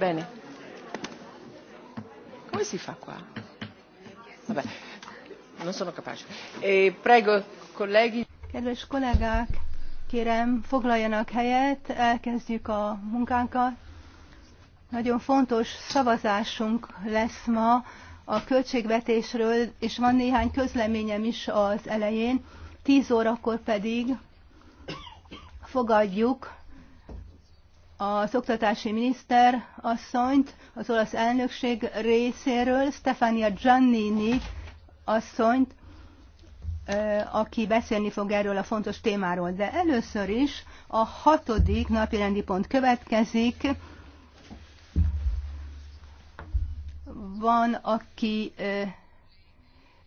Bene. Come si fa qua? Vabbè, non sono capace. E prego, colleghi. Kedves kollégák, kérem, foglaljanak helyet, elkezdjük a munkánkat. Nagyon fontos szavazásunk lesz ma a költségvetésről, és van néhány közleményem is az elején. Tíz órakor pedig fogadjuk az oktatási miniszter asszonyt az olasz elnökség részéről, Stefania Giannini asszonyt, aki beszélni fog erről a fontos témáról. De először is a hatodik napirendi pont következik. Van, aki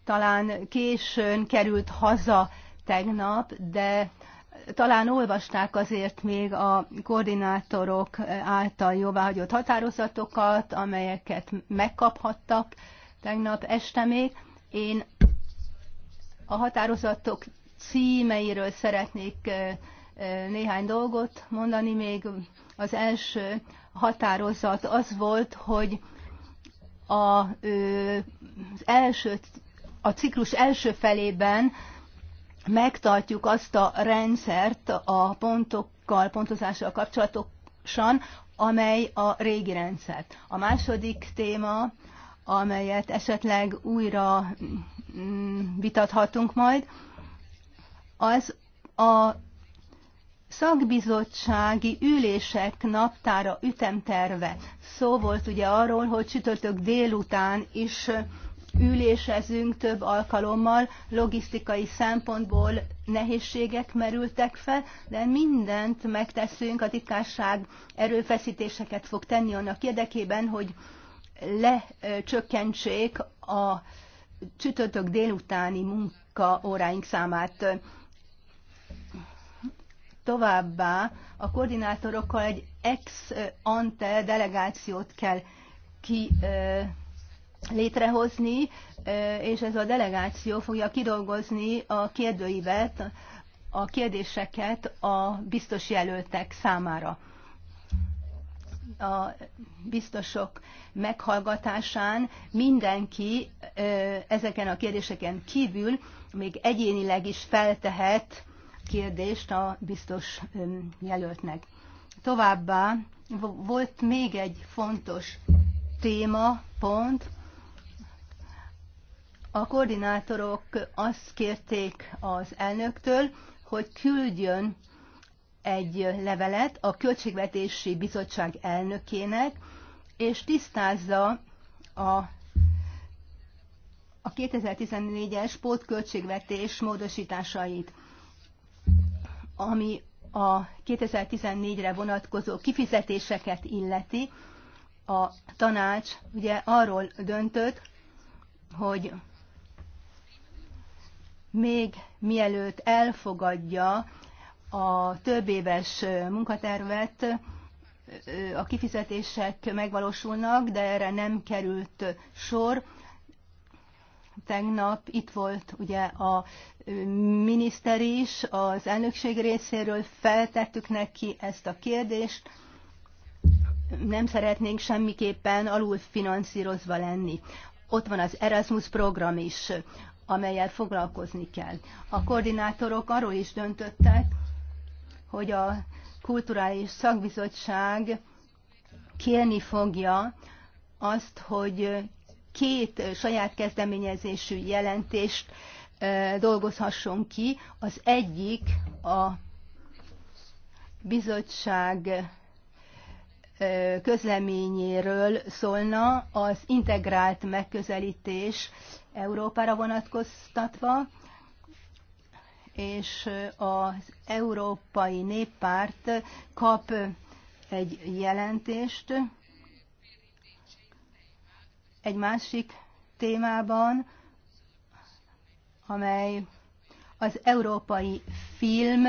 talán későn került haza tegnap, de talán olvasták azért még a koordinátorok által jóváhagyott határozatokat, amelyeket megkaphattak tegnap este még. Én a határozatok címeiről szeretnék néhány dolgot mondani. Még az első határozat az volt, hogy a, az első, a ciklus első felében megtartjuk azt a rendszert a pontokkal, pontozással kapcsolatosan, amely a régi rendszer. A második téma, amelyet esetleg újra mm, vitathatunk majd, az a szakbizottsági ülések naptára ütemterve. Szó volt ugye arról, hogy csütörtök délután is ülésezünk több alkalommal, logisztikai szempontból nehézségek merültek fel, de mindent megteszünk, a titkárság erőfeszítéseket fog tenni annak érdekében, hogy lecsökkentsék a csütörtök délutáni munkaóráink számát. Továbbá a koordinátorokkal egy ex-ante delegációt kell ki létrehozni, és ez a delegáció fogja kidolgozni a kérdőívet, a kérdéseket a biztos jelöltek számára. A biztosok meghallgatásán mindenki ezeken a kérdéseken kívül még egyénileg is feltehet kérdést a biztos jelöltnek. Továbbá volt még egy fontos téma, pont, a koordinátorok azt kérték az elnöktől, hogy küldjön egy levelet a Költségvetési Bizottság elnökének, és tisztázza a a 2014-es pótköltségvetés módosításait, ami a 2014-re vonatkozó kifizetéseket illeti. A tanács ugye arról döntött, hogy még mielőtt elfogadja a több éves munkatervet, a kifizetések megvalósulnak, de erre nem került sor. Tegnap itt volt ugye a miniszter is, az elnökség részéről feltettük neki ezt a kérdést. Nem szeretnénk semmiképpen alul finanszírozva lenni. Ott van az Erasmus program is, amelyel foglalkozni kell. A koordinátorok arról is döntöttek, hogy a kulturális szakbizottság kérni fogja azt, hogy két saját kezdeményezésű jelentést dolgozhasson ki. Az egyik a bizottság közleményéről szólna az integrált megközelítés Európára vonatkoztatva, és az Európai Néppárt kap egy jelentést egy másik témában, amely az európai film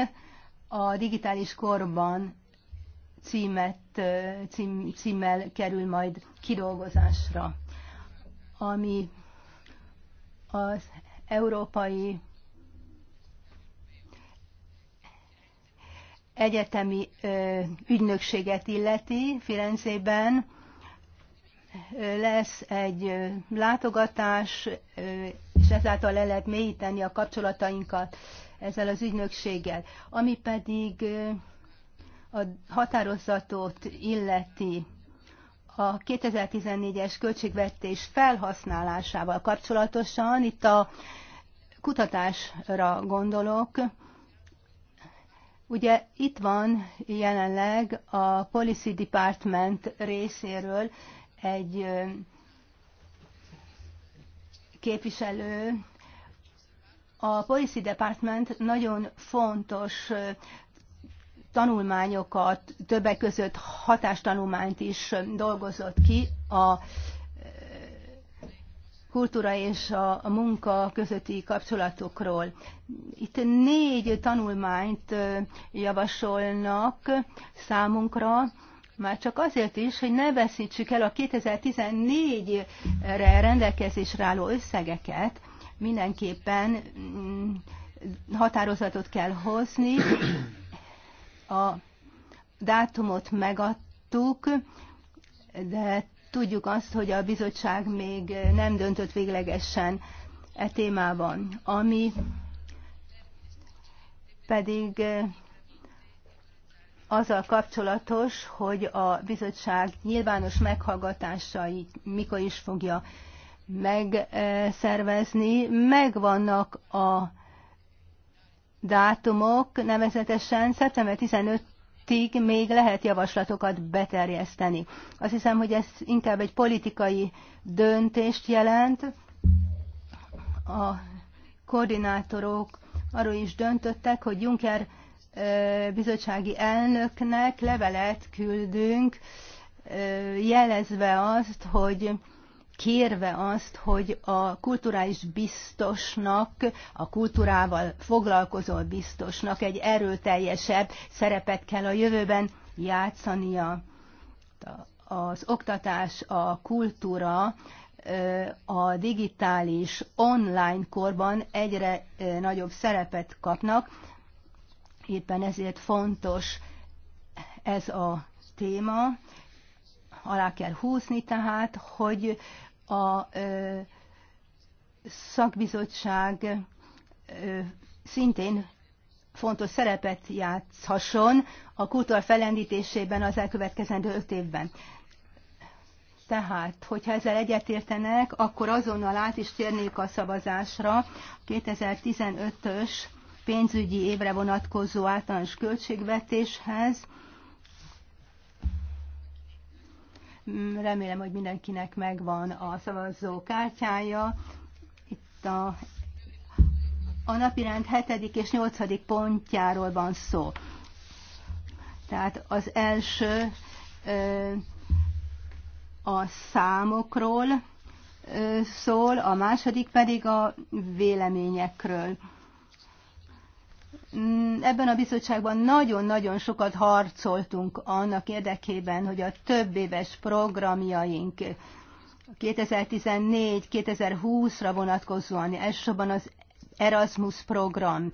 a digitális korban címet, cím, címmel kerül majd kidolgozásra, ami az európai egyetemi ügynökséget illeti Firenzében, lesz egy látogatás, és ezáltal le lehet mélyíteni a kapcsolatainkat ezzel az ügynökséggel. Ami pedig a határozatot illeti, a 2014-es költségvetés felhasználásával kapcsolatosan, itt a kutatásra gondolok, Ugye itt van jelenleg a Policy Department részéről egy képviselő. A Policy Department nagyon fontos tanulmányokat, többek között hatástanulmányt is dolgozott ki a e, kultúra és a munka közötti kapcsolatokról. Itt négy tanulmányt e, javasolnak számunkra, már csak azért is, hogy ne veszítsük el a 2014-re rendelkezésre álló összegeket, mindenképpen mm, határozatot kell hozni, a dátumot megadtuk, de tudjuk azt, hogy a bizottság még nem döntött véglegesen e témában, ami pedig azzal kapcsolatos, hogy a bizottság nyilvános meghallgatásai mikor is fogja megszervezni. Megvannak a dátumok, nevezetesen szeptember 15-ig még lehet javaslatokat beterjeszteni. Azt hiszem, hogy ez inkább egy politikai döntést jelent. A koordinátorok arról is döntöttek, hogy Juncker bizottsági elnöknek levelet küldünk, jelezve azt, hogy kérve azt, hogy a kulturális biztosnak, a kultúrával foglalkozó biztosnak egy erőteljesebb szerepet kell a jövőben játszania. Az oktatás, a kultúra a digitális online korban egyre nagyobb szerepet kapnak, éppen ezért fontos ez a téma, alá kell húzni tehát, hogy a szakbizottság szintén fontos szerepet játszhasson a kultúra felendítésében az elkövetkezendő öt évben. Tehát, hogyha ezzel egyetértenek, akkor azonnal át is térnék a szavazásra 2015-ös pénzügyi évre vonatkozó általános költségvetéshez. Remélem, hogy mindenkinek megvan a szavazó kártyája. Itt a, a napirend 7. és 8. pontjáról van szó. Tehát az első a számokról szól, a második pedig a véleményekről. Mm, ebben a bizottságban nagyon-nagyon sokat harcoltunk annak érdekében, hogy a több éves programjaink 2014-2020-ra vonatkozóan elsősorban az Erasmus program,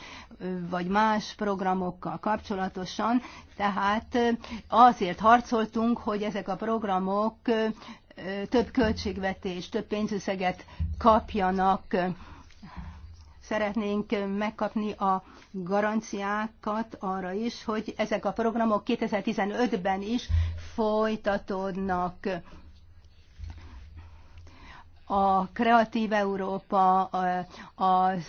vagy más programokkal kapcsolatosan. Tehát azért harcoltunk, hogy ezek a programok több költségvetés, több pénzösszeget kapjanak szeretnénk megkapni a garanciákat arra is, hogy ezek a programok 2015-ben is folytatódnak. A Kreatív Európa, az,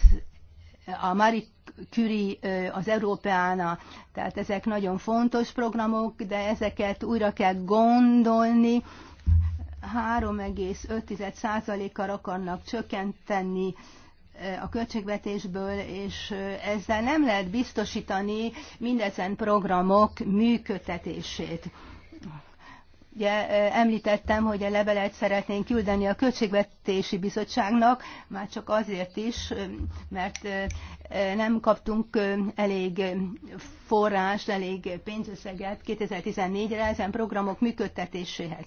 a Marie Curie, az Európeána, tehát ezek nagyon fontos programok, de ezeket újra kell gondolni, 3,5%-kal akarnak csökkenteni a költségvetésből, és ezzel nem lehet biztosítani mindezen programok működtetését. Ugye említettem, hogy a levelet szeretnénk küldeni a Költségvetési Bizottságnak, már csak azért is, mert nem kaptunk elég forrást, elég pénzösszeget 2014-re ezen programok működtetéséhez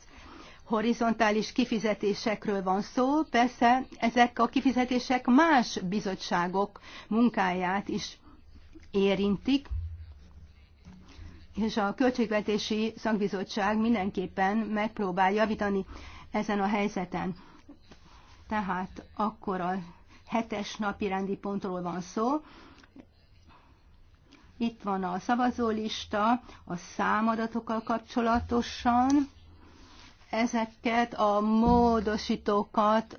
horizontális kifizetésekről van szó, persze ezek a kifizetések más bizottságok munkáját is érintik, és a Költségvetési Szakbizottság mindenképpen megpróbál javítani ezen a helyzeten. Tehát akkor a hetes napi rendi pontról van szó. Itt van a szavazólista a számadatokkal kapcsolatosan. Ezeket a módosítókat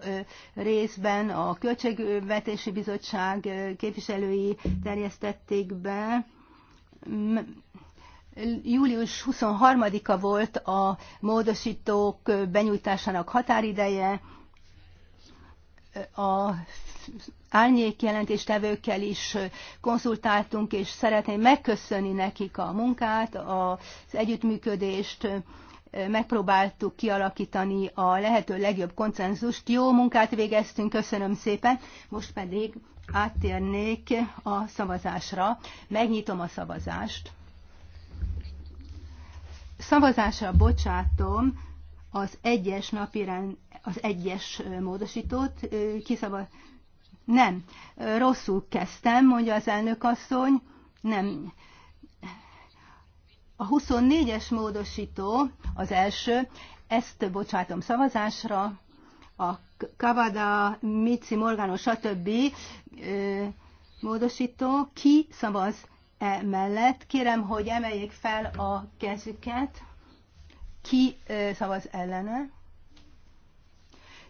részben a Költségvetési Bizottság képviselői terjesztették be. Július 23-a volt a módosítók benyújtásának határideje. A árnyék jelentéstevőkkel is konzultáltunk, és szeretném megköszönni nekik a munkát, az együttműködést, megpróbáltuk kialakítani a lehető legjobb konszenzust. Jó munkát végeztünk, köszönöm szépen. Most pedig áttérnék a szavazásra. Megnyitom a szavazást. Szavazásra bocsátom az egyes napirend, az egyes módosítót kiszavaz. Nem, rosszul kezdtem, mondja az elnök asszony. Nem, a 24-es módosító az első, ezt bocsátom szavazásra, a Kavada, Mici, Morgano, stb. módosító, ki szavaz e mellett. Kérem, hogy emeljék fel a kezüket. Ki szavaz ellene?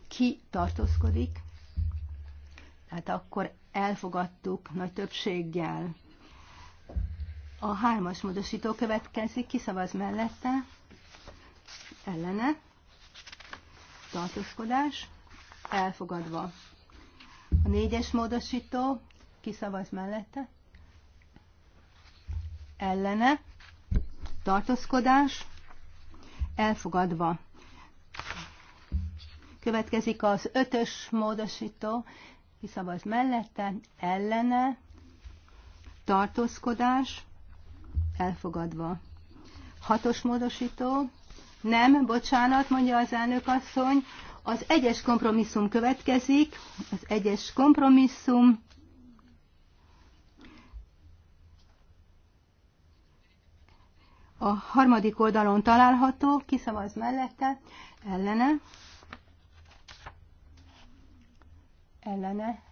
Ki tartózkodik? Tehát akkor elfogadtuk nagy többséggel. A hármas módosító következik, kiszavaz mellette, ellene, tartózkodás, elfogadva. A négyes módosító, kiszavaz mellette, ellene, tartózkodás, elfogadva. Következik az ötös módosító, kiszavaz mellette, ellene, tartózkodás, elfogadva. Hatos módosító, nem, bocsánat, mondja az elnök asszony, az egyes kompromisszum következik, az egyes kompromisszum, a harmadik oldalon található, kiszavaz mellette, ellene, ellene,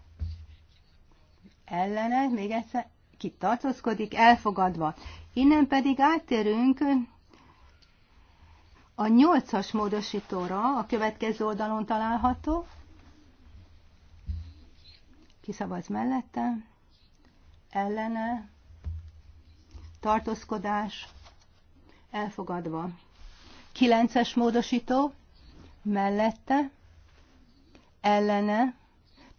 ellene, még egyszer, ki tartózkodik, elfogadva. Innen pedig áttérünk a nyolcas módosítóra, a következő oldalon található. Kiszavaz mellette, ellene, tartózkodás, elfogadva. Kilences módosító, mellette, ellene,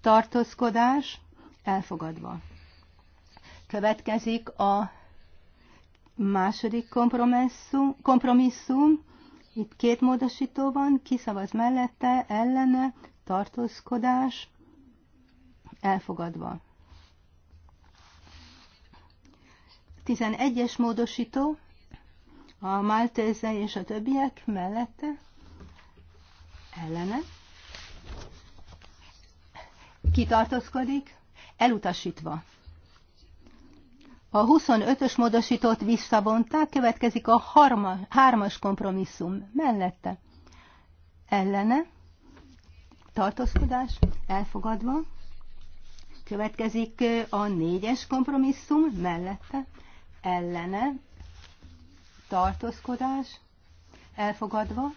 tartózkodás, elfogadva. Következik a Második kompromisszum, kompromisszum, itt két módosító van, kiszavaz mellette, ellene, tartózkodás, elfogadva. 11-es módosító, a Maltese és a többiek mellette, ellene, kitartózkodik, elutasítva. A 25-ös módosítót visszavonták, következik a harma, hármas kompromisszum mellette. Ellene, tartózkodás, elfogadva. Következik a négyes kompromisszum mellette. Ellene, tartózkodás, elfogadva.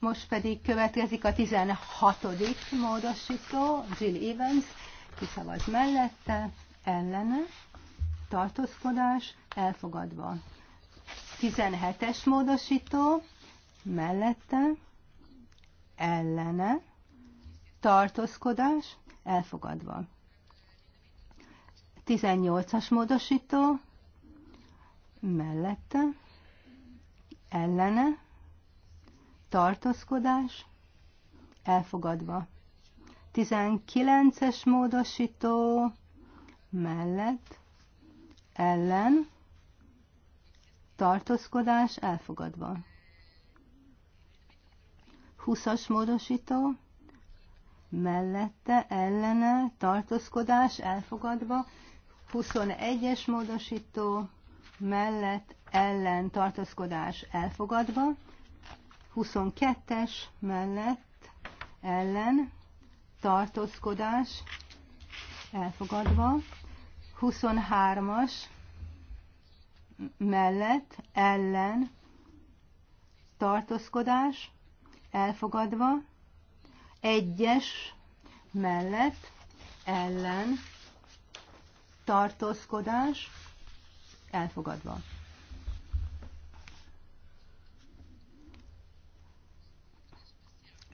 Most pedig következik a 16. módosító, Jill Evans, kiszavaz mellette, ellene, tartózkodás elfogadva. 17-es módosító mellette ellene tartózkodás elfogadva. 18-as módosító mellette ellene tartózkodás elfogadva. 19-es módosító mellett ellen tartózkodás elfogadva. 20-as módosító mellette ellene tartózkodás elfogadva. 21-es módosító mellett ellen tartózkodás elfogadva. 22-es mellett ellen tartózkodás elfogadva. 23-as mellett ellen tartózkodás elfogadva, egyes mellett ellen tartózkodás elfogadva.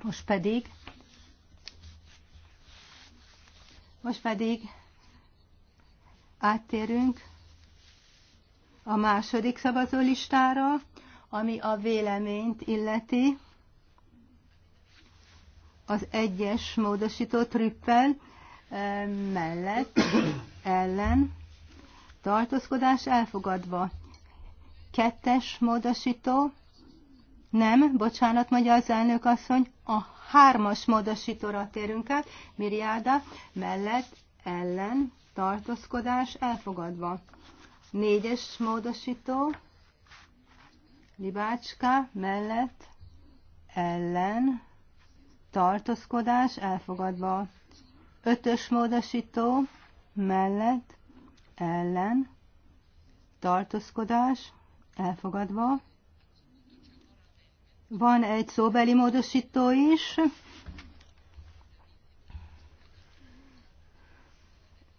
Most pedig most pedig áttérünk a második szavazólistára, ami a véleményt illeti. Az egyes módosító trüppel eh, mellett ellen tartózkodás elfogadva. Kettes módosító, nem, bocsánat, mondja az elnök asszony, a hármas módosítóra térünk át, Miriáda mellett ellen tartózkodás elfogadva. Négyes módosító, libácska mellett, ellen, tartózkodás elfogadva. Ötös módosító, mellett, ellen, tartózkodás elfogadva. Van egy szóbeli módosító is,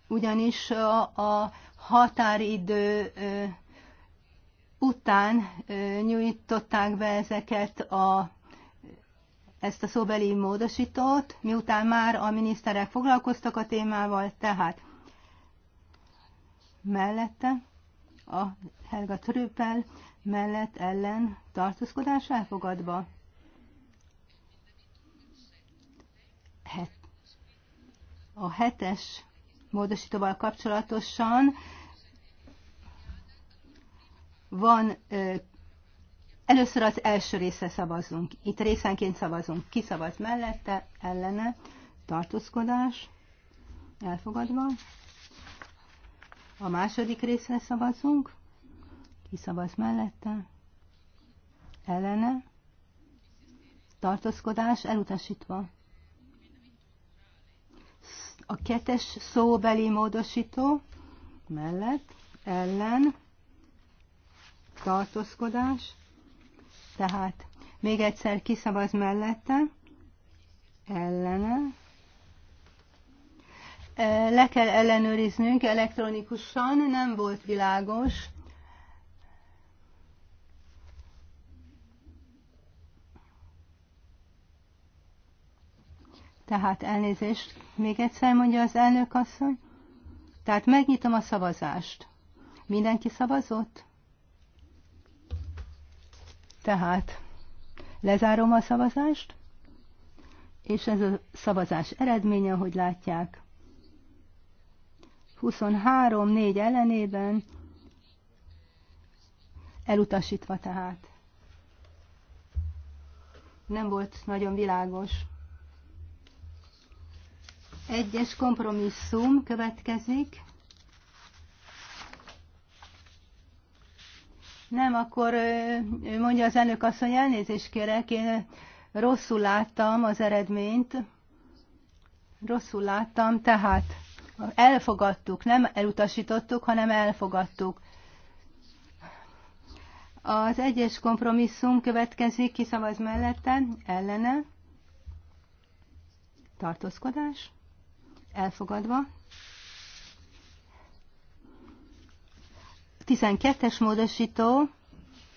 ugyanis a határidő után nyújtották be ezeket a, ezt a szóbeli módosítót, miután már a miniszterek foglalkoztak a témával, tehát mellette a Helga Trüppel mellett ellen tartózkodás elfogadva. A hetes módosítóval kapcsolatosan van Először az első része szavazunk. Itt részenként szavazunk. Ki szavaz mellette, ellene, tartózkodás, elfogadva. A második részre szavazunk. Ki szavaz mellette, ellene, tartózkodás, elutasítva. A kettes szóbeli módosító mellett ellen tartózkodás, tehát még egyszer kiszavaz mellette, ellene. Le kell ellenőriznünk elektronikusan, nem volt világos. Tehát elnézést, még egyszer mondja az elnök asszony. Tehát megnyitom a szavazást. Mindenki szavazott? Tehát lezárom a szavazást, és ez a szavazás eredménye, hogy látják. 23-4 ellenében elutasítva tehát. Nem volt nagyon világos. Egyes kompromisszum következik. Nem, akkor mondja az elnök asszony, elnézést kérek, én rosszul láttam az eredményt. Rosszul láttam, tehát elfogadtuk, nem elutasítottuk, hanem elfogadtuk. Az egyes kompromisszum következik, kiszavaz mellette, ellene, tartózkodás, elfogadva. 12-es módosító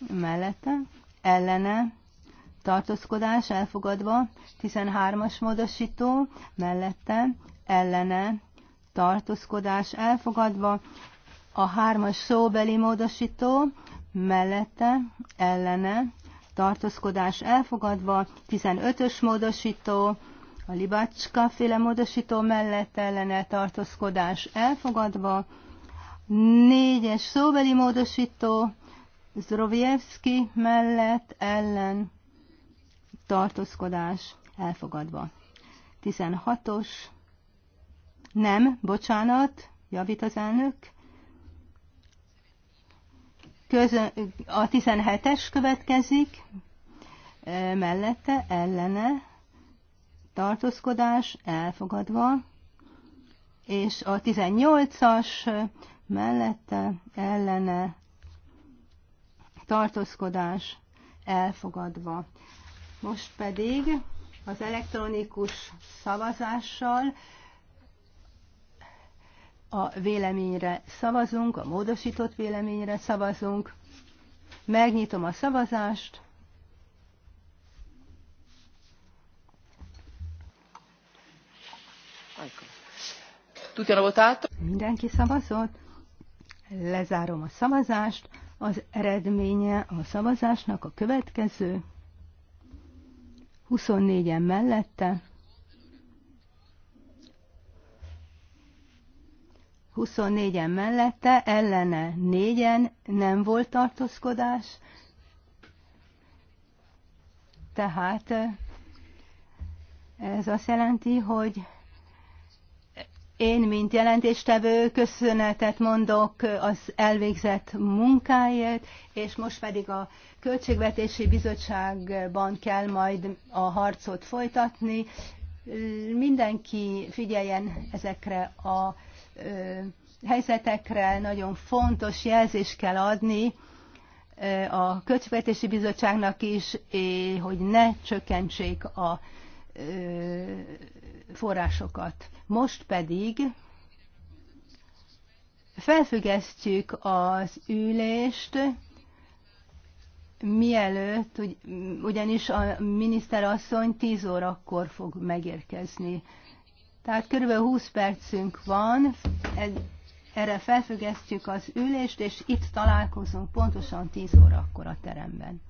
mellette, ellene, tartózkodás elfogadva, 13-as módosító mellette, ellene, tartózkodás elfogadva, a 3-as szóbeli módosító mellette, ellene, tartózkodás elfogadva, 15-ös módosító a libácska féle módosító mellett ellene tartózkodás elfogadva, négyes szóbeli módosító Zdrovievski mellett ellen tartózkodás elfogadva. 16-os nem, bocsánat, javít az elnök. Közön, a 17-es következik, eh, mellette, ellene, tartózkodás elfogadva, és a 18-as mellette ellene tartózkodás elfogadva. Most pedig az elektronikus szavazással a véleményre szavazunk, a módosított véleményre szavazunk. Megnyitom a szavazást. Tutti hanno votato? Mindenki szavazott. Lezárom a szavazást. Az eredménye a szavazásnak a következő. 24-en mellette, 24-en mellette, ellene 4-en nem volt tartózkodás, tehát ez azt jelenti, hogy én, mint jelentéstevő, köszönetet mondok az elvégzett munkáért, és most pedig a Költségvetési Bizottságban kell majd a harcot folytatni. Mindenki figyeljen ezekre a helyzetekre, nagyon fontos jelzést kell adni a Költségvetési Bizottságnak is, hogy ne csökkentsék a forrásokat. Most pedig felfüggesztjük az ülést, mielőtt, ugyanis a miniszterasszony 10 órakor fog megérkezni. Tehát kb. 20 percünk van, erre felfüggesztjük az ülést, és itt találkozunk pontosan 10 órakor a teremben.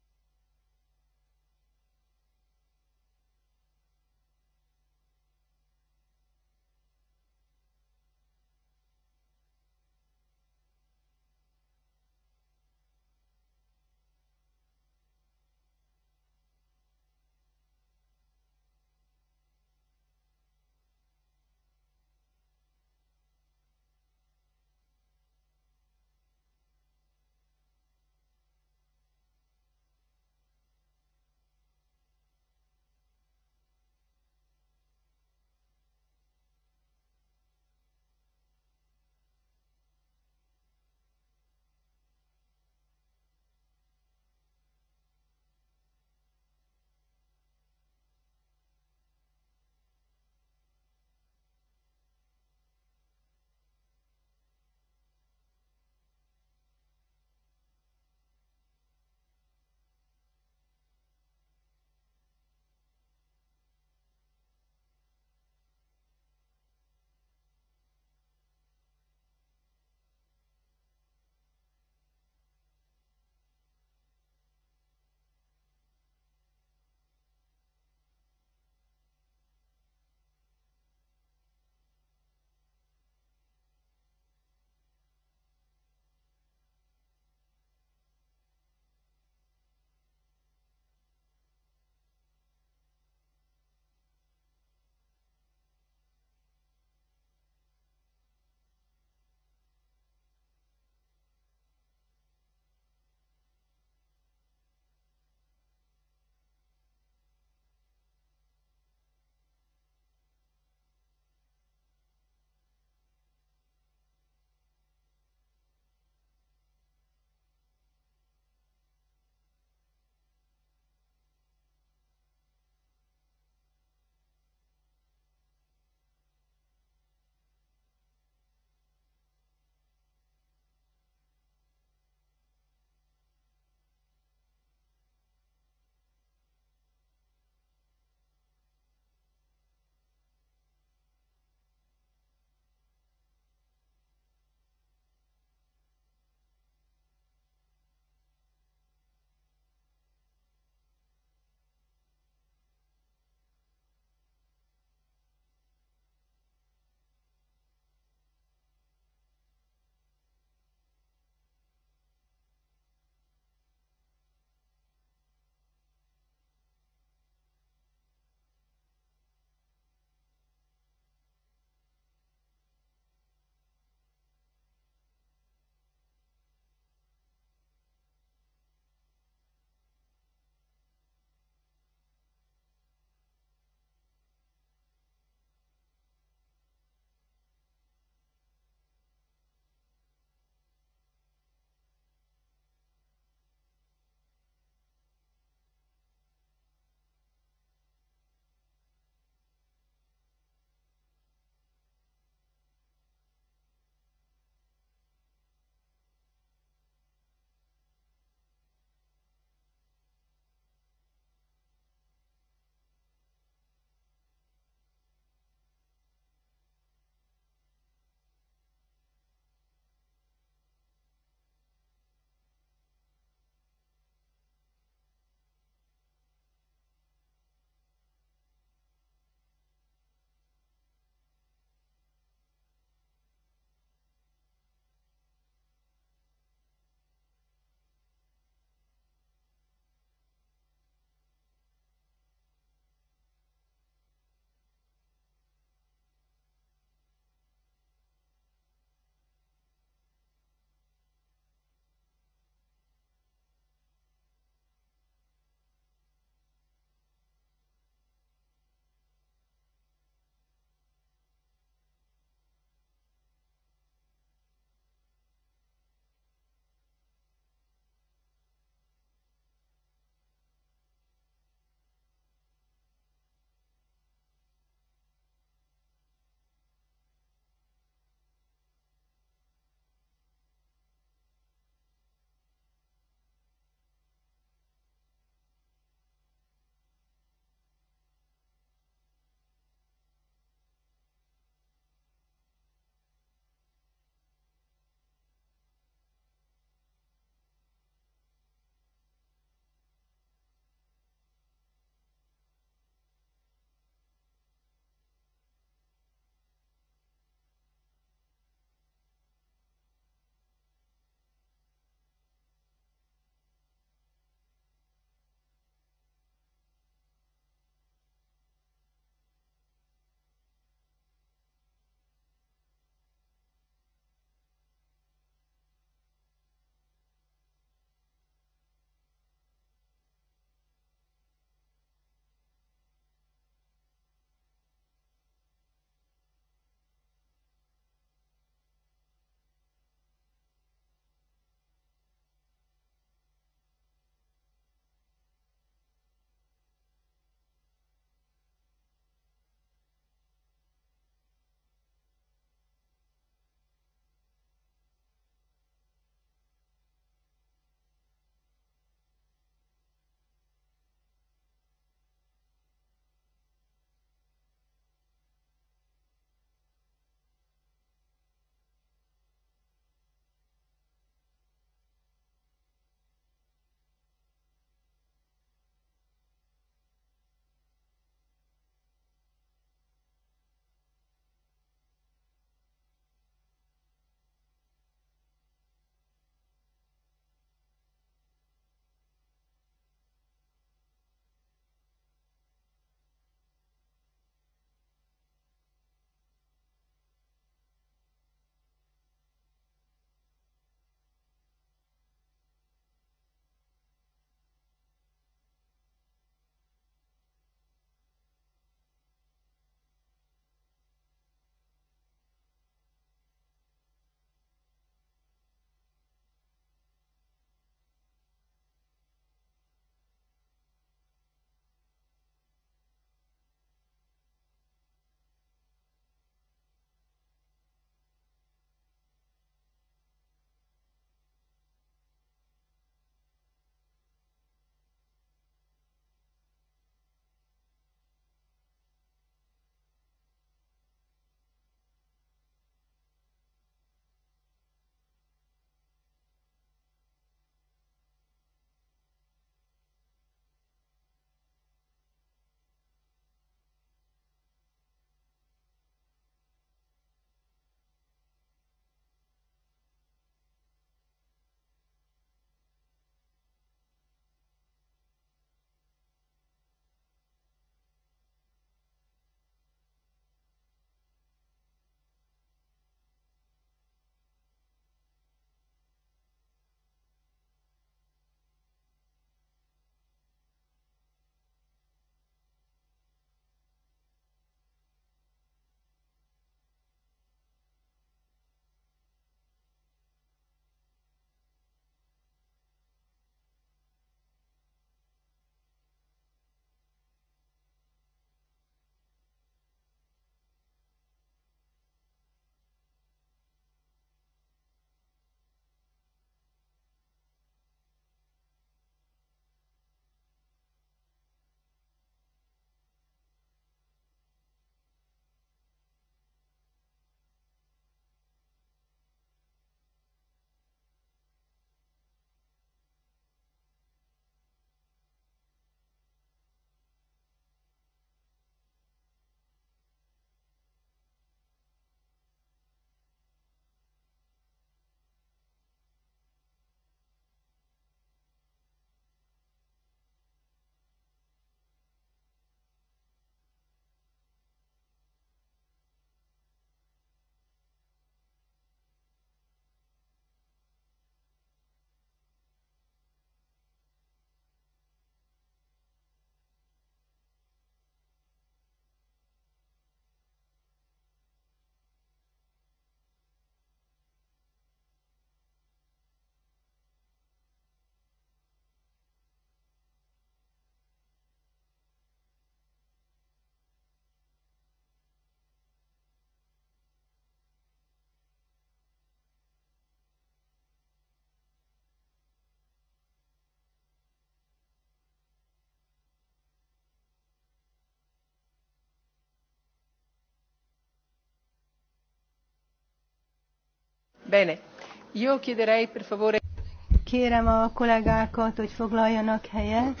Kérem a kollégákat, hogy foglaljanak helyet.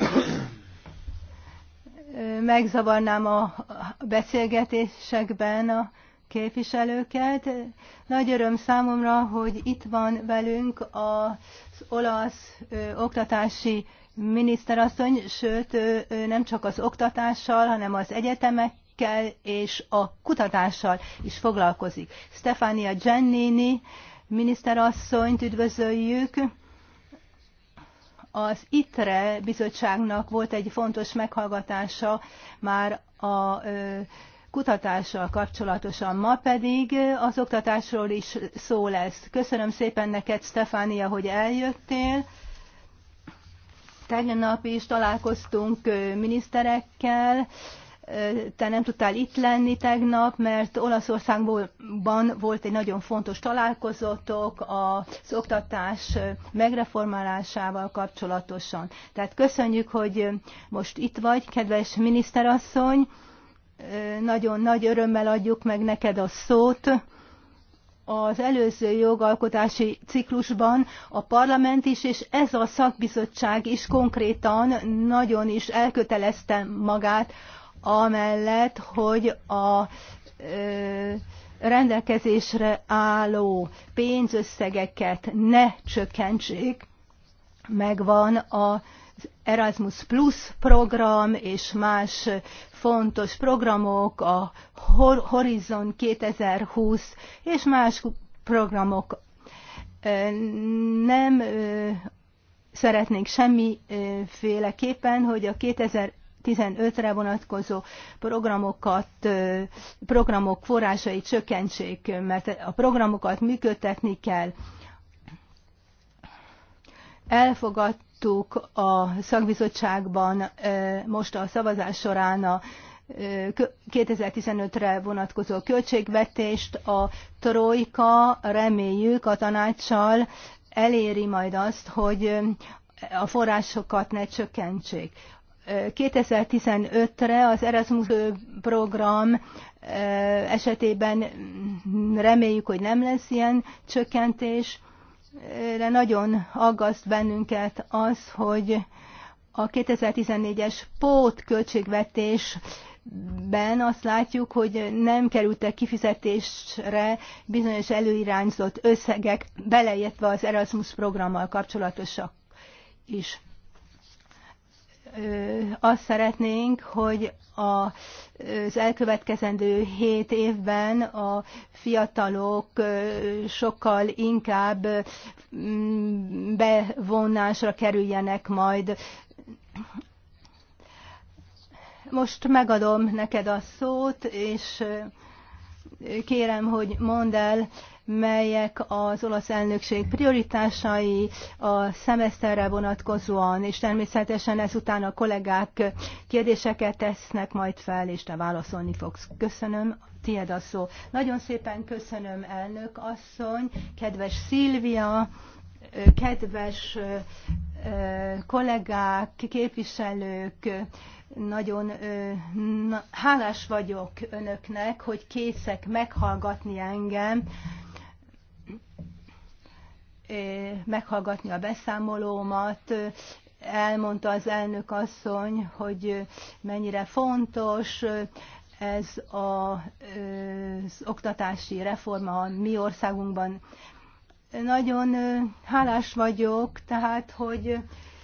Megzavarnám a beszélgetésekben a képviselőket. Nagy öröm számomra, hogy itt van velünk az olasz oktatási miniszterasszony, sőt ő nem csak az oktatással, hanem az egyetemekkel és a kutatással is foglalkozik. Stefania Giannini, miniszterasszonyt üdvözöljük. Az ITRE bizottságnak volt egy fontos meghallgatása már a kutatással kapcsolatosan. Ma pedig az oktatásról is szó lesz. Köszönöm szépen neked, Stefánia, hogy eljöttél. Tegnap is találkoztunk miniszterekkel, te nem tudtál itt lenni tegnap, mert Olaszországban volt egy nagyon fontos találkozótok az oktatás megreformálásával kapcsolatosan. Tehát köszönjük, hogy most itt vagy, kedves miniszterasszony. Nagyon nagy örömmel adjuk meg neked a szót. Az előző jogalkotási ciklusban a parlament is, és ez a szakbizottság is konkrétan nagyon is elkötelezte magát amellett, hogy a rendelkezésre álló pénzösszegeket ne csökkentsék, megvan a Erasmus Plus program és más fontos programok, a Horizon 2020 és más programok. Nem szeretnénk semmiféleképpen, hogy a 2000 2015-re vonatkozó programokat, programok forrásai csökkentsék, mert a programokat működtetni kell. Elfogadtuk a szakbizottságban most a szavazás során a 2015-re vonatkozó költségvetést a trojka reméljük a tanácssal eléri majd azt, hogy a forrásokat ne csökkentsék. 2015-re az Erasmus program esetében reméljük, hogy nem lesz ilyen csökkentés. de nagyon aggaszt bennünket az, hogy a 2014-es pótköltségvetésben azt látjuk, hogy nem kerültek kifizetésre bizonyos előirányzott összegek, beleértve az Erasmus programmal kapcsolatosak is azt szeretnénk, hogy a, az elkövetkezendő hét évben a fiatalok sokkal inkább mm, bevonásra kerüljenek majd. Most megadom neked a szót, és kérem, hogy mondd el, melyek az olasz elnökség prioritásai a szemeszterre vonatkozóan, és természetesen ezután a kollégák kérdéseket tesznek majd fel, és te válaszolni fogsz. Köszönöm, tiéd a szó. Nagyon szépen köszönöm, elnök asszony, kedves Szilvia, kedves kollégák, képviselők, nagyon hálás vagyok önöknek, hogy készek meghallgatni engem, meghallgatni a beszámolómat, elmondta az elnök asszony, hogy mennyire fontos ez a, az oktatási reforma a mi országunkban. Nagyon hálás vagyok, tehát, hogy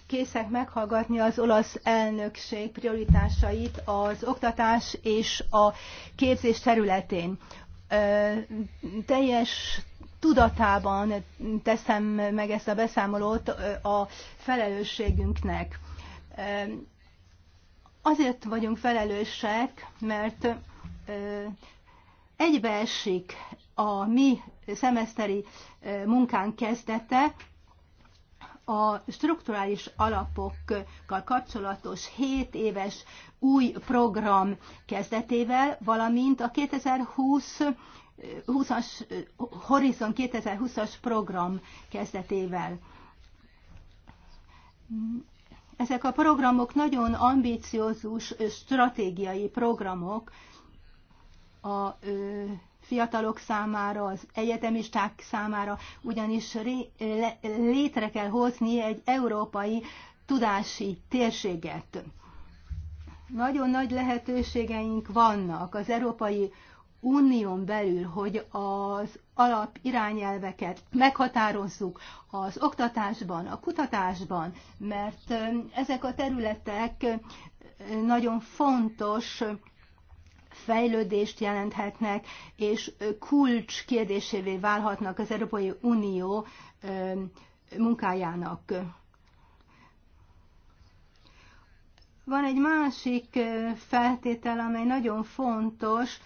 készek meghallgatni az olasz elnökség prioritásait az oktatás és a képzés területén. Teljes tudatában teszem meg ezt a beszámolót a felelősségünknek. Azért vagyunk felelősek, mert egybeesik a mi szemeszteri munkánk kezdete a strukturális alapokkal kapcsolatos 7 éves új program kezdetével, valamint a 2020 20-as, Horizon 2020-as program kezdetével. Ezek a programok nagyon ambiciózus stratégiai programok a fiatalok számára, az egyetemisták számára, ugyanis létre kell hozni egy európai tudási térséget. Nagyon nagy lehetőségeink vannak az Európai unión belül, hogy az alap irányelveket meghatározzuk az oktatásban, a kutatásban, mert ezek a területek nagyon fontos fejlődést jelenthetnek, és kulcs kérdésévé válhatnak az Európai Unió munkájának. Van egy másik feltétel, amely nagyon fontos,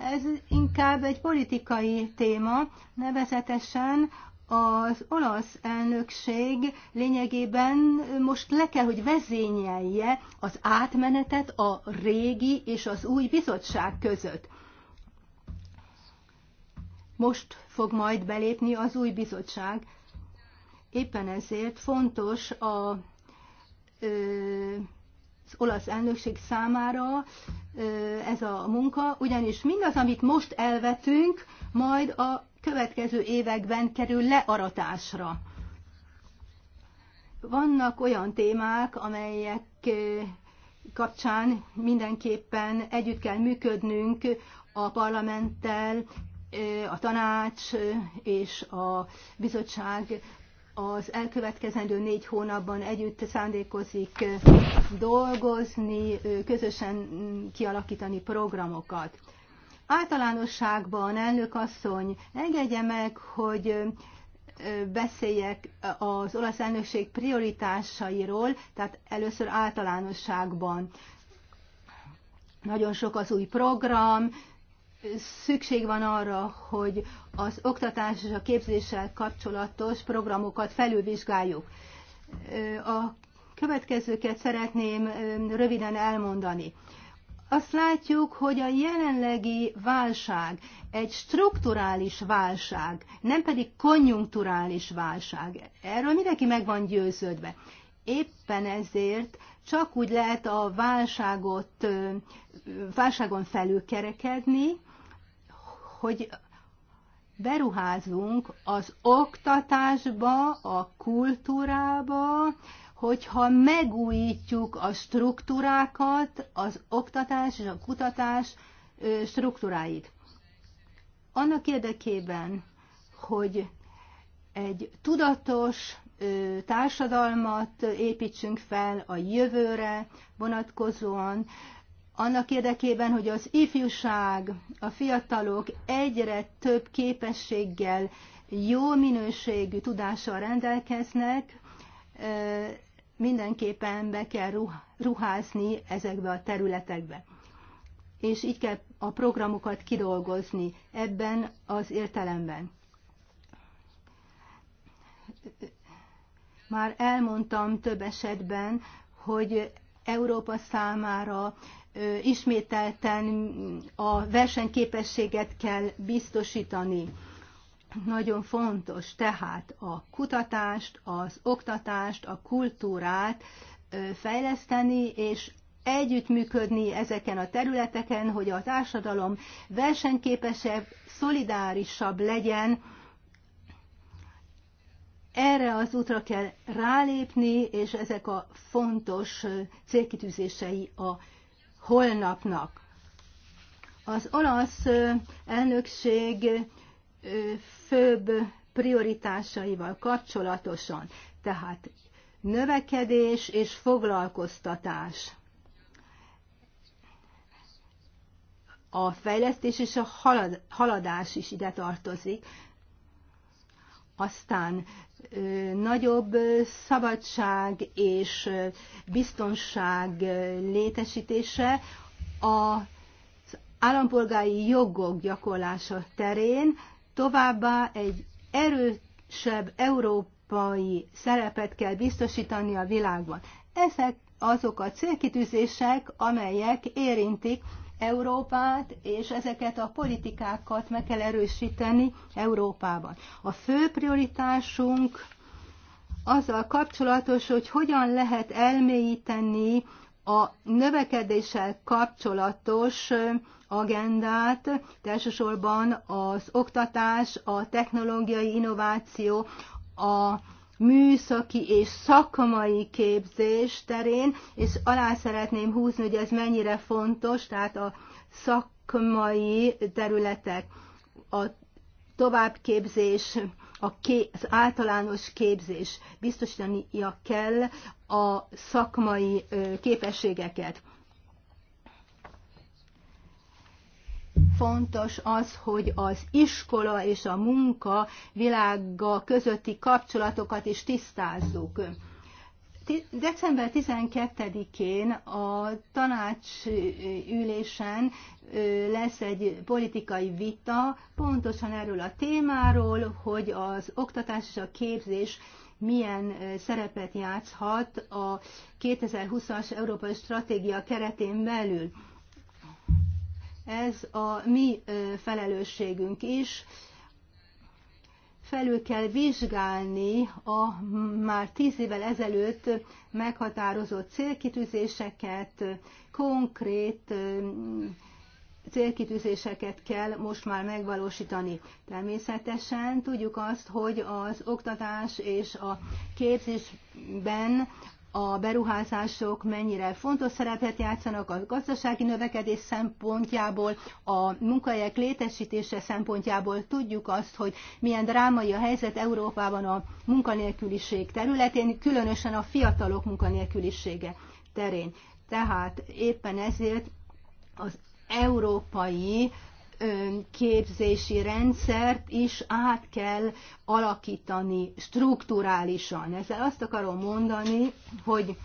ez inkább egy politikai téma, nevezetesen az olasz elnökség lényegében most le kell, hogy vezényelje az átmenetet a régi és az új bizottság között. Most fog majd belépni az új bizottság. Éppen ezért fontos a ö, az olasz elnökség számára ez a munka, ugyanis mindaz, amit most elvetünk, majd a következő években kerül learatásra. Vannak olyan témák, amelyek kapcsán mindenképpen együtt kell működnünk a parlamenttel, a tanács és a bizottság az elkövetkezendő négy hónapban együtt szándékozik dolgozni, közösen mm, kialakítani programokat. Általánosságban, elnök asszony, engedje meg, hogy beszéljek az olasz elnökség prioritásairól, tehát először általánosságban. Nagyon sok az új program, szükség van arra, hogy az oktatás és a képzéssel kapcsolatos programokat felülvizsgáljuk. A következőket szeretném röviden elmondani. Azt látjuk, hogy a jelenlegi válság egy strukturális válság, nem pedig konjunkturális válság. Erről mindenki meg van győződve. Éppen ezért csak úgy lehet a válságot, válságon felülkerekedni, hogy beruházunk az oktatásba, a kultúrába, hogyha megújítjuk a struktúrákat, az oktatás és a kutatás struktúráit. Annak érdekében, hogy egy tudatos társadalmat építsünk fel a jövőre vonatkozóan, annak érdekében, hogy az ifjúság, a fiatalok egyre több képességgel, jó minőségű tudással rendelkeznek, mindenképpen be kell ruházni ezekbe a területekbe. És így kell a programokat kidolgozni ebben az értelemben. Már elmondtam több esetben, hogy Európa számára ismételten a versenyképességet kell biztosítani. Nagyon fontos tehát a kutatást, az oktatást, a kultúrát fejleszteni, és együttműködni ezeken a területeken, hogy a társadalom versenyképesebb, szolidárisabb legyen. Erre az útra kell rálépni, és ezek a fontos célkitűzései a holnapnak. Az olasz elnökség főbb prioritásaival kapcsolatosan, tehát növekedés és foglalkoztatás. A fejlesztés és a halad, haladás is ide tartozik, aztán nagyobb szabadság és biztonság létesítése az állampolgári jogok gyakorlása terén, továbbá egy erősebb európai szerepet kell biztosítani a világban. Ezek azok a célkitűzések, amelyek érintik Európát, és ezeket a politikákat meg kell erősíteni Európában. A fő prioritásunk azzal kapcsolatos, hogy hogyan lehet elmélyíteni a növekedéssel kapcsolatos agendát, elsősorban az oktatás, a technológiai innováció, a műszaki és szakmai képzés terén, és alá szeretném húzni, hogy ez mennyire fontos, tehát a szakmai területek, a továbbképzés, a ké, az általános képzés biztosítania kell a szakmai képességeket. fontos az, hogy az iskola és a munka világa közötti kapcsolatokat is tisztázzuk. December 12-én a tanács ülésen lesz egy politikai vita pontosan erről a témáról, hogy az oktatás és a képzés milyen szerepet játszhat a 2020-as Európai Stratégia keretén belül. Ez a mi felelősségünk is. Felül kell vizsgálni a már tíz évvel ezelőtt meghatározott célkitűzéseket, konkrét célkitűzéseket kell most már megvalósítani. Természetesen tudjuk azt, hogy az oktatás és a képzésben a beruházások mennyire fontos szerepet játszanak a gazdasági növekedés szempontjából, a munkahelyek létesítése szempontjából tudjuk azt, hogy milyen drámai a helyzet Európában a munkanélküliség területén, különösen a fiatalok munkanélkülisége terén. Tehát éppen ezért az európai képzési rendszert is át kell alakítani strukturálisan. Ezzel azt akarom mondani, hogy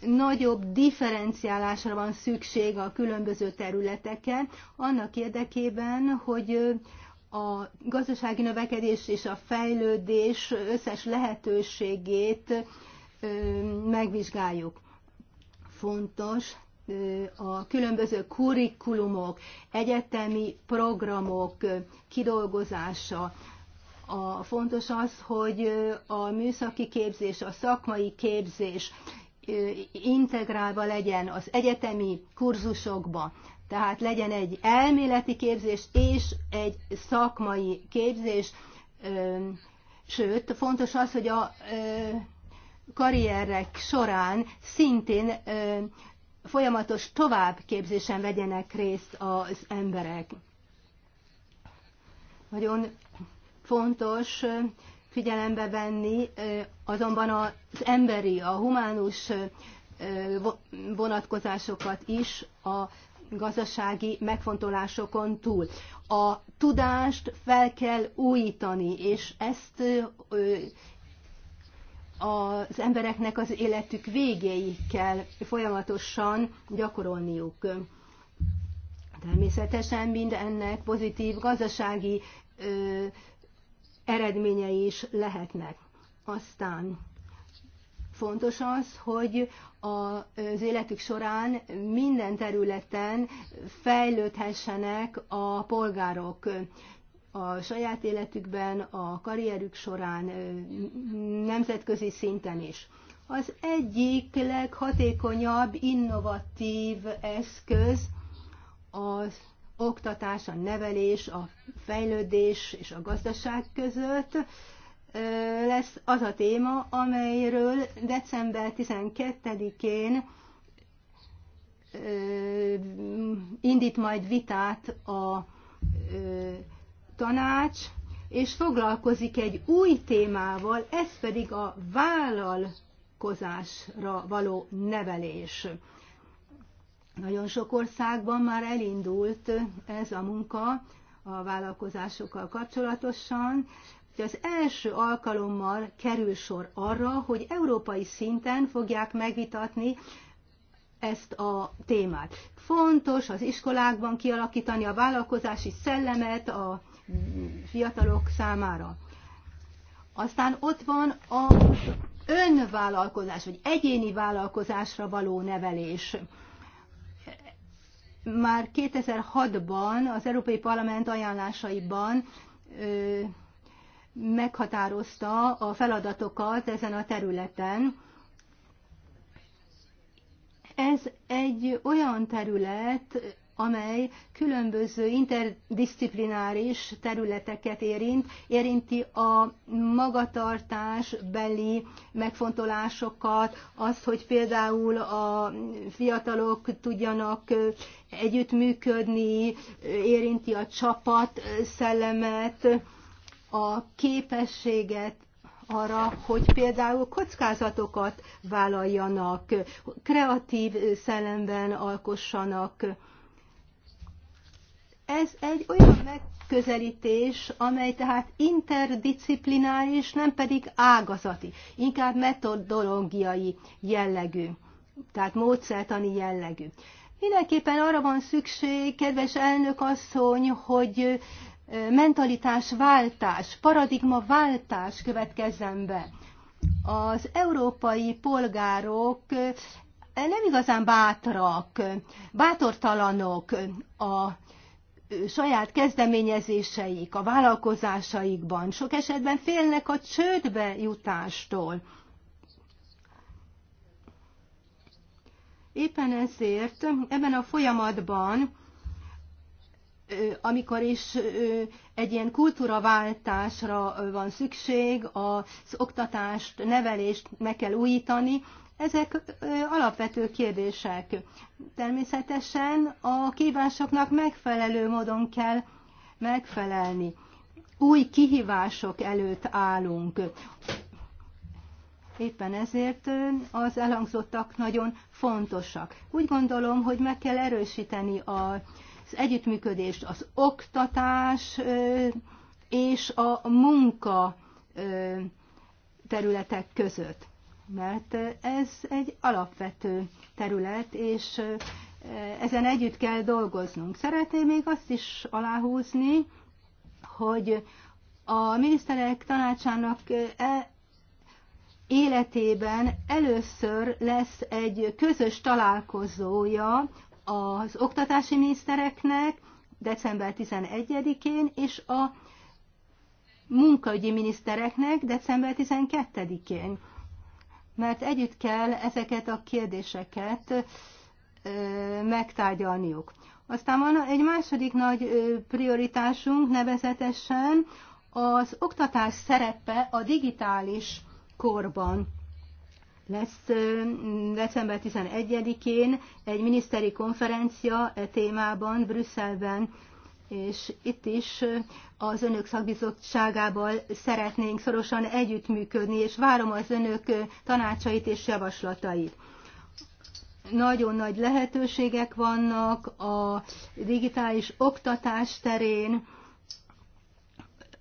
nagyobb differenciálásra van szükség a különböző területeken, annak érdekében, hogy a gazdasági növekedés és a fejlődés összes lehetőségét megvizsgáljuk. Fontos a különböző kurikulumok, egyetemi programok kidolgozása. A fontos az, hogy a műszaki képzés, a szakmai képzés integrálva legyen az egyetemi kurzusokba. Tehát legyen egy elméleti képzés és egy szakmai képzés. Sőt, fontos az, hogy a karrierek során szintén folyamatos továbbképzésen vegyenek részt az emberek. Nagyon fontos figyelembe venni azonban az emberi, a humánus vonatkozásokat is a gazdasági megfontolásokon túl. A tudást fel kell újítani, és ezt az embereknek az életük végéig kell folyamatosan gyakorolniuk. Természetesen mindennek pozitív gazdasági ö, eredményei is lehetnek. Aztán fontos az, hogy az életük során minden területen fejlődhessenek a polgárok a saját életükben, a karrierük során, nemzetközi szinten is. Az egyik leghatékonyabb, innovatív eszköz az oktatás, a nevelés, a fejlődés és a gazdaság között lesz az a téma, amelyről december 12-én indít majd vitát a tanács, és foglalkozik egy új témával, ez pedig a vállalkozásra való nevelés. Nagyon sok országban már elindult ez a munka a vállalkozásokkal kapcsolatosan, hogy az első alkalommal kerül sor arra, hogy európai szinten fogják megvitatni ezt a témát. Fontos az iskolákban kialakítani a vállalkozási szellemet, a fiatalok számára. Aztán ott van az önvállalkozás, vagy egyéni vállalkozásra való nevelés. Már 2006-ban az Európai Parlament ajánlásaiban ö, meghatározta a feladatokat ezen a területen. Ez egy olyan terület, amely különböző interdisziplináris területeket érint, érinti a magatartás beli megfontolásokat, azt, hogy például a fiatalok tudjanak együttműködni, érinti a csapat szellemet, a képességet arra, hogy például kockázatokat vállaljanak, kreatív szellemben alkossanak. Ez egy olyan megközelítés, amely tehát interdisciplináris, nem pedig ágazati, inkább metodológiai jellegű, tehát módszertani jellegű. Mindenképpen arra van szükség, kedves elnök asszony, hogy mentalitásváltás, paradigmaváltás következzen be. Az európai polgárok nem igazán bátrak, bátortalanok a saját kezdeményezéseik, a vállalkozásaikban. Sok esetben félnek a csődbe jutástól. Éppen ezért ebben a folyamatban, amikor is egy ilyen kultúraváltásra van szükség, az oktatást, nevelést meg kell újítani, ezek alapvető kérdések. Természetesen a kívásoknak megfelelő módon kell megfelelni. Új kihívások előtt állunk. Éppen ezért az elhangzottak nagyon fontosak. Úgy gondolom, hogy meg kell erősíteni az együttműködést az oktatás és a munka területek között mert ez egy alapvető terület, és ezen együtt kell dolgoznunk. Szeretném még azt is aláhúzni, hogy a miniszterek tanácsának e életében először lesz egy közös találkozója az oktatási minisztereknek december 11-én, és a munkaügyi minisztereknek december 12-én mert együtt kell ezeket a kérdéseket megtárgyalniuk. Aztán van egy második nagy prioritásunk, nevezetesen az oktatás szerepe a digitális korban. Lesz december 11-én egy miniszteri konferencia e témában Brüsszelben és itt is az önök szakbizottságával szeretnénk szorosan együttműködni, és várom az önök tanácsait és javaslatait. Nagyon nagy lehetőségek vannak a digitális oktatás terén,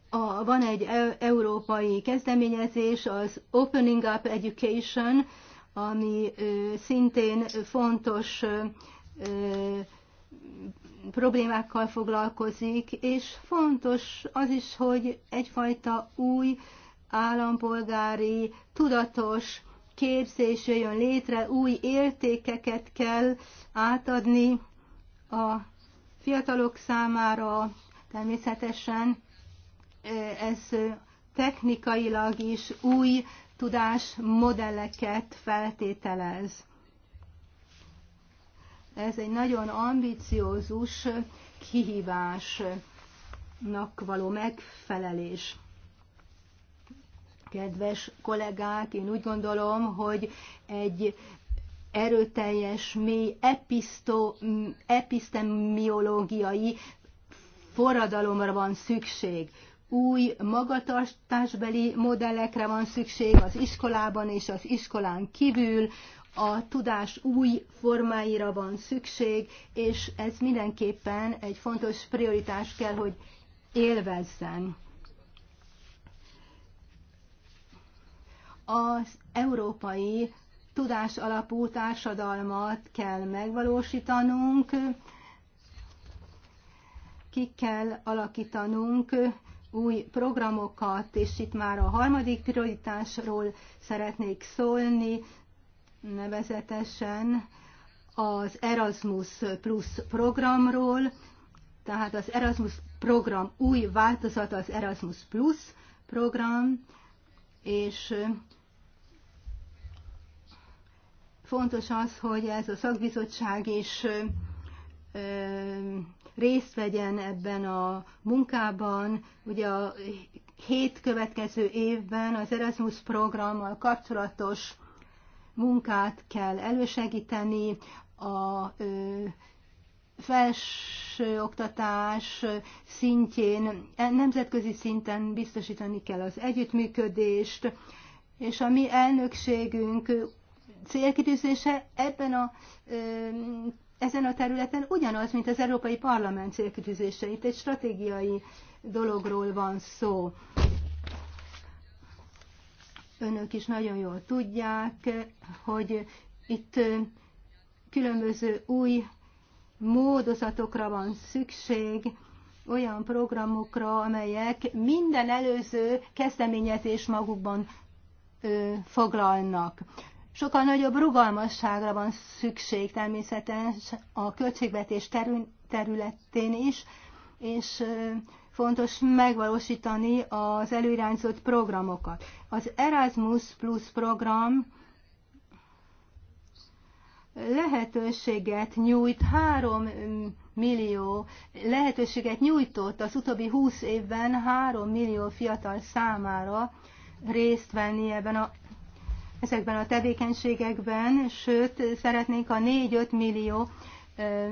a, van egy e európai kezdeményezés, az Opening Up Education, ami ö, szintén fontos ö, problémákkal foglalkozik, és fontos az is, hogy egyfajta új állampolgári, tudatos képzés jön létre, új értékeket kell átadni a fiatalok számára, természetesen ez technikailag is új tudásmodelleket feltételez. Ez egy nagyon ambiciózus kihívásnak való megfelelés. Kedves kollégák, én úgy gondolom, hogy egy erőteljes, mély episzto, epistemiológiai forradalomra van szükség. Új magatartásbeli modellekre van szükség az iskolában és az iskolán kívül, a tudás új formáira van szükség, és ez mindenképpen egy fontos prioritás kell, hogy élvezzen. Az európai tudás alapú társadalmat kell megvalósítanunk, ki kell alakítanunk új programokat, és itt már a harmadik prioritásról szeretnék szólni, nevezetesen az Erasmus Plus programról, tehát az Erasmus program új változata az Erasmus Plus program, és fontos az, hogy ez a szakbizottság is részt vegyen ebben a munkában. Ugye a hét következő évben az Erasmus programmal kapcsolatos munkát kell elősegíteni, a felsőoktatás szintjén, e, nemzetközi szinten biztosítani kell az együttműködést, és a mi elnökségünk célkitűzése ebben a, ezen a területen ugyanaz, mint az Európai Parlament célkitűzéseit. Egy stratégiai dologról van szó önök is nagyon jól tudják, hogy itt különböző új módozatokra van szükség, olyan programokra, amelyek minden előző kezdeményezés magukban ö, foglalnak. Sokkal nagyobb rugalmasságra van szükség természetesen a költségvetés területén is, és fontos megvalósítani az előirányzott programokat. Az Erasmus Plus program lehetőséget nyújt három mm, millió lehetőséget nyújtott az utóbbi 20 évben 3 millió fiatal számára részt venni ebben a, ezekben a tevékenységekben, sőt szeretnénk a 4-5 millió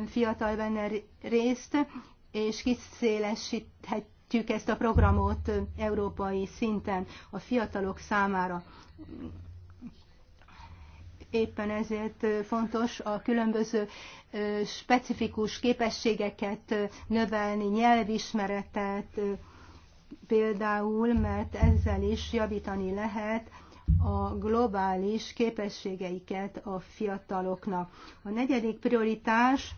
fiatal benne részt, és kiszélesíthetjük ezt a programot európai szinten a fiatalok számára. Éppen ezért fontos a különböző specifikus képességeket növelni, nyelvismeretet például, mert ezzel is javítani lehet a globális képességeiket a fiataloknak. A negyedik prioritás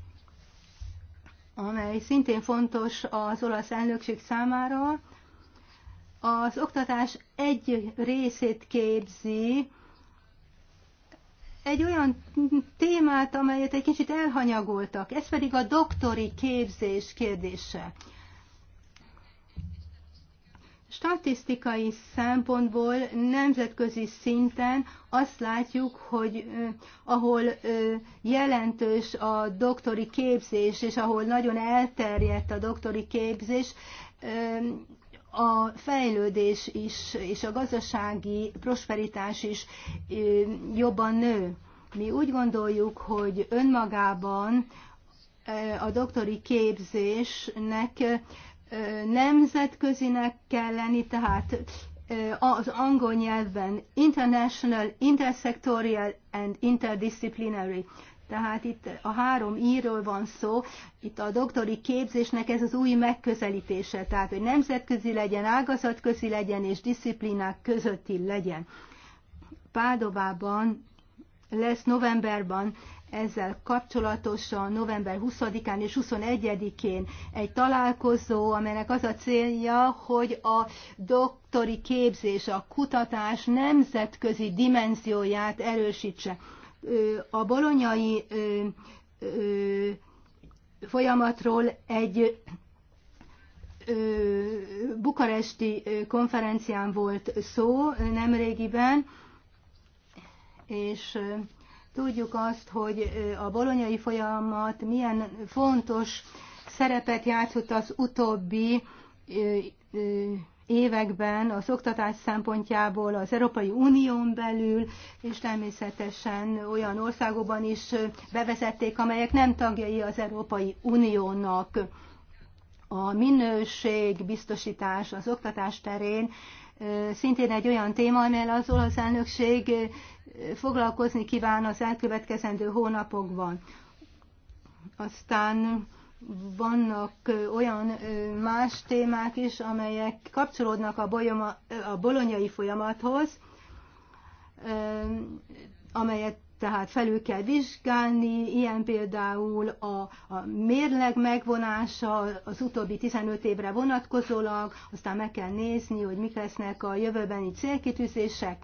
amely szintén fontos az olasz elnökség számára, az oktatás egy részét képzi egy olyan témát, amelyet egy kicsit elhanyagoltak, ez pedig a doktori képzés kérdése. Statisztikai szempontból nemzetközi szinten azt látjuk, hogy ahol jelentős a doktori képzés, és ahol nagyon elterjedt a doktori képzés, a fejlődés is, és a gazdasági prosperitás is jobban nő. Mi úgy gondoljuk, hogy önmagában a doktori képzésnek nemzetközinek kell lenni, tehát az angol nyelven international, intersectorial and interdisciplinary. Tehát itt a három íról van szó, itt a doktori képzésnek ez az új megközelítése, tehát hogy nemzetközi legyen, ágazatközi legyen és disziplinák közötti legyen. Pádovában lesz novemberben ezzel kapcsolatosan november 20-án és 21-én egy találkozó, amelynek az a célja, hogy a doktori képzés, a kutatás nemzetközi dimenzióját erősítse. A bolonyai folyamatról egy bukaresti konferencián volt szó nemrégiben, és Tudjuk azt, hogy a bolonyai folyamat milyen fontos szerepet játszott az utóbbi években az oktatás szempontjából az Európai Unión belül, és természetesen olyan országokban is bevezették, amelyek nem tagjai az Európai Uniónak. A minőség biztosítás az oktatás terén szintén egy olyan téma, amelyel az olasz elnökség foglalkozni kíván az elkövetkezendő hónapokban. Aztán vannak olyan más témák is, amelyek kapcsolódnak a, bolyoma, a bolonyai folyamathoz, amelyet tehát felül kell vizsgálni, ilyen például a, a mérleg megvonása az utóbbi 15 évre vonatkozólag, aztán meg kell nézni, hogy mik lesznek a jövőbeni célkitűzések.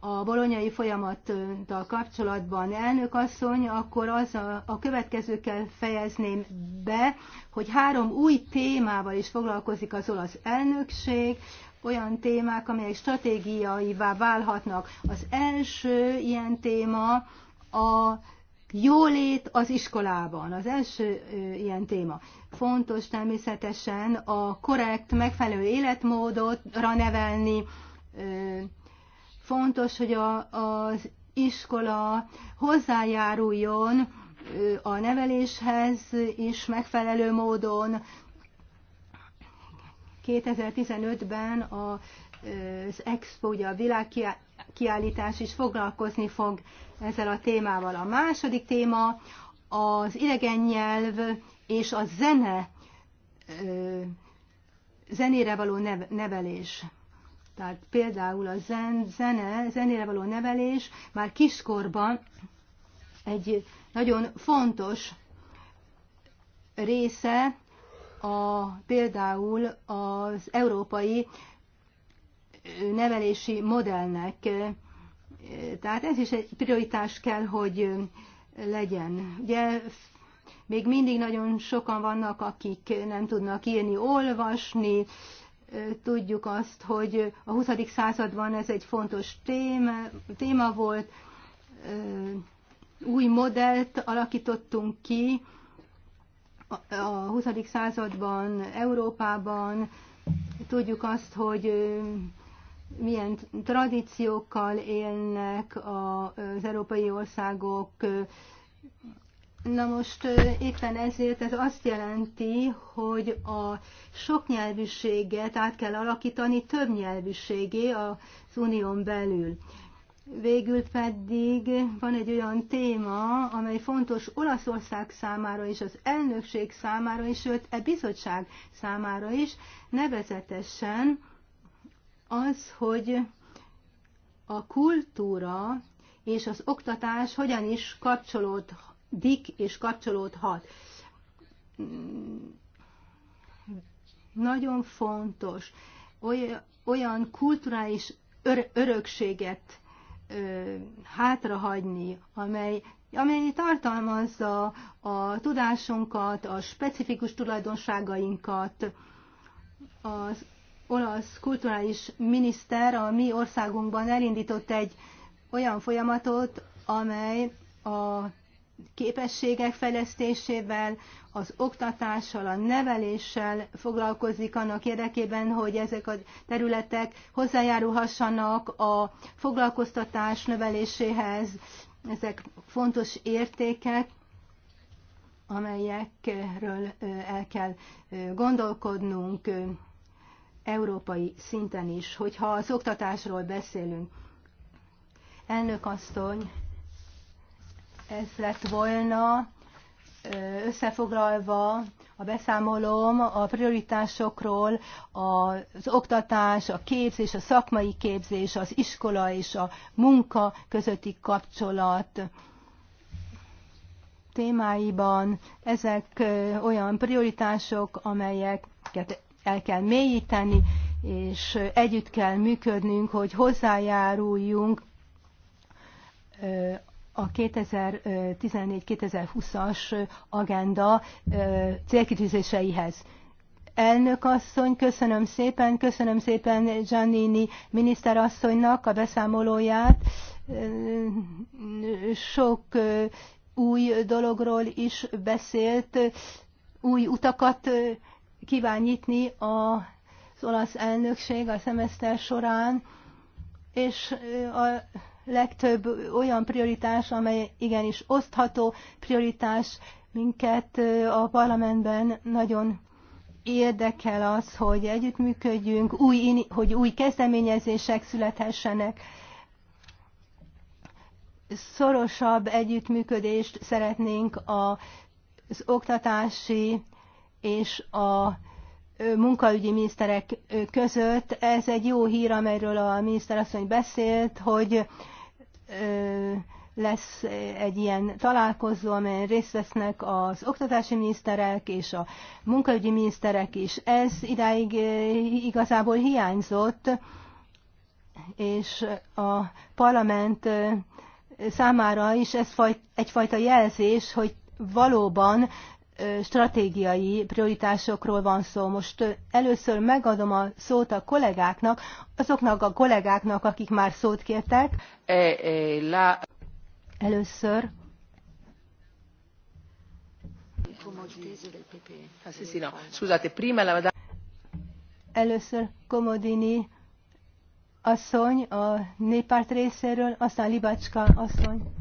A bolonyai folyamattal kapcsolatban elnök asszony, akkor az a, a következőkkel fejezném be, hogy három új témával is foglalkozik az olasz elnökség, olyan témák, amelyek stratégiaivá válhatnak. Az első ilyen téma a jólét az iskolában. Az első ilyen téma. Fontos természetesen a korrekt, megfelelő életmódotra nevelni. fontos, hogy a, az iskola hozzájáruljon a neveléshez is megfelelő módon, 2015-ben az Expo, ugye a világkiállítás is foglalkozni fog ezzel a témával. A második téma az idegen nyelv és a zene, zenére való nevelés. Tehát például a zen, zene, zenére való nevelés már kiskorban egy nagyon fontos része a, például az európai nevelési modellnek. Tehát ez is egy prioritás kell, hogy legyen. Ugye még mindig nagyon sokan vannak, akik nem tudnak írni, olvasni, tudjuk azt, hogy a 20. században ez egy fontos téma, téma volt, új modellt alakítottunk ki, a 20. században, Európában. Tudjuk azt, hogy milyen tradíciókkal élnek az európai országok. Na most éppen ezért ez azt jelenti, hogy a soknyelvűséget át kell alakítani nyelvűségé az unión belül. Végül pedig van egy olyan téma, amely fontos Olaszország számára is, az elnökség számára is, sőt, e bizottság számára is, nevezetesen az, hogy a kultúra és az oktatás hogyan is kapcsolódik és kapcsolódhat. Nagyon fontos olyan kulturális örökséget ö, hátrahagyni, amely, amely tartalmazza a tudásunkat, a specifikus tulajdonságainkat. Az olasz kulturális miniszter a mi országunkban elindított egy olyan folyamatot, amely a képességek fejlesztésével, az oktatással, a neveléssel foglalkozik annak érdekében, hogy ezek a területek hozzájárulhassanak a foglalkoztatás növeléséhez. Ezek fontos értékek, amelyekről el kell gondolkodnunk európai szinten is, hogyha az oktatásról beszélünk. Elnök asszony, ez lett volna összefoglalva a beszámolóm a prioritásokról, az oktatás, a képzés, a szakmai képzés, az iskola és a munka közötti kapcsolat témáiban. Ezek olyan prioritások, amelyeket el kell mélyíteni, és együtt kell működnünk, hogy hozzájáruljunk a 2014-2020-as agenda célkitűzéseihez. Elnök asszony, köszönöm szépen, köszönöm szépen Giannini miniszterasszonynak a beszámolóját. Sok új dologról is beszélt, új utakat kíván nyitni az olasz elnökség a szemeszter során, és a legtöbb olyan prioritás, amely igenis osztható prioritás minket a parlamentben nagyon érdekel az, hogy együttműködjünk, új, hogy új kezdeményezések születhessenek. Szorosabb együttműködést szeretnénk az oktatási és a munkaügyi miniszterek között. Ez egy jó hír, amelyről a miniszterasszony beszélt, hogy lesz egy ilyen találkozó, amelyen részt vesznek az oktatási miniszterek és a munkaügyi miniszterek is. Ez idáig igazából hiányzott, és a parlament számára is ez egyfajta jelzés, hogy valóban stratégiai prioritásokról van szó. Most először megadom a szót a kollégáknak, azoknak a kollégáknak, akik már szót kértek. Eh, eh, először. Először Komodini asszony a néppárt részéről, aztán Libacska asszony.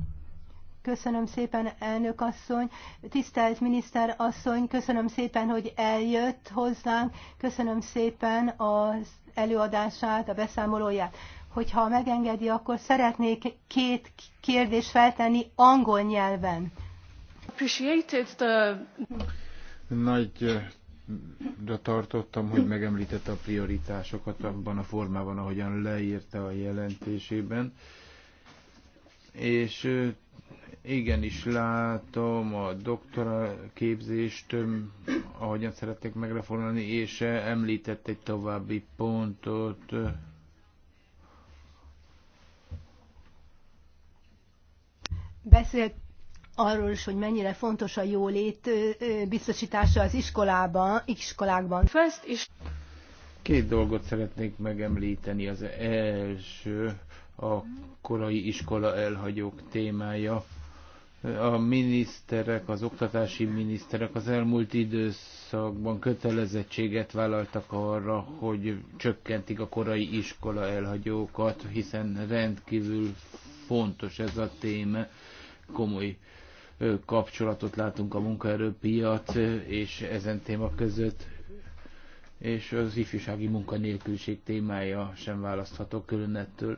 Köszönöm szépen, elnök asszony. Tisztelt miniszter asszony, köszönöm szépen, hogy eljött hozzánk. Köszönöm szépen az előadását, a beszámolóját. Hogyha megengedi, akkor szeretnék két kérdést feltenni angol nyelven. Nagy de tartottam, hogy megemlítette a prioritásokat abban a formában, ahogyan leírta a jelentésében és igenis látom a doktora képzést, ahogyan szeretnék megreformálni, és említett egy további pontot. Beszélt arról is, hogy mennyire fontos a jólét biztosítása az iskolában, iskolákban. First is... Két dolgot szeretnék megemlíteni. Az első, a korai iskola elhagyók témája. A miniszterek, az oktatási miniszterek az elmúlt időszakban kötelezettséget vállaltak arra, hogy csökkentik a korai iskola elhagyókat, hiszen rendkívül fontos ez a téma, komoly kapcsolatot látunk a munkaerőpiac és ezen téma között, és az ifjúsági munkanélküliség témája sem választható külön ettől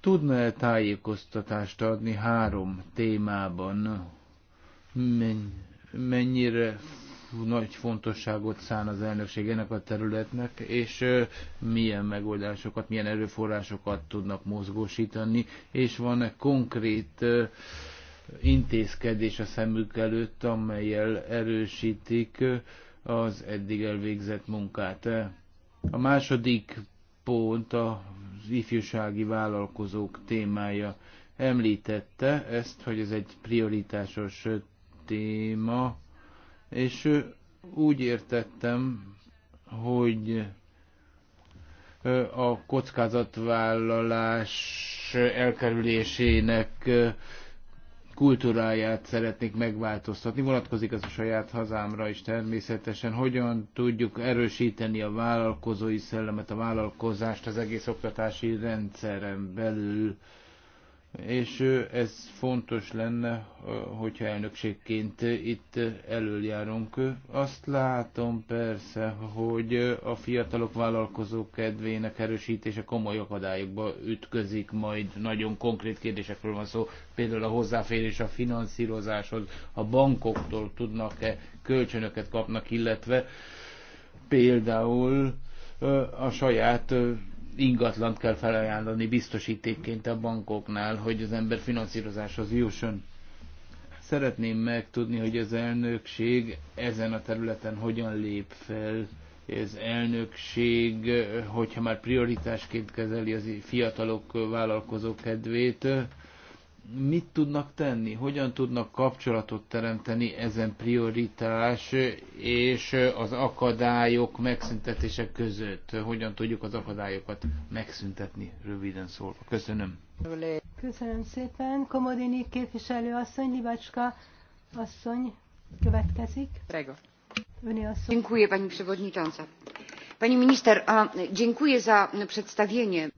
tudna-e tájékoztatást adni három témában, mennyire nagy fontosságot szán az elnökség ennek a területnek, és milyen megoldásokat, milyen erőforrásokat tudnak mozgósítani, és van-e konkrét intézkedés a szemük előtt, amelyel erősítik az eddig elvégzett munkát. A második pont a ifjúsági vállalkozók témája. Említette ezt, hogy ez egy prioritásos téma, és úgy értettem, hogy a kockázatvállalás elkerülésének kultúráját szeretnék megváltoztatni. Vonatkozik az a saját hazámra is természetesen. Hogyan tudjuk erősíteni a vállalkozói szellemet, a vállalkozást az egész oktatási rendszeren belül és ez fontos lenne, hogyha elnökségként itt előjárunk. Azt látom persze, hogy a fiatalok vállalkozók kedvének erősítése komoly akadályokba ütközik, majd nagyon konkrét kérdésekről van szó, például a hozzáférés a finanszírozáshoz, a bankoktól tudnak-e kölcsönöket kapnak, illetve például a saját ingatlant kell felajánlani biztosítékként a bankoknál, hogy az ember finanszírozáshoz jusson. Szeretném megtudni, hogy az elnökség ezen a területen hogyan lép fel, az elnökség, hogyha már prioritásként kezeli az fiatalok vállalkozók kedvét, mit tudnak tenni, hogyan tudnak kapcsolatot teremteni ezen prioritás és az akadályok megszüntetése között. Hogyan tudjuk az akadályokat megszüntetni, röviden szólva. Köszönöm. Köszönöm szépen. Komodini képviselő asszony, Libacska asszony következik. Prego. Öné asszony. Dziękuję, pani przewodnicząca. Pani minister, dziękuję za przedstawienie.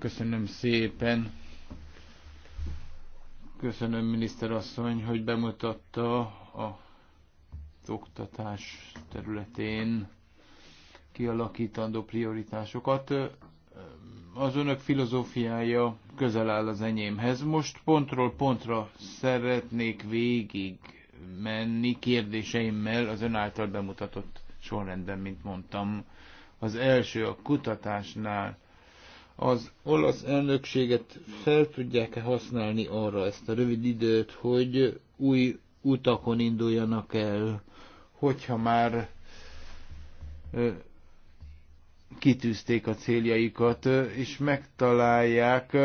Köszönöm szépen Köszönöm, asszony, hogy bemutatta a oktatás területén kialakítandó prioritásokat. Az önök filozófiája közel áll az enyémhez. Most pontról pontra szeretnék végig menni kérdéseimmel az ön által bemutatott sorrendben, mint mondtam. Az első a kutatásnál az olasz elnökséget fel tudják-e használni arra ezt a rövid időt, hogy új utakon induljanak el, hogyha már kitűzték a céljaikat, és megtalálják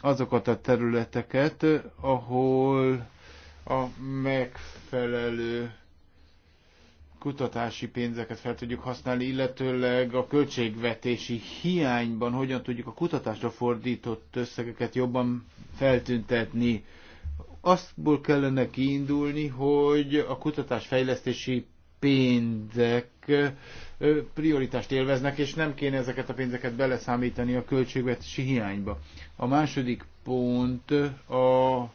azokat a területeket, ahol a megfelelő kutatási pénzeket fel tudjuk használni, illetőleg a költségvetési hiányban hogyan tudjuk a kutatásra fordított összegeket jobban feltüntetni. Aztból kellene kiindulni, hogy a kutatásfejlesztési pénzek prioritást élveznek, és nem kéne ezeket a pénzeket beleszámítani a költségvetési hiányba. A második pont a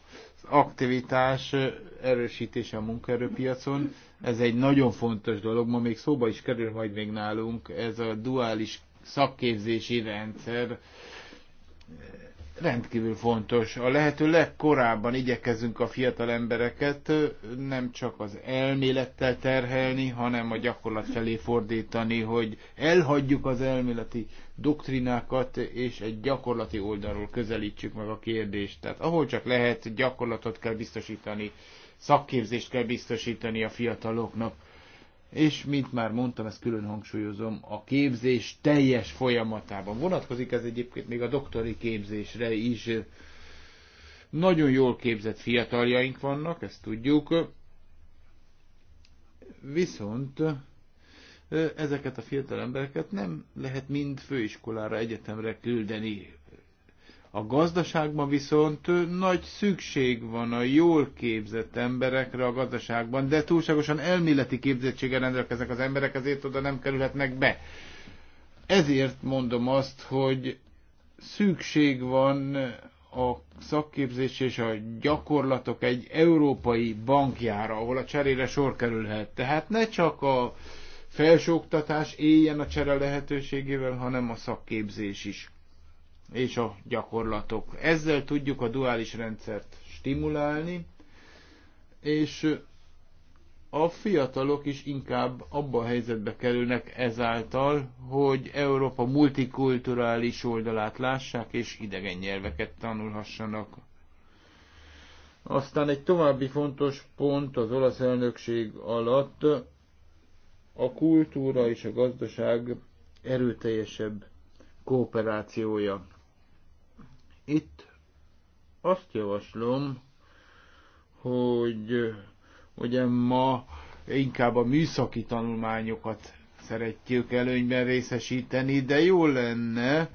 aktivitás erősítése a munkaerőpiacon. Ez egy nagyon fontos dolog, ma még szóba is kerül majd még nálunk, ez a duális szakképzési rendszer rendkívül fontos. A lehető legkorábban igyekezünk a fiatal embereket nem csak az elmélettel terhelni, hanem a gyakorlat felé fordítani, hogy elhagyjuk az elméleti doktrinákat, és egy gyakorlati oldalról közelítsük meg a kérdést. Tehát ahol csak lehet, gyakorlatot kell biztosítani, szakképzést kell biztosítani a fiataloknak. És, mint már mondtam, ezt külön hangsúlyozom, a képzés teljes folyamatában. Vonatkozik ez egyébként még a doktori képzésre is. Nagyon jól képzett fiataljaink vannak, ezt tudjuk. Viszont ezeket a fiatal embereket nem lehet mind főiskolára, egyetemre küldeni. A gazdaságban viszont nagy szükség van a jól képzett emberekre a gazdaságban, de túlságosan elméleti képzettséggel rendelkeznek az emberek, ezért oda nem kerülhetnek be. Ezért mondom azt, hogy szükség van a szakképzés és a gyakorlatok egy európai bankjára, ahol a cserére sor kerülhet. Tehát ne csak a felsőoktatás éljen a csere lehetőségével, hanem a szakképzés is és a gyakorlatok. Ezzel tudjuk a duális rendszert stimulálni, és a fiatalok is inkább abba a helyzetbe kerülnek ezáltal, hogy Európa multikulturális oldalát lássák, és idegen nyelveket tanulhassanak. Aztán egy további fontos pont az olasz elnökség alatt a kultúra és a gazdaság erőteljesebb kooperációja. Itt azt javaslom, hogy ugye ma inkább a műszaki tanulmányokat szeretjük előnyben részesíteni, de jó lenne,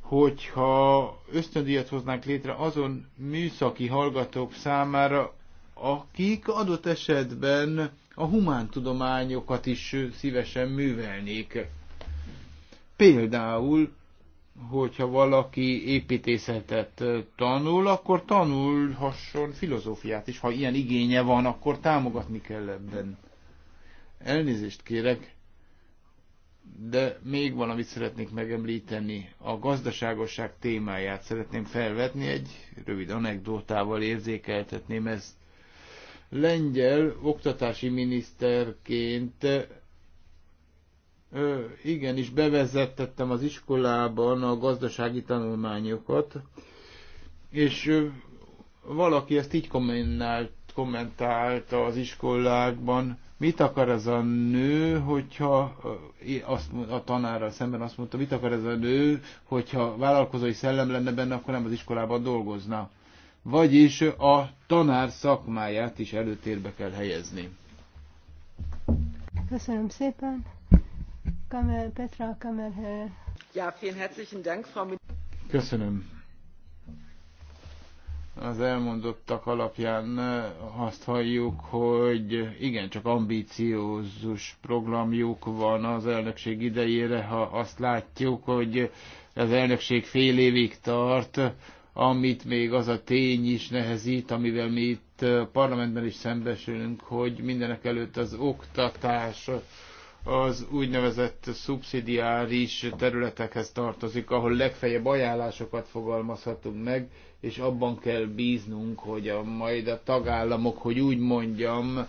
hogyha ösztöndíjat hoznánk létre azon műszaki hallgatók számára, akik adott esetben a humántudományokat is szívesen művelnék. Például, hogyha valaki építészetet tanul, akkor tanulhasson filozófiát is. Ha ilyen igénye van, akkor támogatni kell ebben. Elnézést kérek, de még valamit szeretnék megemlíteni. A gazdaságosság témáját szeretném felvetni, egy rövid anekdótával érzékeltetném ezt lengyel oktatási miniszterként igenis bevezettettem az iskolában a gazdasági tanulmányokat, és valaki ezt így kommentált, kommentálta az iskolákban, mit akar ez a nő, hogyha azt, a tanára szemben azt mondta, mit akar ez a nő, hogyha vállalkozói szellem lenne benne, akkor nem az iskolában dolgozna vagyis a tanár szakmáját is előtérbe kell helyezni. Köszönöm szépen. Kamel, Petra Kamerher. Ja, vielen herzlichen Dank, Frau Köszönöm az elmondottak alapján azt halljuk, hogy igen, csak ambíciózus programjuk van az elnökség idejére, ha azt látjuk, hogy az elnökség fél évig tart, amit még az a tény is nehezít, amivel mi itt parlamentben is szembesülünk, hogy mindenek előtt az oktatás az úgynevezett szubszidiáris területekhez tartozik, ahol legfeljebb ajánlásokat fogalmazhatunk meg, és abban kell bíznunk, hogy a, majd a tagállamok, hogy úgy mondjam,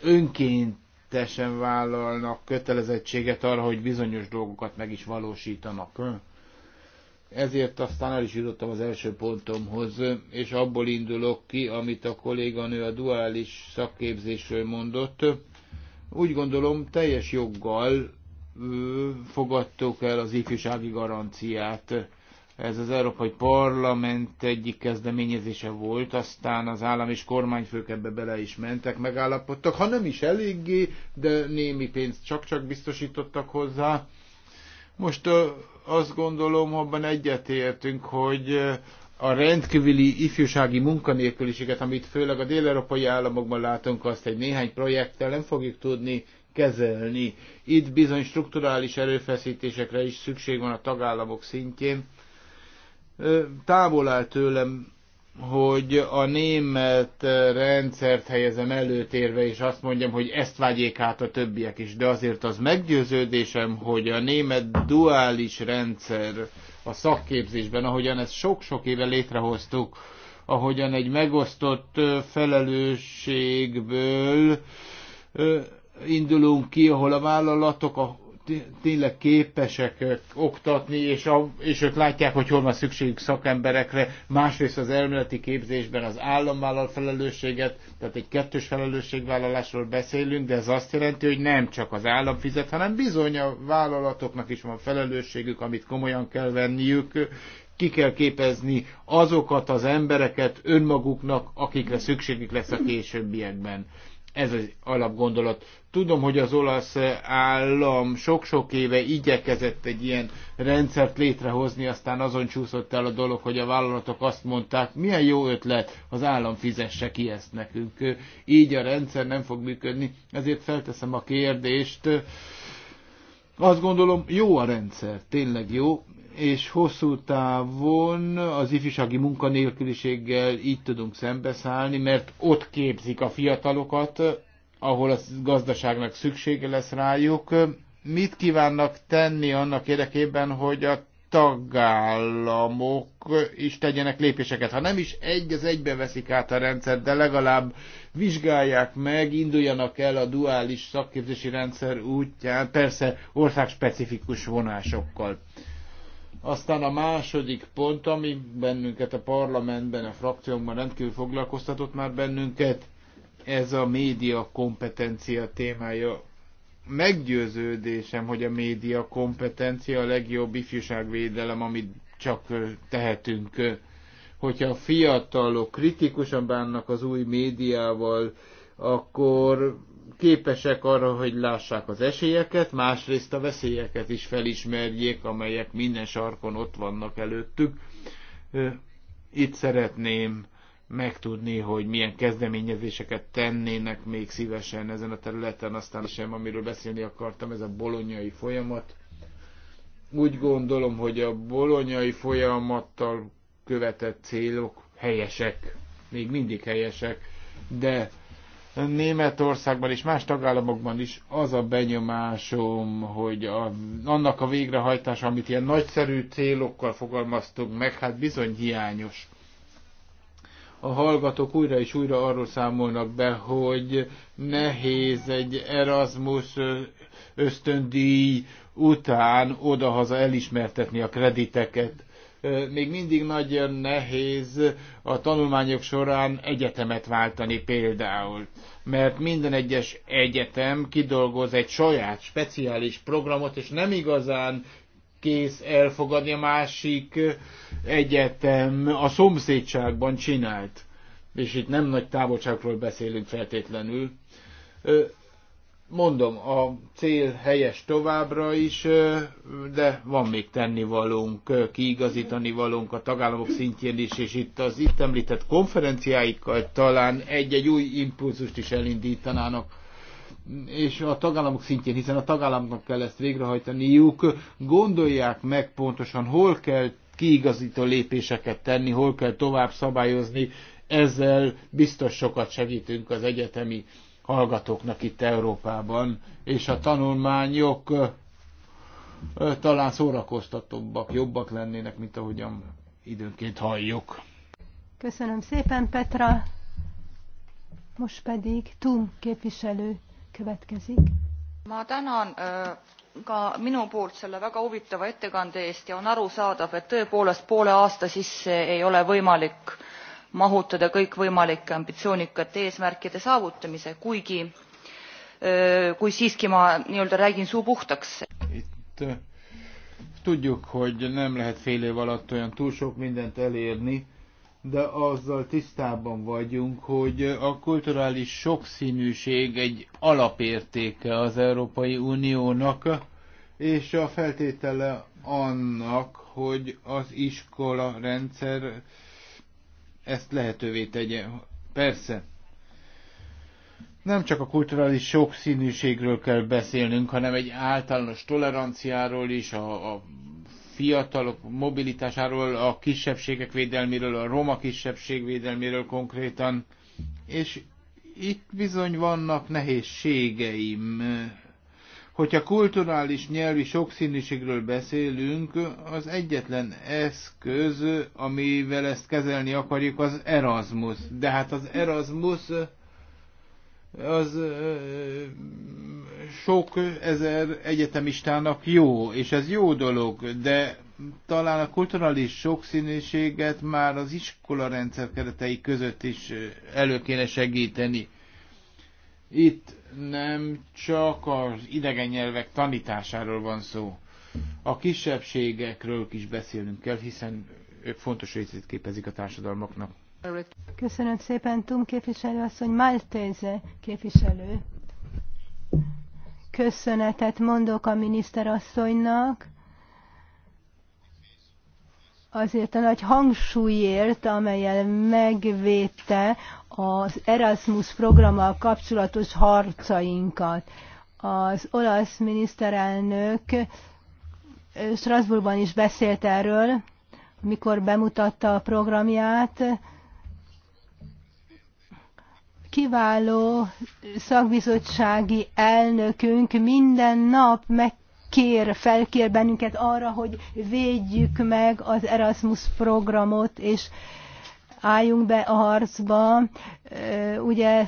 önkéntesen vállalnak kötelezettséget arra, hogy bizonyos dolgokat meg is valósítanak. Ezért aztán el is jutottam az első pontomhoz, és abból indulok ki, amit a kolléganő a duális szakképzésről mondott. Úgy gondolom, teljes joggal fogadtuk el az ifjúsági garanciát. Ez az Európai Parlament egyik kezdeményezése volt, aztán az állam és kormányfők ebbe bele is mentek, megállapodtak, ha nem is eléggé, de némi pénzt csak-csak biztosítottak hozzá most azt gondolom, abban egyetértünk, hogy a rendkívüli ifjúsági munkanélküliséget, amit főleg a dél-európai államokban látunk, azt egy néhány projekttel nem fogjuk tudni kezelni. Itt bizony strukturális erőfeszítésekre is szükség van a tagállamok szintjén. Távol áll tőlem hogy a német rendszert helyezem előtérve, és azt mondjam, hogy ezt vágyék át a többiek is, de azért az meggyőződésem, hogy a német duális rendszer a szakképzésben, ahogyan ezt sok-sok éve létrehoztuk, ahogyan egy megosztott felelősségből indulunk ki, ahol a vállalatok a tényleg képesek oktatni, és, a, és ők látják, hogy hol van szükségük szakemberekre, másrészt az elméleti képzésben az államvállal felelősséget, tehát egy kettős felelősségvállalásról beszélünk, de ez azt jelenti, hogy nem csak az állam fizet, hanem bizony a vállalatoknak is van felelősségük, amit komolyan kell venniük, ki kell képezni azokat az embereket önmaguknak, akikre szükségük lesz a későbbiekben. Ez az alapgondolat. Tudom, hogy az olasz állam sok-sok éve igyekezett egy ilyen rendszert létrehozni, aztán azon csúszott el a dolog, hogy a vállalatok azt mondták, milyen jó ötlet, az állam fizesse ki ezt nekünk. Így a rendszer nem fog működni, ezért felteszem a kérdést. Azt gondolom, jó a rendszer, tényleg jó, és hosszú távon az ifjúsági munkanélküliséggel így tudunk szembeszállni, mert ott képzik a fiatalokat, ahol a gazdaságnak szüksége lesz rájuk. Mit kívánnak tenni annak érdekében, hogy a tagállamok is tegyenek lépéseket. Ha nem is egy az egybe veszik át a rendszert, de legalább vizsgálják meg, induljanak el a duális szakképzési rendszer útján, persze országspecifikus vonásokkal. Aztán a második pont, ami bennünket a parlamentben, a frakciónkban rendkívül foglalkoztatott már bennünket, ez a média kompetencia témája. Meggyőződésem, hogy a média kompetencia a legjobb ifjúságvédelem, amit csak tehetünk. Hogyha a fiatalok kritikusan bánnak az új médiával, akkor képesek arra, hogy lássák az esélyeket, másrészt a veszélyeket is felismerjék, amelyek minden sarkon ott vannak előttük. Itt szeretném megtudni, hogy milyen kezdeményezéseket tennének még szívesen ezen a területen, aztán sem, amiről beszélni akartam, ez a bolonyai folyamat. Úgy gondolom, hogy a bolonyai folyamattal követett célok helyesek, még mindig helyesek, de Németországban és más tagállamokban is az a benyomásom, hogy a, annak a végrehajtása, amit ilyen nagyszerű célokkal fogalmaztunk meg, hát bizony hiányos. A hallgatók újra és újra arról számolnak be, hogy nehéz egy Erasmus ösztöndíj után odahaza elismertetni a krediteket még mindig nagyon nehéz a tanulmányok során egyetemet váltani például, mert minden egyes egyetem kidolgoz egy saját speciális programot, és nem igazán kész elfogadni a másik egyetem a szomszédságban csinált. És itt nem nagy távolságról beszélünk feltétlenül. Mondom, a cél helyes továbbra is, de van még tennivalónk, kiigazítani valónk a tagállamok szintjén is, és itt az itt említett konferenciáikkal talán egy-egy új impulzust is elindítanának és a tagállamok szintjén, hiszen a tagállamoknak kell ezt végrehajtaniuk, gondolják meg pontosan, hol kell kiigazító lépéseket tenni, hol kell tovább szabályozni, ezzel biztos sokat segítünk az egyetemi hallgatóknak itt Európában, és a tanulmányok talán szórakoztatóbbak, jobbak lennének, mint ahogyan időnként halljuk. Köszönöm szépen, Petra. Most pedig Tum képviselő következik. Ma tänan ka minu poolt selle väga huvitava ettekande eest ja on saadav, et tõepoolest poole aasta sisse ei ole võimalik mahutada kõikvõimalike ambitsioonikate eesmärkide saavutamise kuigi kui siiski ma nii-öelda räägin suu puhtaks. tudjuk, hogy nem lehet fél év alatt olyan túl sok mindent elérni, de azzal tisztában vagyunk, hogy a kulturális sokszínűség egy alapértéke az Európai Uniónak, és a feltétele annak, hogy az iskola rendszer ezt lehetővé tegye. Persze, nem csak a kulturális sokszínűségről kell beszélnünk, hanem egy általános toleranciáról is, a, a fiatalok mobilitásáról, a kisebbségek védelméről, a roma kisebbség védelméről konkrétan. És itt bizony vannak nehézségeim Hogyha kulturális nyelvi sokszínűségről beszélünk, az egyetlen eszköz, amivel ezt kezelni akarjuk, az Erasmus. De hát az Erasmus az sok ezer egyetemistának jó, és ez jó dolog, de talán a kulturális sokszínűséget már az iskola rendszer keretei között is elő kéne segíteni. Itt nem csak az idegen nyelvek tanításáról van szó. A kisebbségekről is beszélnünk kell, hiszen ők fontos részét képezik a társadalmaknak. Köszönöm szépen, Tum képviselő asszony, Maltese képviselő. Köszönetet mondok a miniszterasszonynak azért a nagy hangsúlyért, amelyel megvédte az Erasmus programmal kapcsolatos harcainkat. Az olasz miniszterelnök Strasbourgban is beszélt erről, mikor bemutatta a programját. Kiváló szakbizottsági elnökünk minden nap meg kér, felkér bennünket arra, hogy védjük meg az Erasmus programot, és álljunk be a harcba. Ugye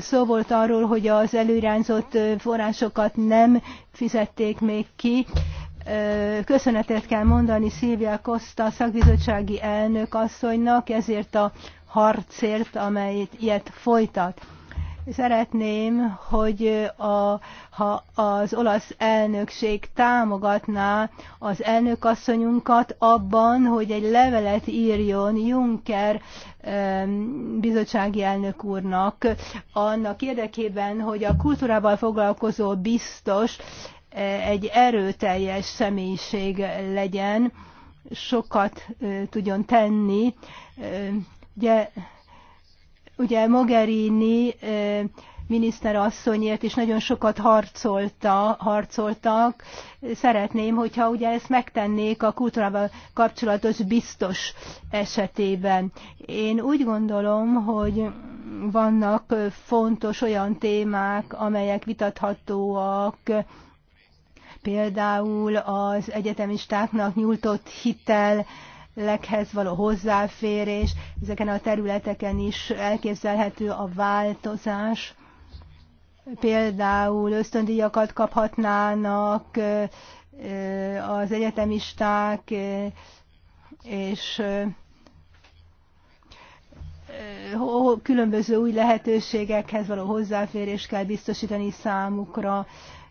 szó volt arról, hogy az előirányzott forrásokat nem fizették még ki. Köszönetet kell mondani Szilvia Koszta, szakbizottsági elnök asszonynak ezért a harcért, amelyet ilyet folytat. Szeretném, hogy a, ha az olasz elnökség támogatná az elnökasszonyunkat abban, hogy egy levelet írjon Juncker bizottsági elnök úrnak, annak érdekében, hogy a kultúrával foglalkozó biztos e, egy erőteljes személyiség legyen, sokat e, tudjon tenni. E, ugye Ugye Mogherini miniszterasszonyért is nagyon sokat harcolta, harcoltak. Szeretném, hogyha ugye ezt megtennék a kultúrával kapcsolatos biztos esetében. Én úgy gondolom, hogy vannak fontos olyan témák, amelyek vitathatóak, például az egyetemistáknak nyújtott hitel, lekhez való hozzáférés, ezeken a területeken is elképzelhető a változás. Például ösztöndíjakat kaphatnának az egyetemisták, és különböző új lehetőségekhez való hozzáférés kell biztosítani számukra,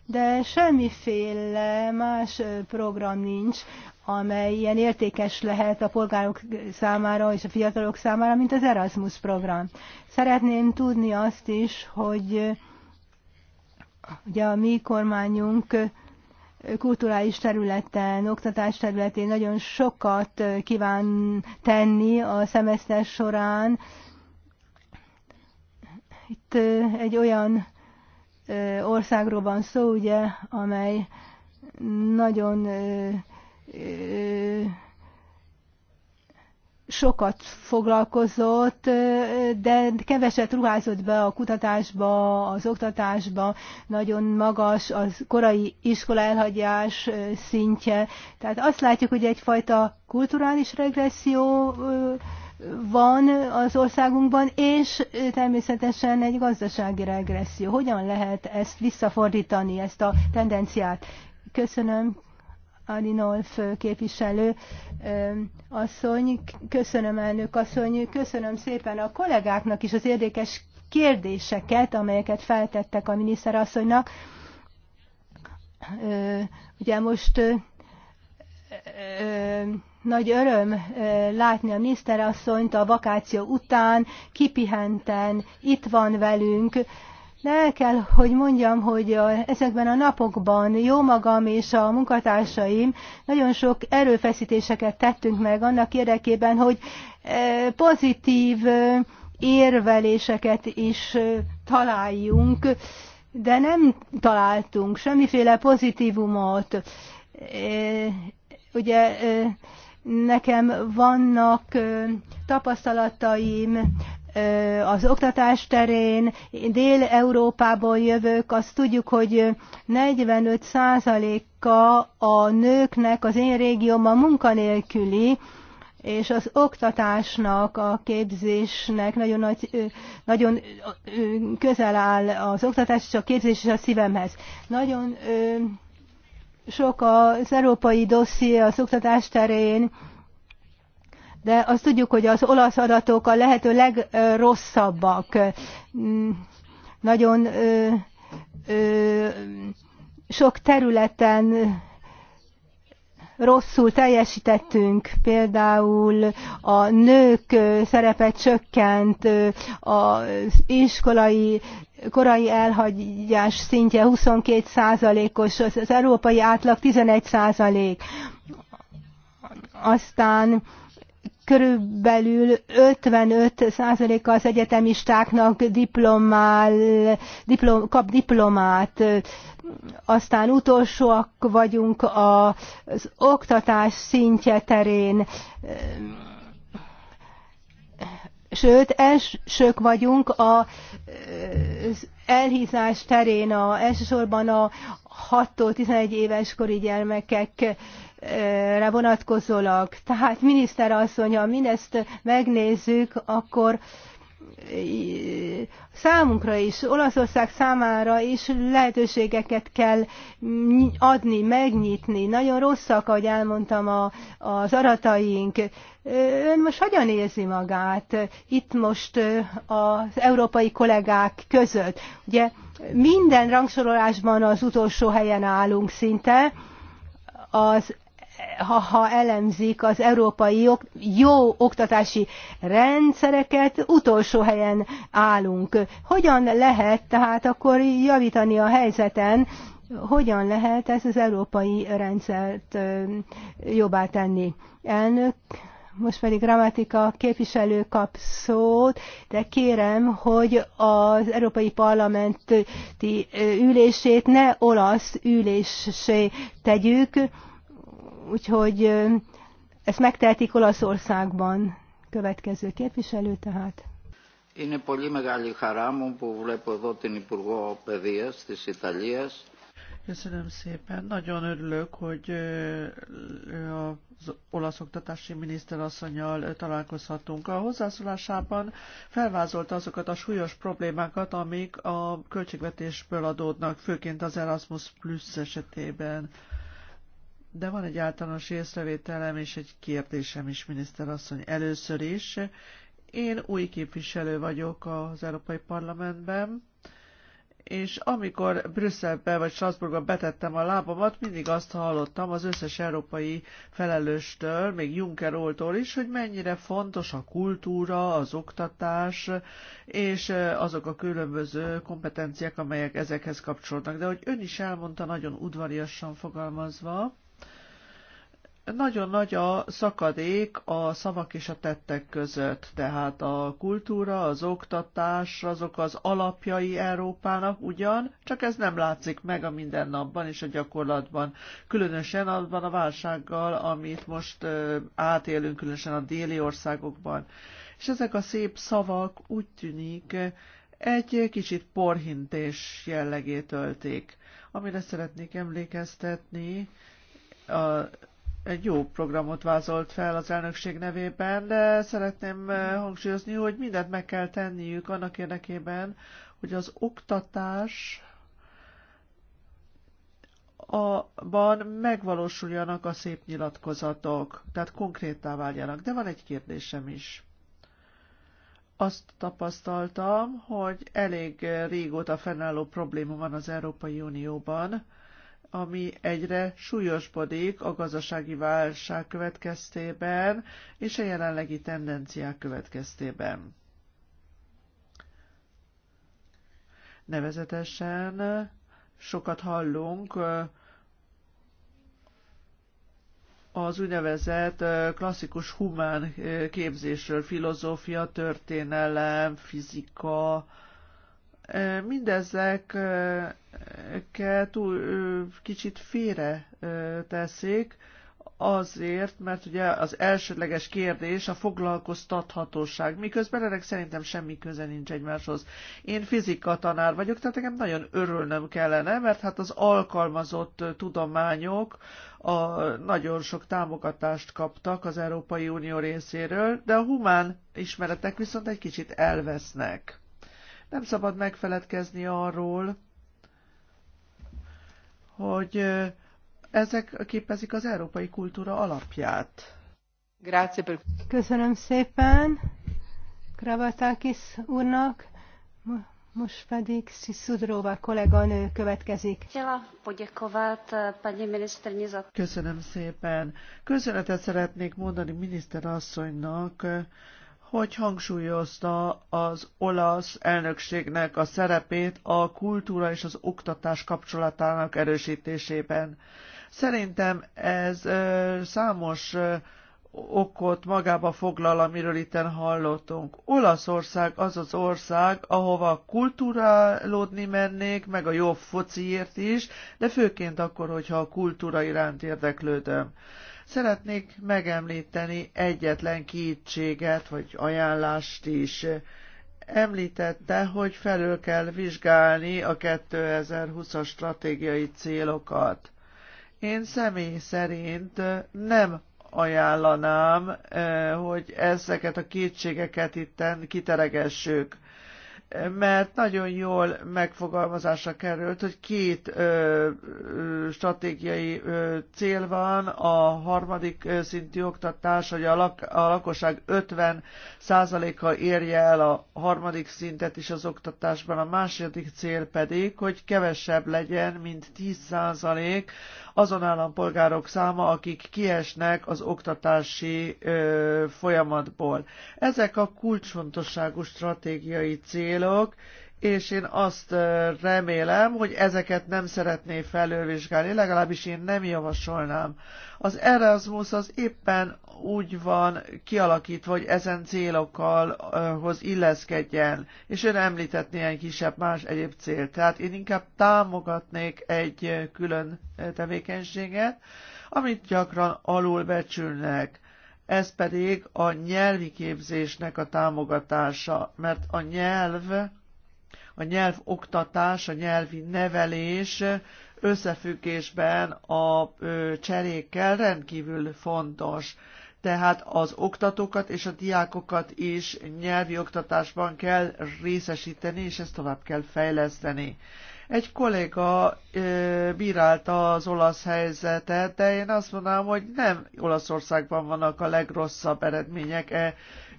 de semmiféle más program nincs, amely ilyen értékes lehet a polgárok számára és a fiatalok számára, mint az Erasmus program. Szeretném tudni azt is, hogy ugye a mi kormányunk kulturális területen, oktatás területén nagyon sokat kíván tenni a szemeszter során. Itt egy olyan országról van szó, ugye, amely nagyon sokat foglalkozott, de keveset ruházott be a kutatásba, az oktatásba, nagyon magas az korai iskola elhagyás szintje. Tehát azt látjuk, hogy egyfajta kulturális regresszió van az országunkban, és természetesen egy gazdasági regresszió. Hogyan lehet ezt visszafordítani, ezt a tendenciát? Köszönöm, Alinolf képviselő asszony, köszönöm elnök asszony, köszönöm szépen a kollégáknak is az érdekes kérdéseket, amelyeket feltettek a miniszterasszonynak. Ugye most nagy öröm látni a miniszterasszonyt a vakáció után, kipihenten, itt van velünk. De el kell, hogy mondjam, hogy a, ezekben a napokban jó magam és a munkatársaim nagyon sok erőfeszítéseket tettünk meg annak érdekében, hogy pozitív érveléseket is találjunk, de nem találtunk semmiféle pozitívumot. ugye Nekem vannak tapasztalataim az oktatás terén, Dél-Európából jövök, azt tudjuk, hogy 45%-a a nőknek az én régiómban munkanélküli, és az oktatásnak, a képzésnek nagyon, nagy, nagyon közel áll az oktatás, és a képzés is a szívemhez. Nagyon sok az európai dosszié az oktatás terén, de azt tudjuk, hogy az olasz adatok a lehető legrosszabbak. Mm, nagyon ö, ö, sok területen rosszul teljesítettünk, például a nők szerepe csökkent, az iskolai korai elhagyás szintje 22 százalékos, az európai átlag 11 százalék. Aztán körülbelül 55 százaléka az egyetemistáknak diplomál, diplom, kap diplomát, aztán utolsóak vagyunk az oktatás szintje terén, sőt, elsők vagyunk az elhízás terén, a, elsősorban a 6-11 éves kori gyermekek vonatkozólag. Tehát miniszter ha mindezt megnézzük, akkor számunkra is, Olaszország számára is lehetőségeket kell adni, megnyitni. Nagyon rosszak, ahogy elmondtam, a, az arataink. Ön most hogyan érzi magát itt most az európai kollégák között? Ugye minden rangsorolásban az utolsó helyen állunk szinte, az ha, ha elemzik az európai jó oktatási rendszereket, utolsó helyen állunk. Hogyan lehet tehát akkor javítani a helyzeten, hogyan lehet ezt az európai rendszert jobbá tenni? Elnök, most pedig grammatika képviselő kap szót, de kérem, hogy az Európai Parlamenti ülését ne olasz ülésé tegyük, Úgyhogy ezt megtehetik Olaszországban. Következő képviselő tehát. Είναι πολύ μεγάλη χαρά μου που βλέπω εδώ την Υπουργό Παιδείας της Ιταλίας. Köszönöm szépen. Nagyon örülök, hogy az olasz oktatási miniszterasszonyjal találkozhatunk. A hozzászólásában felvázolta azokat a súlyos problémákat, amik a költségvetésből adódnak, főként az Erasmus Plus esetében de van egy általános észrevételem és egy kérdésem is, miniszter asszony. Először is, én új képviselő vagyok az Európai Parlamentben, és amikor Brüsszelbe vagy Strasbourgba betettem a lábamat, mindig azt hallottam az összes európai felelőstől, még Juncker oltól is, hogy mennyire fontos a kultúra, az oktatás, és azok a különböző kompetenciák, amelyek ezekhez kapcsolódnak. De hogy ön is elmondta, nagyon udvariasan fogalmazva, nagyon nagy a szakadék a szavak és a tettek között, tehát a kultúra, az oktatás, azok az alapjai Európának ugyan, csak ez nem látszik meg a mindennapban és a gyakorlatban. Különösen abban a válsággal, amit most átélünk, különösen a déli országokban. És ezek a szép szavak úgy tűnik egy kicsit porhintés jellegét ölték. Amire szeretnék emlékeztetni, a egy jó programot vázolt fel az elnökség nevében, de szeretném eh, hangsúlyozni, hogy mindent meg kell tenniük annak érdekében, hogy az oktatás abban megvalósuljanak a szép nyilatkozatok, tehát konkrétá váljanak. De van egy kérdésem is. Azt tapasztaltam, hogy elég régóta fennálló probléma van az Európai Unióban, ami egyre súlyosbodik a gazdasági válság következtében és a jelenlegi tendenciák következtében. Nevezetesen sokat hallunk az úgynevezett klasszikus humán képzésről, filozófia, történelem, fizika, mindezeket kicsit félre teszik, azért, mert ugye az elsődleges kérdés a foglalkoztathatóság, miközben ennek szerintem semmi köze nincs egymáshoz. Én fizika tanár vagyok, tehát nekem nagyon örülnöm kellene, mert hát az alkalmazott tudományok a, nagyon sok támogatást kaptak az Európai Unió részéről, de a humán ismeretek viszont egy kicsit elvesznek. Nem szabad megfeledkezni arról, hogy ezek képezik az európai kultúra alapját. Köszönöm szépen Kravatakis úrnak, most pedig Szudróva kolléganő következik. Eh, Köszönöm szépen. Köszönetet szeretnék mondani miniszter asszonynak hogy hangsúlyozta az olasz elnökségnek a szerepét a kultúra és az oktatás kapcsolatának erősítésében. Szerintem ez ö, számos ö, okot magába foglal, amiről itten hallottunk. Olaszország az az ország, ahova kultúrálódni mennék, meg a jobb fociért is, de főként akkor, hogyha a kultúra iránt érdeklődöm. Szeretnék megemlíteni egyetlen kétséget, vagy ajánlást is. Említette, hogy felül kell vizsgálni a 2020-as stratégiai célokat. Én személy szerint nem ajánlanám, eh, hogy ezeket a kétségeket itten kiteregessük mert nagyon jól megfogalmazásra került, hogy két ö, stratégiai ö, cél van, a harmadik ö, szintű oktatás, hogy a, lak, a lakosság 50%-a érje el a harmadik szintet is az oktatásban, a második cél pedig, hogy kevesebb legyen, mint 10% azon állampolgárok száma, akik kiesnek az oktatási folyamatból. Ezek a kulcsfontosságú stratégiai célok, és én azt remélem, hogy ezeket nem szeretné felővizsgálni, legalábbis én nem javasolnám. Az Erasmus az éppen úgy van kialakítva, hogy ezen célokkal hoz illeszkedjen, és ön említett néhány kisebb más egyéb célt. Tehát én inkább támogatnék egy külön tevékenységet, amit gyakran alulbecsülnek ez pedig a nyelvi képzésnek a támogatása, mert a nyelv a nyelvoktatás, a nyelvi nevelés összefüggésben a cserékkel rendkívül fontos. Tehát az oktatókat és a diákokat is nyelvi oktatásban kell részesíteni, és ezt tovább kell fejleszteni. Egy kolléga ö, bírálta az olasz helyzetet, de én azt mondanám, hogy nem Olaszországban vannak a legrosszabb eredmények e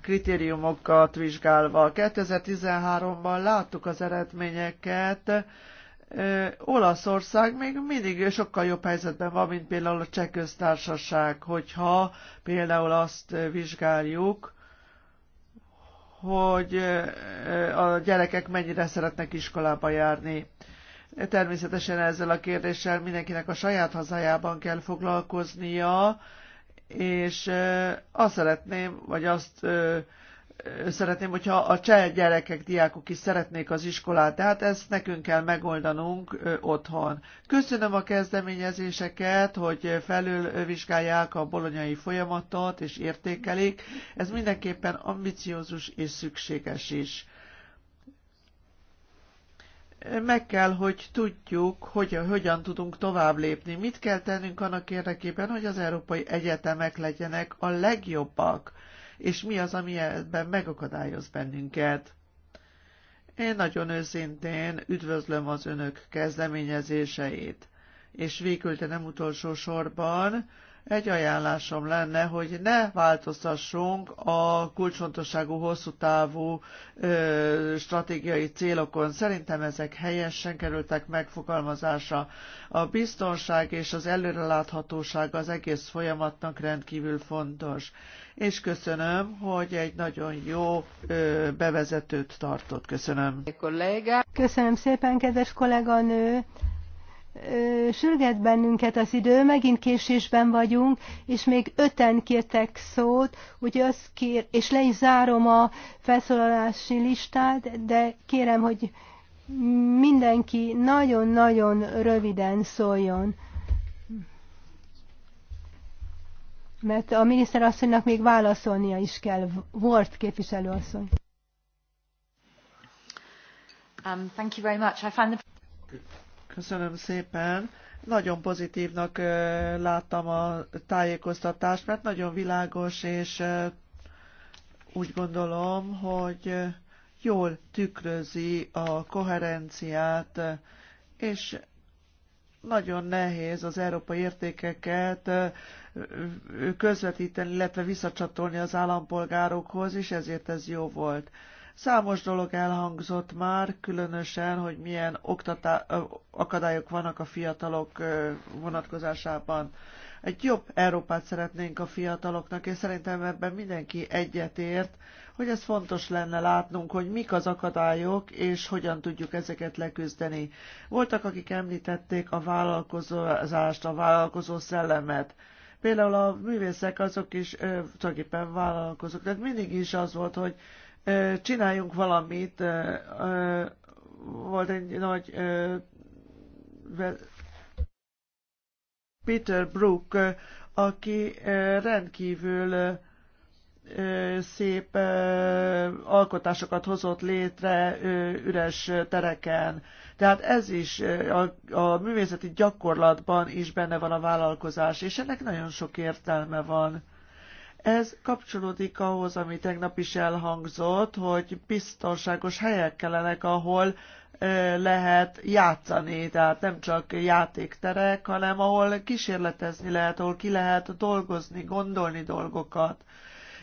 kritériumokat vizsgálva. 2013-ban láttuk az eredményeket, Olaszország még mindig sokkal jobb helyzetben van, mint például a cseh köztársaság, hogyha például azt vizsgáljuk, hogy a gyerekek mennyire szeretnek iskolába járni. Természetesen ezzel a kérdéssel mindenkinek a saját hazájában kell foglalkoznia, és azt szeretném, vagy azt szeretném, hogyha a cseh gyerekek, diákok is szeretnék az iskolát, tehát ezt nekünk kell megoldanunk otthon. Köszönöm a kezdeményezéseket, hogy felülvizsgálják a bolonyai folyamatot és értékelik. Ez mindenképpen ambiciózus és szükséges is meg kell, hogy tudjuk, hogy hogyan tudunk tovább lépni. Mit kell tennünk annak érdekében, hogy az európai egyetemek legyenek a legjobbak, és mi az, ami ebben megakadályoz bennünket. Én nagyon őszintén üdvözlöm az önök kezdeményezéseit. És végül, de nem utolsó sorban, egy ajánlásom lenne, hogy ne változtassunk a kulcsfontosságú, hosszú távú ö, stratégiai célokon. Szerintem ezek helyesen kerültek megfogalmazása, A biztonság és az előreláthatóság az egész folyamatnak rendkívül fontos. És köszönöm, hogy egy nagyon jó ö, bevezetőt tartott. Köszönöm. Köszönöm szépen, kedves kolléganő sürget bennünket az idő, megint késésben vagyunk, és még öten kértek szót, hogy azt kér, és le is zárom a felszólalási listát, de kérem, hogy mindenki nagyon-nagyon röviden szóljon. Mert a miniszterasszonynak még válaszolnia is kell. Volt képviselőasszony. Um, thank you very much. I found the... Köszönöm szépen. Nagyon pozitívnak láttam a tájékoztatást, mert nagyon világos, és úgy gondolom, hogy jól tükrözi a koherenciát, és nagyon nehéz az európai értékeket közvetíteni, illetve visszacsatolni az állampolgárokhoz, és ezért ez jó volt. Számos dolog elhangzott már, különösen, hogy milyen oktatá- akadályok vannak a fiatalok vonatkozásában. Egy jobb Európát szeretnénk a fiataloknak, és szerintem ebben mindenki egyetért, hogy ez fontos lenne látnunk, hogy mik az akadályok, és hogyan tudjuk ezeket leküzdeni. Voltak, akik említették a vállalkozást, a vállalkozó szellemet például a művészek azok is tulajdonképpen vállalkozók. Tehát mindig is az volt, hogy csináljunk valamit. Volt egy nagy Peter Brook, aki rendkívül szép alkotásokat hozott létre üres tereken. Tehát ez is a, a művészeti gyakorlatban is benne van a vállalkozás, és ennek nagyon sok értelme van. Ez kapcsolódik ahhoz, ami tegnap is elhangzott, hogy biztonságos helyek kellenek, ahol lehet játszani, tehát nem csak játékterek, hanem ahol kísérletezni lehet, ahol ki lehet dolgozni, gondolni dolgokat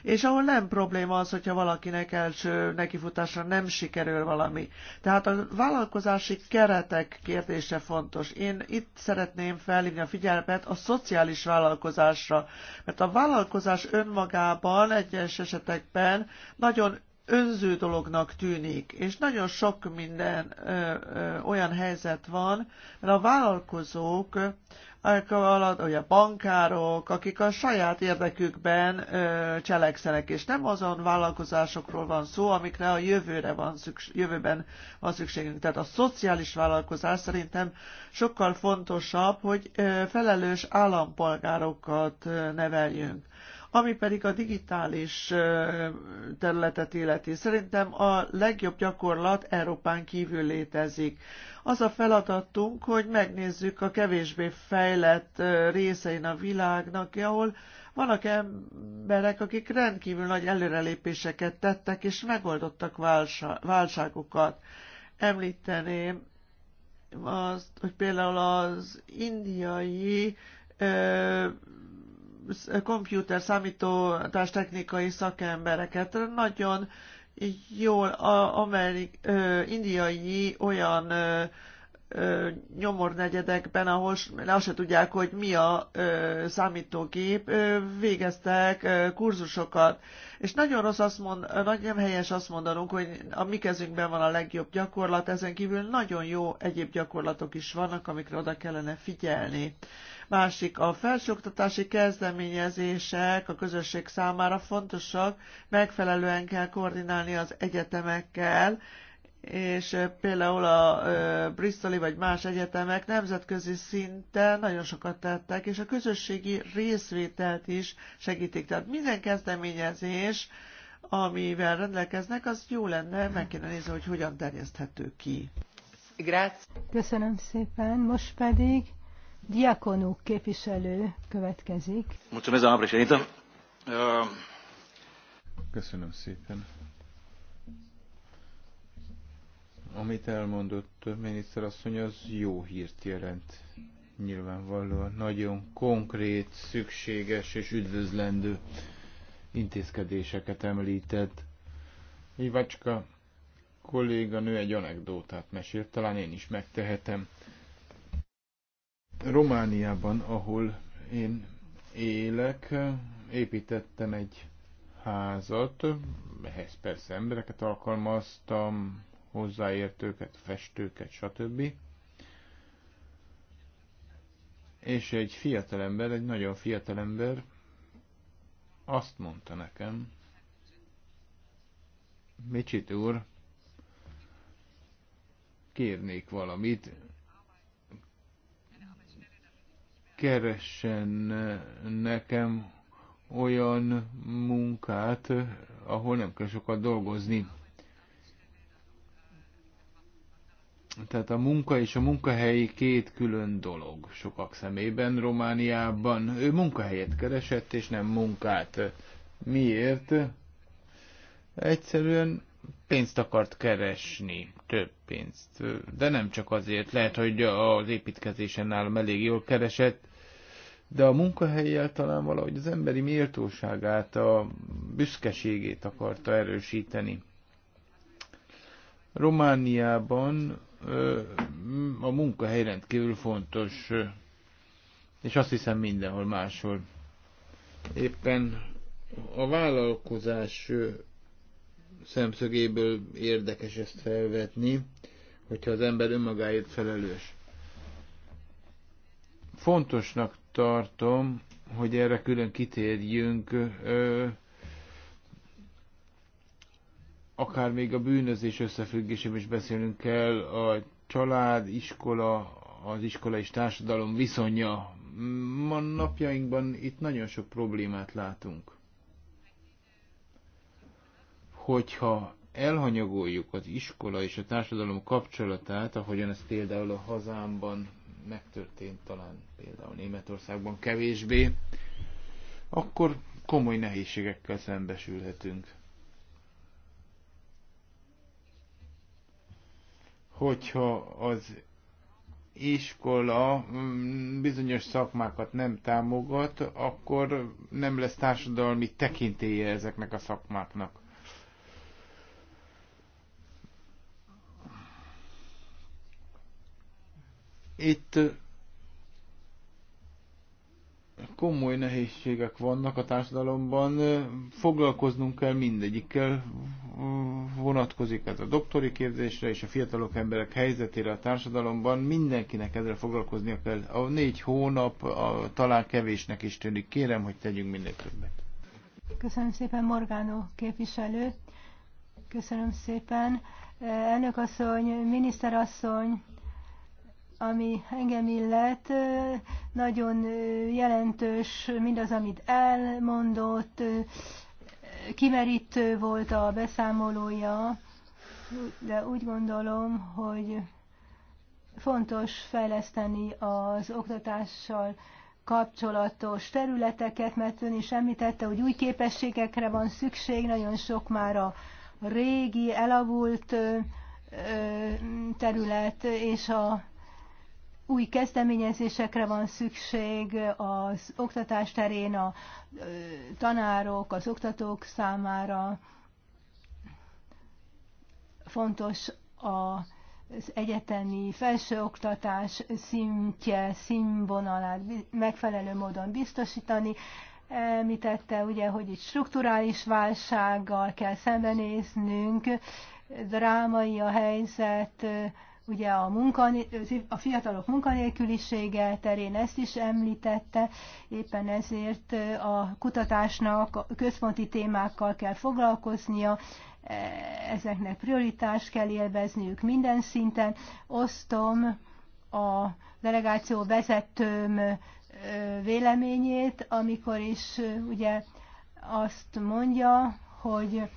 és ahol nem probléma az, hogyha valakinek első nekifutásra nem sikerül valami. Tehát a vállalkozási keretek kérdése fontos. Én itt szeretném felhívni a figyelmet a szociális vállalkozásra, mert a vállalkozás önmagában egyes esetekben nagyon önző dolognak tűnik, és nagyon sok minden ö, ö, olyan helyzet van, mert a vállalkozók alatt ugye bankárok, akik a saját érdekükben ö, cselekszenek, és nem azon vállalkozásokról van szó, amikre a jövőre van szükség, jövőben van szükségünk. Tehát a szociális vállalkozás szerintem sokkal fontosabb, hogy ö, felelős állampolgárokat ö, neveljünk. Ami pedig a digitális területet illeti, szerintem a legjobb gyakorlat Európán kívül létezik. Az a feladatunk, hogy megnézzük a kevésbé fejlett részein a világnak, ahol vannak emberek, akik rendkívül nagy előrelépéseket tettek, és megoldottak válságokat. Említeném azt, hogy például az indiai komputer technikai szakembereket. Nagyon jól a, amerik, ö, indiai olyan ö, ö, nyomornegyedekben, ahol azt se tudják, hogy mi a ö, számítógép, ö, végeztek ö, kurzusokat. És nagyon rossz azt mond, nagyon helyes azt mondanunk, hogy a mi kezünkben van a legjobb gyakorlat, ezen kívül nagyon jó egyéb gyakorlatok is vannak, amikre oda kellene figyelni. Ö, másik a felsőoktatási kezdeményezések a közösség számára fontosak, megfelelően kell koordinálni az egyetemekkel, és például a Bristoli vagy más egyetemek nemzetközi szinten nagyon sokat tettek, és a közösségi részvételt is segítik. Tehát minden kezdeményezés, amivel rendelkeznek, az jó lenne, meg kéne nézni, hogy hogyan terjeszthető ki. Grácz. Köszönöm szépen. Most pedig Diakonú képviselő következik. Ehm, Köszönöm szépen. Amit elmondott asszony, az jó hírt jelent. Nyilvánvalóan nagyon konkrét, szükséges és üdvözlendő intézkedéseket említett. Ivacska kolléganő egy anekdótát mesélt, talán én is megtehetem. Romániában, ahol én élek, építettem egy házat, ehhez persze embereket alkalmaztam, hozzáértőket, festőket, stb. És egy fiatalember, egy nagyon fiatalember azt mondta nekem, Micsit úr, kérnék valamit, keressen eh, nekem olyan munkát, ahol nem kell sokat dolgozni. Tehát a munka és a munkahelyi két külön dolog sokak szemében Romániában. Ő munkahelyet keresett, és nem munkát. Miért? Egyszerűen pénzt akart keresni, több pénzt. De nem csak azért, lehet, hogy az építkezésen nálam elég jól keresett, de a munkahelyjel talán valahogy az emberi méltóságát, a büszkeségét akarta erősíteni. Romániában a munkahely rendkívül fontos, és azt hiszem mindenhol máshol. Éppen a vállalkozás szemszögéből érdekes ezt felvetni, hogyha az ember önmagáért felelős. Fontosnak tartom, hogy erre külön kitérjünk, akár még a bűnözés összefüggésében is beszélünk kell, a család, iskola, az iskola és társadalom viszonya. Ma napjainkban itt nagyon sok problémát látunk. Hogyha elhanyagoljuk az iskola és a társadalom kapcsolatát, ahogyan ez például a hazámban megtörtént talán például Németországban kevésbé, akkor komoly nehézségekkel szembesülhetünk. Hogyha az iskola mm, bizonyos szakmákat nem támogat, akkor nem lesz társadalmi tekintélye ezeknek a szakmáknak. Itt komoly nehézségek vannak a társadalomban, foglalkoznunk kell mindegyikkel, vonatkozik ez a doktori képzésre és a fiatalok emberek helyzetére a társadalomban, mindenkinek ezzel foglalkoznia kell. A négy hónap a, talán kevésnek is tűnik, kérem, hogy tegyünk minél többet. Köszönöm szépen Morgánó képviselő, köszönöm szépen elnök asszony, miniszter asszony, ami engem illet, nagyon jelentős mindaz, amit elmondott, kimerítő volt a beszámolója, de úgy gondolom, hogy fontos fejleszteni az oktatással kapcsolatos területeket, mert ön is említette, hogy új képességekre van szükség, nagyon sok már a régi, elavult terület, és a új kezdeményezésekre van szükség az oktatás terén, a tanárok, az oktatók számára. Fontos az egyetemi felsőoktatás szintje, színvonalát megfelelő módon biztosítani. Említette ugye, hogy itt strukturális válsággal kell szembenéznünk, drámai a helyzet, Ugye a, munka, a fiatalok munkanélkülisége terén ezt is említette, éppen ezért a kutatásnak a központi témákkal kell foglalkoznia, e, ezeknek prioritást kell élvezniük minden szinten. Osztom a delegáció vezetőm véleményét, amikor is ugye azt mondja, hogy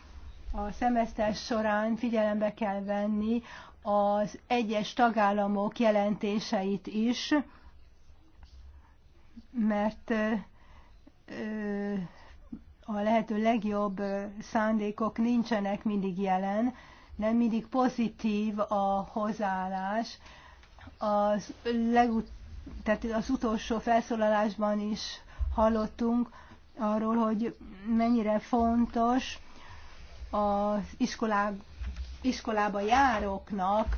a szemesztes során figyelembe kell venni az egyes tagállamok jelentéseit is, mert a lehető legjobb szándékok nincsenek mindig jelen, nem mindig pozitív a hozzáállás. Az, legut- tehát az utolsó felszólalásban is hallottunk arról, hogy mennyire fontos az iskolák iskolába járóknak,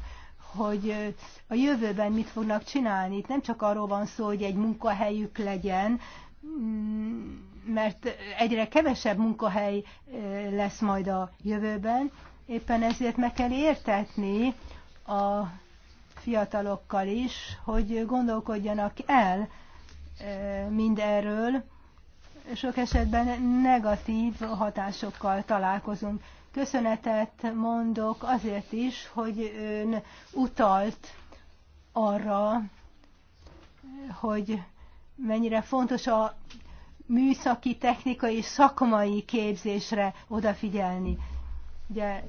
hogy a jövőben mit fognak csinálni. Itt nem csak arról van szó, hogy egy munkahelyük legyen, mm, mert egyre kevesebb munkahely lesz majd a jövőben, éppen ezért meg kell értetni a fiatalokkal is, hogy gondolkodjanak el mindenről. sok esetben negatív hatásokkal találkozunk. Köszönetet mondok azért is, hogy ön utalt arra, hogy mennyire fontos a műszaki, technikai, szakmai képzésre odafigyelni. Ugye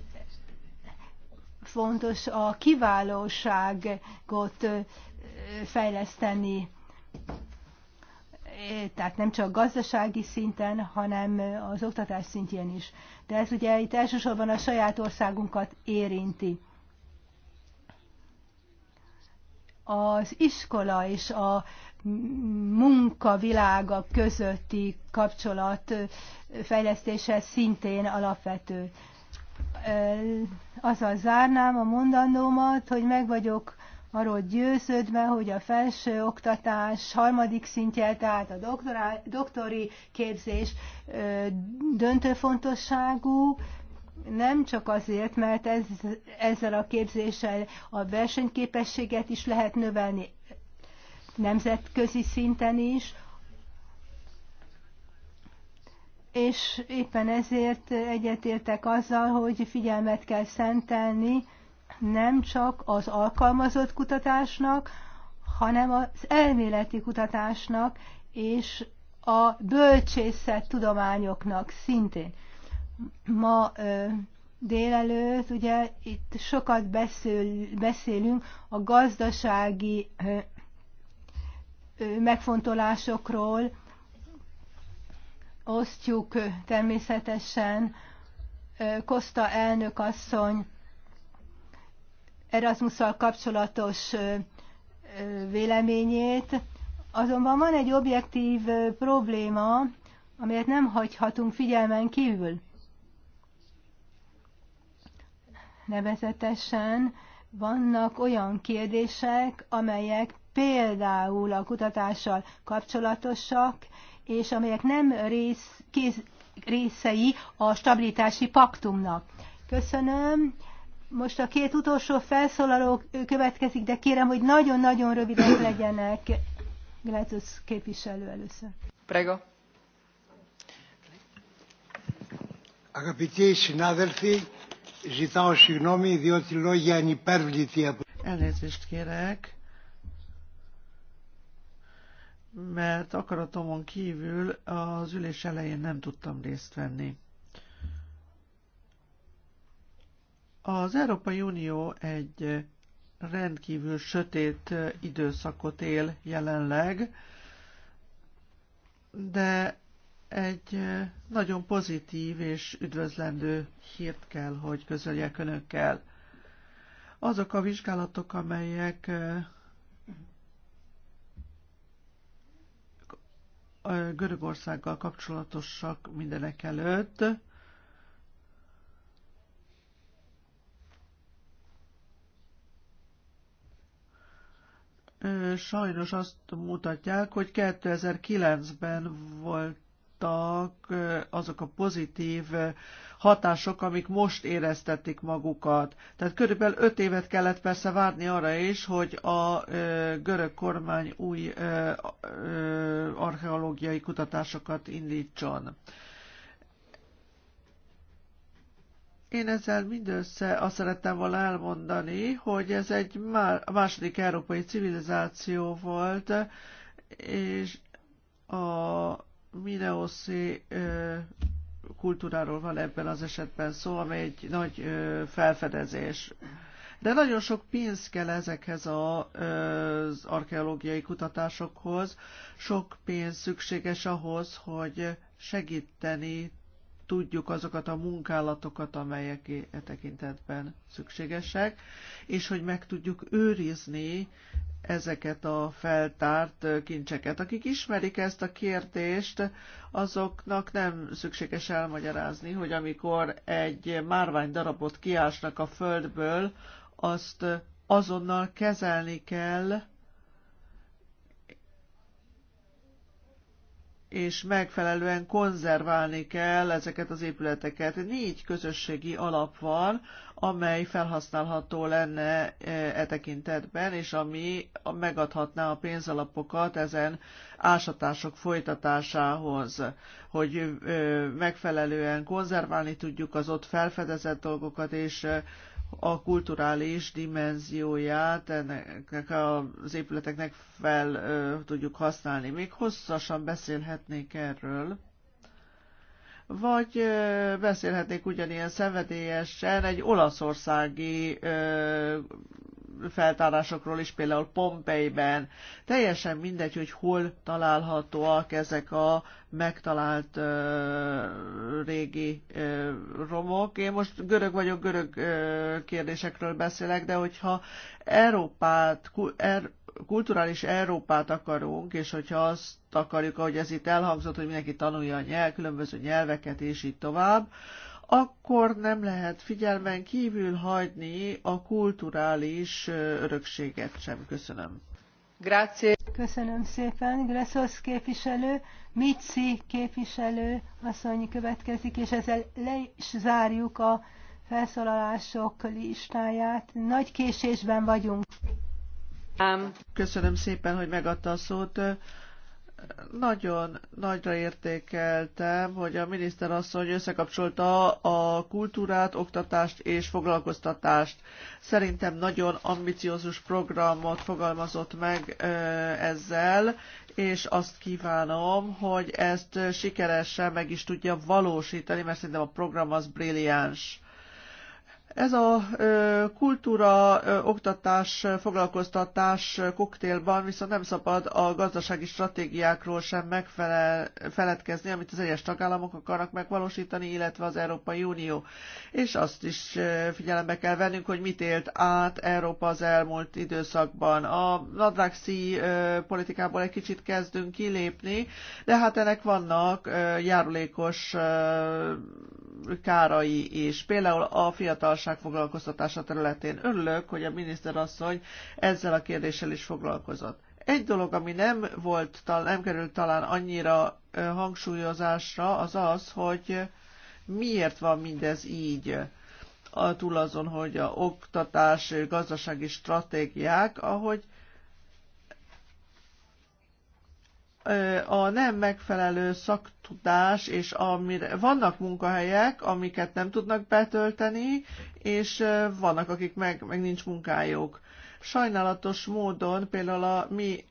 fontos a kiválóságot fejleszteni tehát nem csak gazdasági szinten, hanem az oktatás szintjén is. De ez ugye itt elsősorban a saját országunkat érinti. Az iskola és a munkavilága közötti kapcsolat fejlesztése szintén alapvető. Azzal zárnám a mondandómat, hogy meg vagyok arról győződve, hogy a felső oktatás harmadik szintje, tehát a doktorá, doktori képzés döntő fontosságú, nem csak azért, mert ez, ezzel a képzéssel a versenyképességet is lehet növelni nemzetközi szinten is, és éppen ezért egyetértek azzal, hogy figyelmet kell szentelni nem csak az alkalmazott kutatásnak, hanem az elméleti kutatásnak és a bölcsészet tudományoknak szintén. Ma ö, délelőtt ugye itt sokat beszél, beszélünk a gazdasági ö, ö, megfontolásokról, osztjuk természetesen Kosta elnök asszony Erasmusszal kapcsolatos véleményét. Azonban van egy objektív probléma, amelyet nem hagyhatunk figyelmen kívül. Nevezetesen vannak olyan kérdések, amelyek például a kutatással kapcsolatosak, és amelyek nem rész, kéz, részei a stabilitási paktumnak. Köszönöm. Most a két utolsó felszólaló következik, de kérem, hogy nagyon-nagyon rövidek legyenek. Glátus képviselő először. Prego. Αγαπητοί συνάδελφοι, ζητάω συγγνώμη διότι λόγια ανυπέρβλητη Elnézést kérek, mert akaratomon kívül az ülés elején nem tudtam részt venni. Az Európai Unió egy rendkívül sötét időszakot él jelenleg, de egy nagyon pozitív és üdvözlendő hírt kell, hogy közöljek önökkel. Azok a vizsgálatok, amelyek Görögországgal kapcsolatosak mindenek előtt, sajnos azt mutatják, hogy 2009-ben voltak azok a pozitív hatások, amik most éreztetik magukat. Tehát körülbelül öt évet kellett persze várni arra is, hogy a görög kormány új archeológiai kutatásokat indítson. Én ezzel mindössze azt szerettem volna elmondani, hogy ez egy második európai civilizáció volt, és a Mineoszi kultúráról van ebben az esetben szó, ami egy nagy felfedezés. De nagyon sok pénz kell ezekhez a, az archeológiai kutatásokhoz, sok pénz szükséges ahhoz, hogy segíteni tudjuk azokat a munkálatokat, amelyek e tekintetben szükségesek, és hogy meg tudjuk őrizni ezeket a feltárt kincseket. Akik ismerik ezt a kérdést, azoknak nem szükséges elmagyarázni, hogy amikor egy márvány darabot kiásnak a földből, azt azonnal kezelni kell, és megfelelően konzerválni kell ezeket az épületeket. Négy közösségi alap van, amely felhasználható lenne e, e tekintetben, és ami megadhatná a pénzalapokat ezen ásatások folytatásához, hogy megfelelően konzerválni tudjuk az ott felfedezett dolgokat, és a kulturális dimenzióját ennek az épületeknek fel ö, tudjuk használni. Még hosszasan beszélhetnék erről. Vagy ö, beszélhetnék ugyanilyen szenvedélyesen egy olaszországi ö, feltárásokról is, például Pompeiben. Teljesen mindegy, hogy hol találhatóak ezek a megtalált ö, régi ö, romok. Én most görög vagyok, görög ö, kérdésekről beszélek, de hogyha Európát, er, kulturális Európát akarunk, és hogyha azt akarjuk, ahogy ez itt elhangzott, hogy mindenki tanulja a nyelv, különböző nyelveket, és így tovább, ö, akkor nem lehet figyelmen kívül hagyni a kulturális örökséget sem. Köszönöm. Grazie. Köszönöm szépen. Greszos képviselő, Mici képviselő asszony következik, és ezzel le is zárjuk a felszólalások listáját. Nagy késésben vagyunk. Um, Köszönöm szépen, hogy megadta a szót nagyon nagyra értékeltem, hogy a asszony összekapcsolta a kultúrát, oktatást és foglalkoztatást. Szerintem nagyon ambiciózus programot fogalmazott meg ezzel, és azt kívánom, hogy ezt sikeresen meg is tudja valósítani, mert szerintem a program az brilliáns ez a kultúra, oktatás, foglalkoztatás koktélban viszont nem szabad a gazdasági stratégiákról sem megfeledkezni, amit az egyes tagállamok akarnak megvalósítani, illetve az Európai Unió. És azt is figyelembe kell vennünk, hogy mit élt át Európa az elmúlt időszakban. A nadrágszi politikából egy kicsit kezdünk kilépni, de hát ennek vannak járulékos kárai is. Például a fiatalság foglalkoztatása területén örülök, hogy a miniszterasszony ezzel a kérdéssel is foglalkozott. Egy dolog, ami nem volt, nem került talán annyira hangsúlyozásra, az az, hogy miért van mindez így túl azon, hogy a oktatás, gazdasági stratégiák, ahogy a nem megfelelő szaktudás, és amire vannak munkahelyek, amiket nem tudnak betölteni, és vannak, akik meg, meg nincs munkájuk. Sajnálatos módon például a mi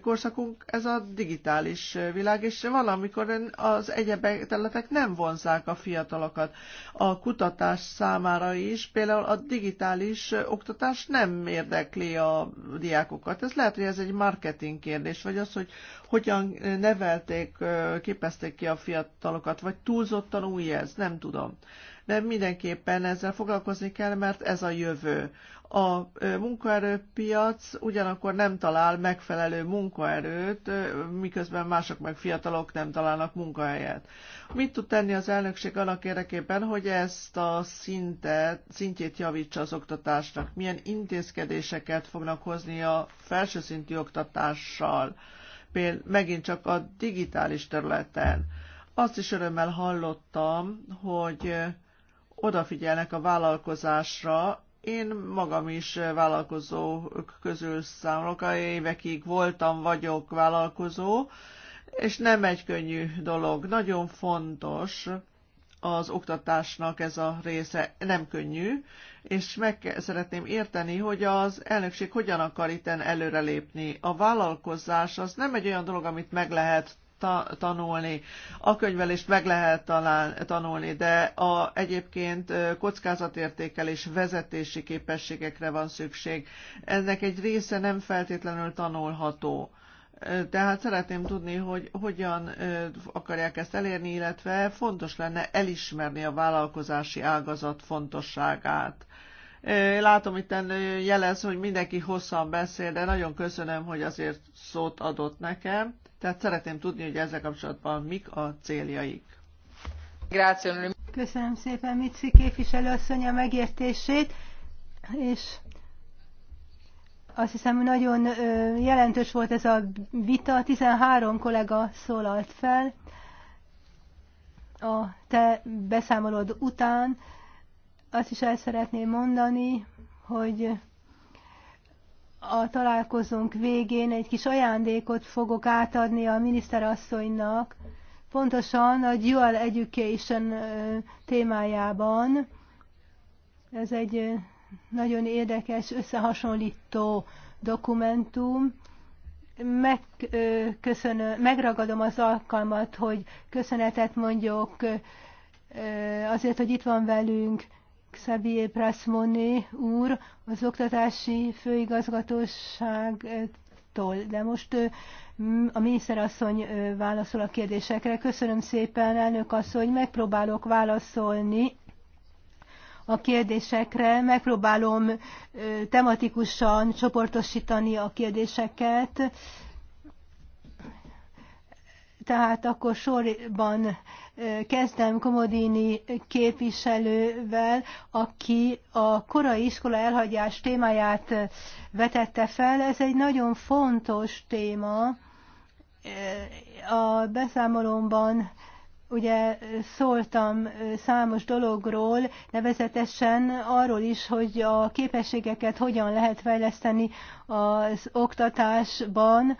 korszakunk ez a digitális világ, és valamikor az egyebek területek nem vonzák a fiatalokat. A kutatás számára is például a digitális oktatás nem érdekli a diákokat. Ez lehet, hogy ez egy marketing kérdés, vagy az, hogy hogyan nevelték, képezték ki a fiatalokat, vagy túlzottan új ez, nem tudom de mindenképpen ezzel foglalkozni kell, mert ez a jövő. A munkaerőpiac ugyanakkor nem talál megfelelő munkaerőt, miközben mások meg fiatalok nem találnak munkahelyet. Mit tud tenni az elnökség annak érdekében, hogy ezt a szintet, szintjét javítsa az oktatásnak? Milyen intézkedéseket fognak hozni a felső oktatással? Például megint csak a digitális területen. Azt is örömmel hallottam, hogy odafigyelnek a vállalkozásra. Én magam is vállalkozók közül számolok, a évekig voltam, vagyok vállalkozó, és nem egy könnyű dolog. Nagyon fontos az oktatásnak ez a része, nem könnyű, és meg szeretném érteni, hogy az elnökség hogyan akar itten előrelépni. A vállalkozás az nem egy olyan dolog, amit meg lehet ta- tanulni. A könyvelést meg lehet talán tanulni, de a, egyébként kockázatértékelés vezetési képességekre van szükség. Ennek egy része nem feltétlenül tanulható. Tehát szeretném tudni, hogy hogyan akarják ezt elérni, illetve fontos lenne elismerni a vállalkozási ágazat fontosságát. Látom, itt jelez, hogy mindenki hosszan beszél, de nagyon köszönöm, hogy azért szót adott nekem. Tehát szeretném tudni, hogy ezzel kapcsolatban mik a céljaik. Köszönöm szépen Mici asszony a megértését, és azt hiszem, hogy nagyon jelentős volt ez a vita. 13 kollega szólalt fel a te beszámolód után. Azt is el szeretném mondani, hogy a találkozónk végén egy kis ajándékot fogok átadni a miniszterasszonynak, pontosan a Dual Education témájában. Ez egy nagyon érdekes, összehasonlító dokumentum. Megköszönöm, megragadom az alkalmat, hogy köszönetet mondjuk azért, hogy itt van velünk, Xavier Prasmoné úr az oktatási főigazgatóságtól, de most a miniszterasszony válaszol a kérdésekre. Köszönöm szépen, elnök asszony, megpróbálok válaszolni a kérdésekre, megpróbálom tematikusan csoportosítani a kérdéseket tehát akkor sorban kezdtem Komodini képviselővel, aki a korai iskola elhagyás témáját vetette fel. Ez egy nagyon fontos téma. A beszámolomban ugye szóltam számos dologról, nevezetesen arról is, hogy a képességeket hogyan lehet fejleszteni az oktatásban,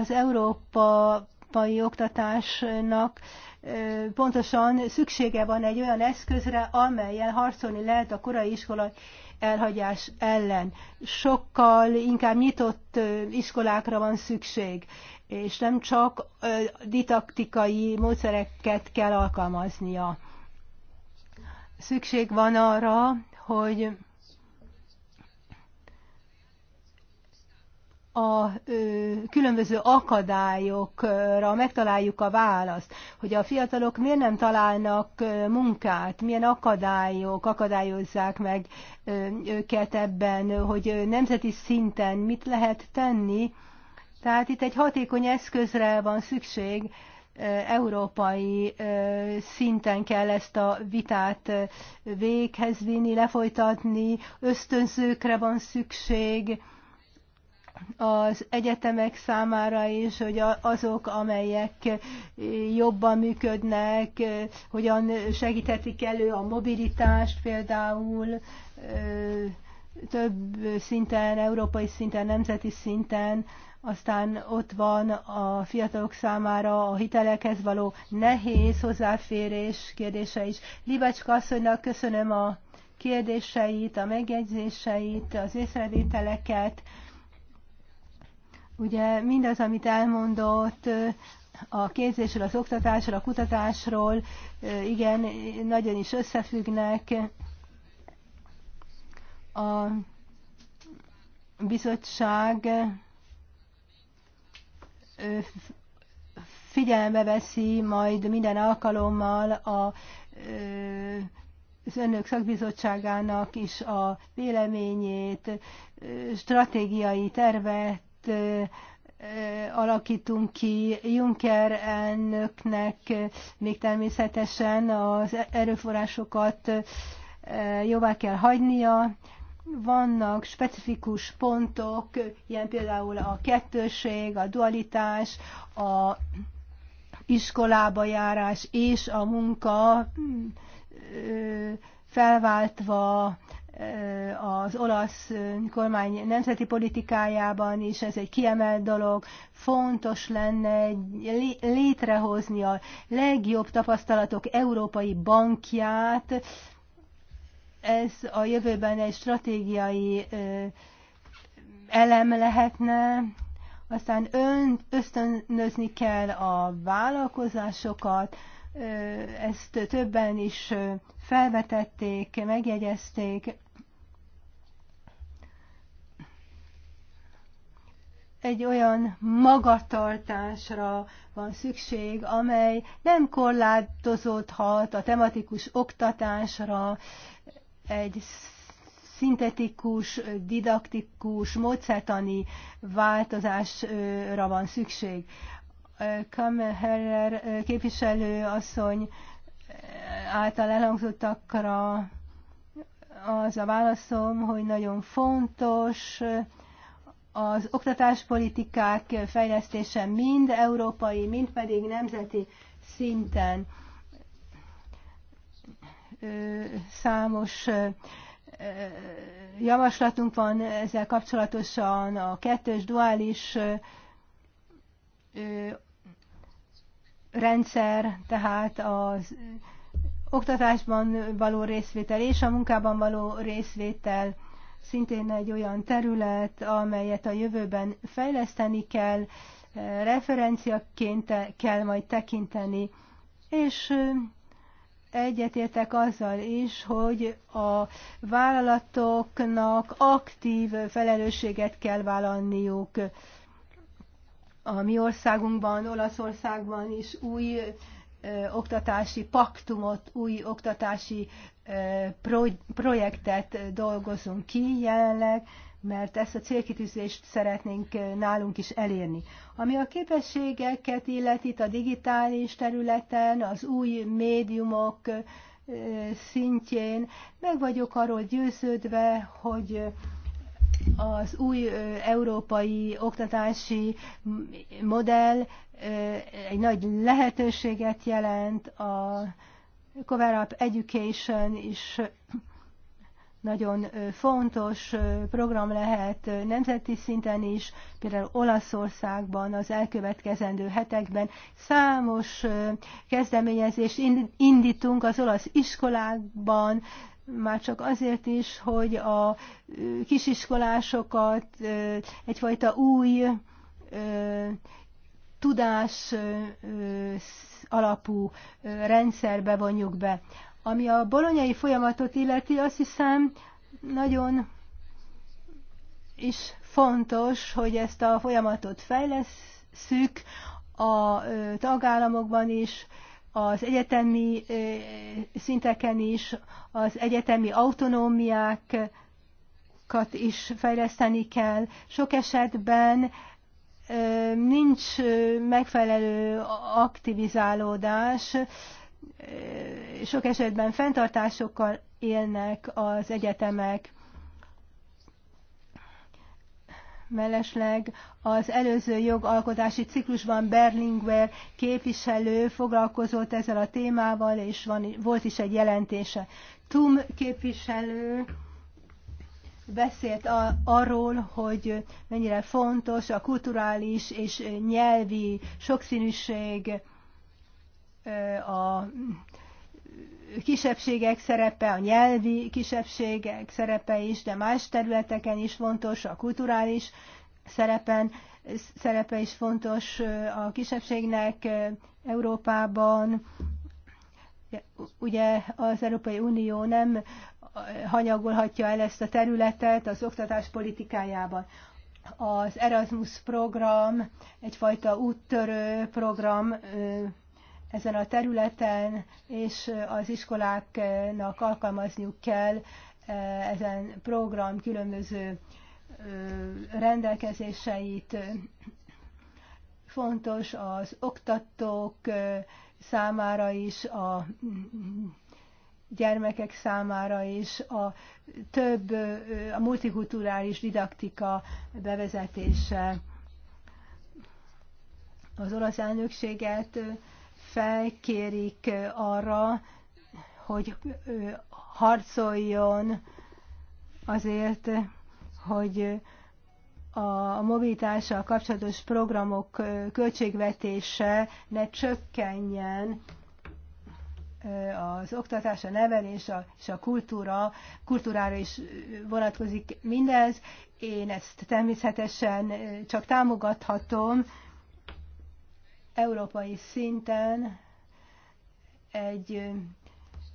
az Európa európai oktatásnak pontosan szüksége van egy olyan eszközre, amelyel harcolni lehet a korai iskolai elhagyás ellen. Sokkal inkább nyitott iskolákra van szükség, és nem csak didaktikai módszereket kell alkalmaznia. Szükség van arra, hogy a különböző akadályokra megtaláljuk a választ, hogy a fiatalok miért nem találnak munkát, milyen akadályok akadályozzák meg őket ebben, hogy nemzeti szinten mit lehet tenni. Tehát itt egy hatékony eszközre van szükség, európai szinten kell ezt a vitát véghez vinni, lefolytatni, ösztönzőkre van szükség, az egyetemek számára is, hogy azok, amelyek jobban működnek, hogyan segíthetik elő a mobilitást például, több szinten, európai szinten, nemzeti szinten, aztán ott van a fiatalok számára a hitelekhez való nehéz hozzáférés kérdése is. Libacska asszonynak köszönöm a kérdéseit, a megjegyzéseit, az észrevételeket. Ugye mindaz, amit elmondott a képzésről, az oktatásról, a kutatásról, igen, nagyon is összefüggnek. A bizottság figyelembe veszi majd minden alkalommal a, az önök szakbizottságának is a véleményét, stratégiai tervet alakítunk ki. Juncker elnöknek még természetesen az erőforrásokat jobbá kell hagynia. Vannak specifikus pontok, ilyen például a kettőség, a dualitás, a iskolába járás és a munka felváltva az olasz kormány nemzeti politikájában is ez egy kiemelt dolog, fontos lenne létrehozni a legjobb tapasztalatok európai bankját. Ez a jövőben egy stratégiai elem lehetne, aztán ön, ösztönözni kell a vállalkozásokat, ezt többen is felvetették, megjegyezték. egy olyan magatartásra van szükség, amely nem korlátozódhat a tematikus oktatásra, egy szintetikus, didaktikus, módszertani változásra van szükség. Kammerherrer képviselő asszony által elhangzottakra az a válaszom, hogy nagyon fontos, az oktatáspolitikák fejlesztése mind európai, mind pedig nemzeti szinten számos javaslatunk van ezzel kapcsolatosan, a kettős duális rendszer, tehát az oktatásban való részvétel és a munkában való részvétel szintén egy olyan terület, amelyet a jövőben fejleszteni kell, eh, referenciaként kell majd tekinteni, és eh, egyetértek azzal is, hogy a vállalatoknak aktív felelősséget kell vállalniuk. A mi országunkban, Olaszországban is új oktatási paktumot, új oktatási projektet dolgozunk ki jelenleg, mert ezt a célkitűzést szeretnénk nálunk is elérni. Ami a képességeket illeti a digitális területen, az új médiumok szintjén, meg vagyok arról győződve, hogy az új európai oktatási modell egy nagy lehetőséget jelent, a Cover Up Education is nagyon fontos program lehet nemzeti szinten is, például Olaszországban az elkövetkezendő hetekben számos kezdeményezést indítunk az olasz iskolákban, már csak azért is, hogy a kisiskolásokat egyfajta új tudás alapú rendszerbe vonjuk be. Ami a bolonyai folyamatot illeti, azt hiszem nagyon is fontos, hogy ezt a folyamatot fejleszük a tagállamokban is, az egyetemi szinteken is, az egyetemi autonómiákat is fejleszteni kell. Sok esetben nincs megfelelő aktivizálódás, sok esetben fenntartásokkal élnek az egyetemek. Mellesleg az előző jogalkotási ciklusban Berlinguer képviselő foglalkozott ezzel a témával, és van, volt is egy jelentése. Tum képviselő beszélt a, arról, hogy mennyire fontos a kulturális és nyelvi sokszínűség, a kisebbségek szerepe, a nyelvi kisebbségek szerepe is, de más területeken is fontos, a kulturális szerepen, szerepe is fontos a kisebbségnek Európában. Ugye az Európai Unió nem hanyagolhatja el ezt a területet az oktatás politikájában. Az Erasmus program egyfajta úttörő program ezen a területen, és az iskoláknak alkalmazniuk kell ezen program különböző rendelkezéseit. Fontos az oktatók számára is a gyermekek számára is a több, a multikulturális didaktika bevezetése. Az olasz elnökséget felkérik arra, hogy harcoljon azért, hogy a mobilitással kapcsolatos programok költségvetése ne csökkenjen, az oktatás, a nevelés a, és a kultúra, kultúrára is vonatkozik mindez. Én ezt természetesen csak támogathatom európai szinten egy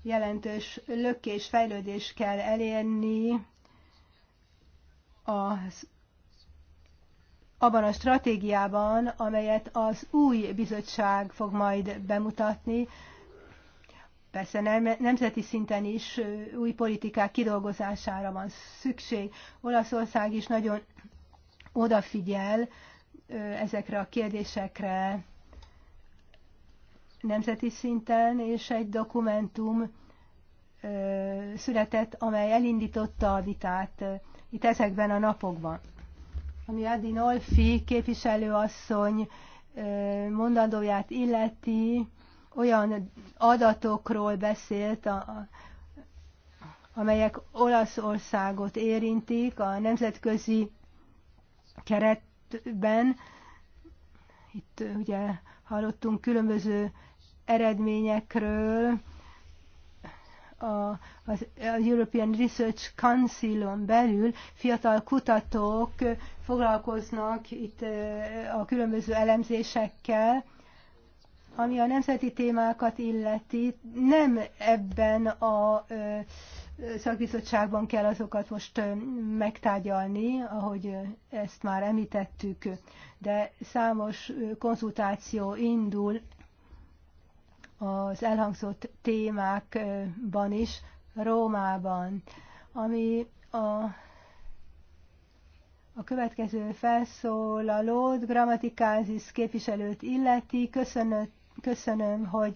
jelentős lökés, fejlődés kell elérni az abban a stratégiában, amelyet az új bizottság fog majd bemutatni, Persze nem, nemzeti szinten is új politikák kidolgozására van szükség. Olaszország is nagyon odafigyel ezekre a kérdésekre nemzeti szinten, és egy dokumentum született, amely elindította a vitát itt ezekben a napokban. Ami Nolfi képviselőasszony mondandóját illeti, olyan adatokról beszélt, a, a, amelyek Olaszországot érintik a nemzetközi keretben. Itt ugye hallottunk különböző eredményekről, a, az European Research Council-on belül fiatal kutatók foglalkoznak itt a különböző elemzésekkel. Ami a nemzeti témákat illeti, nem ebben a szakbizottságban kell azokat most megtárgyalni, ahogy ezt már említettük, de számos konzultáció indul az elhangzott témákban is, Rómában, ami a, a következő felszólalót, Grammatikázis képviselőt illeti, köszönött köszönöm, hogy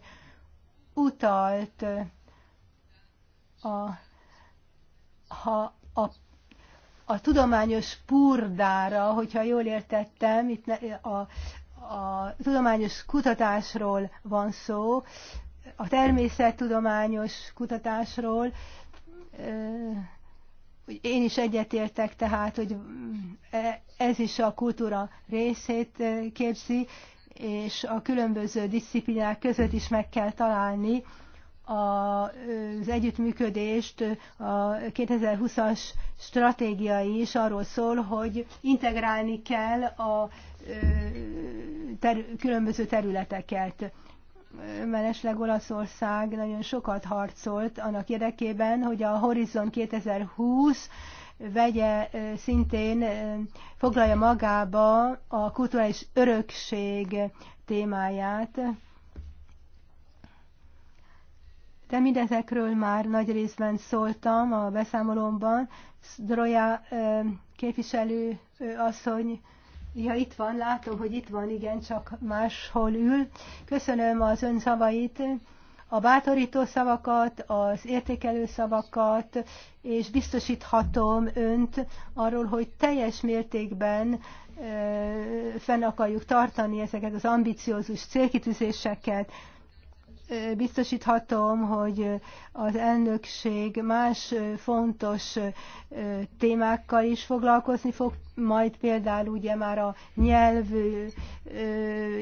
utalt a, ha a, a tudományos purdára, hogyha jól értettem, itt a, a tudományos kutatásról van szó, a természettudományos kutatásról. Én is egyetértek tehát, hogy e, ez is a kultúra részét képzi, és a különböző disziplinák között is meg kell találni az együttműködést. A 2020-as stratégia is arról szól, hogy integrálni kell a ter- különböző területeket mellesleg Olaszország nagyon sokat harcolt annak érdekében, hogy a Horizon 2020 vegye szintén, foglalja magába a kulturális örökség témáját. De mindezekről már nagy részben szóltam a beszámolomban. Droja képviselő asszony, ja itt van, látom, hogy itt van, igen, csak máshol ül. Köszönöm az ön szavait a bátorító szavakat, az értékelő szavakat, és biztosíthatom önt arról, hogy teljes mértékben fenn akarjuk tartani ezeket az ambiciózus célkitűzéseket, biztosíthatom, hogy az elnökség más fontos témákkal is foglalkozni fog, majd például ugye már a nyelv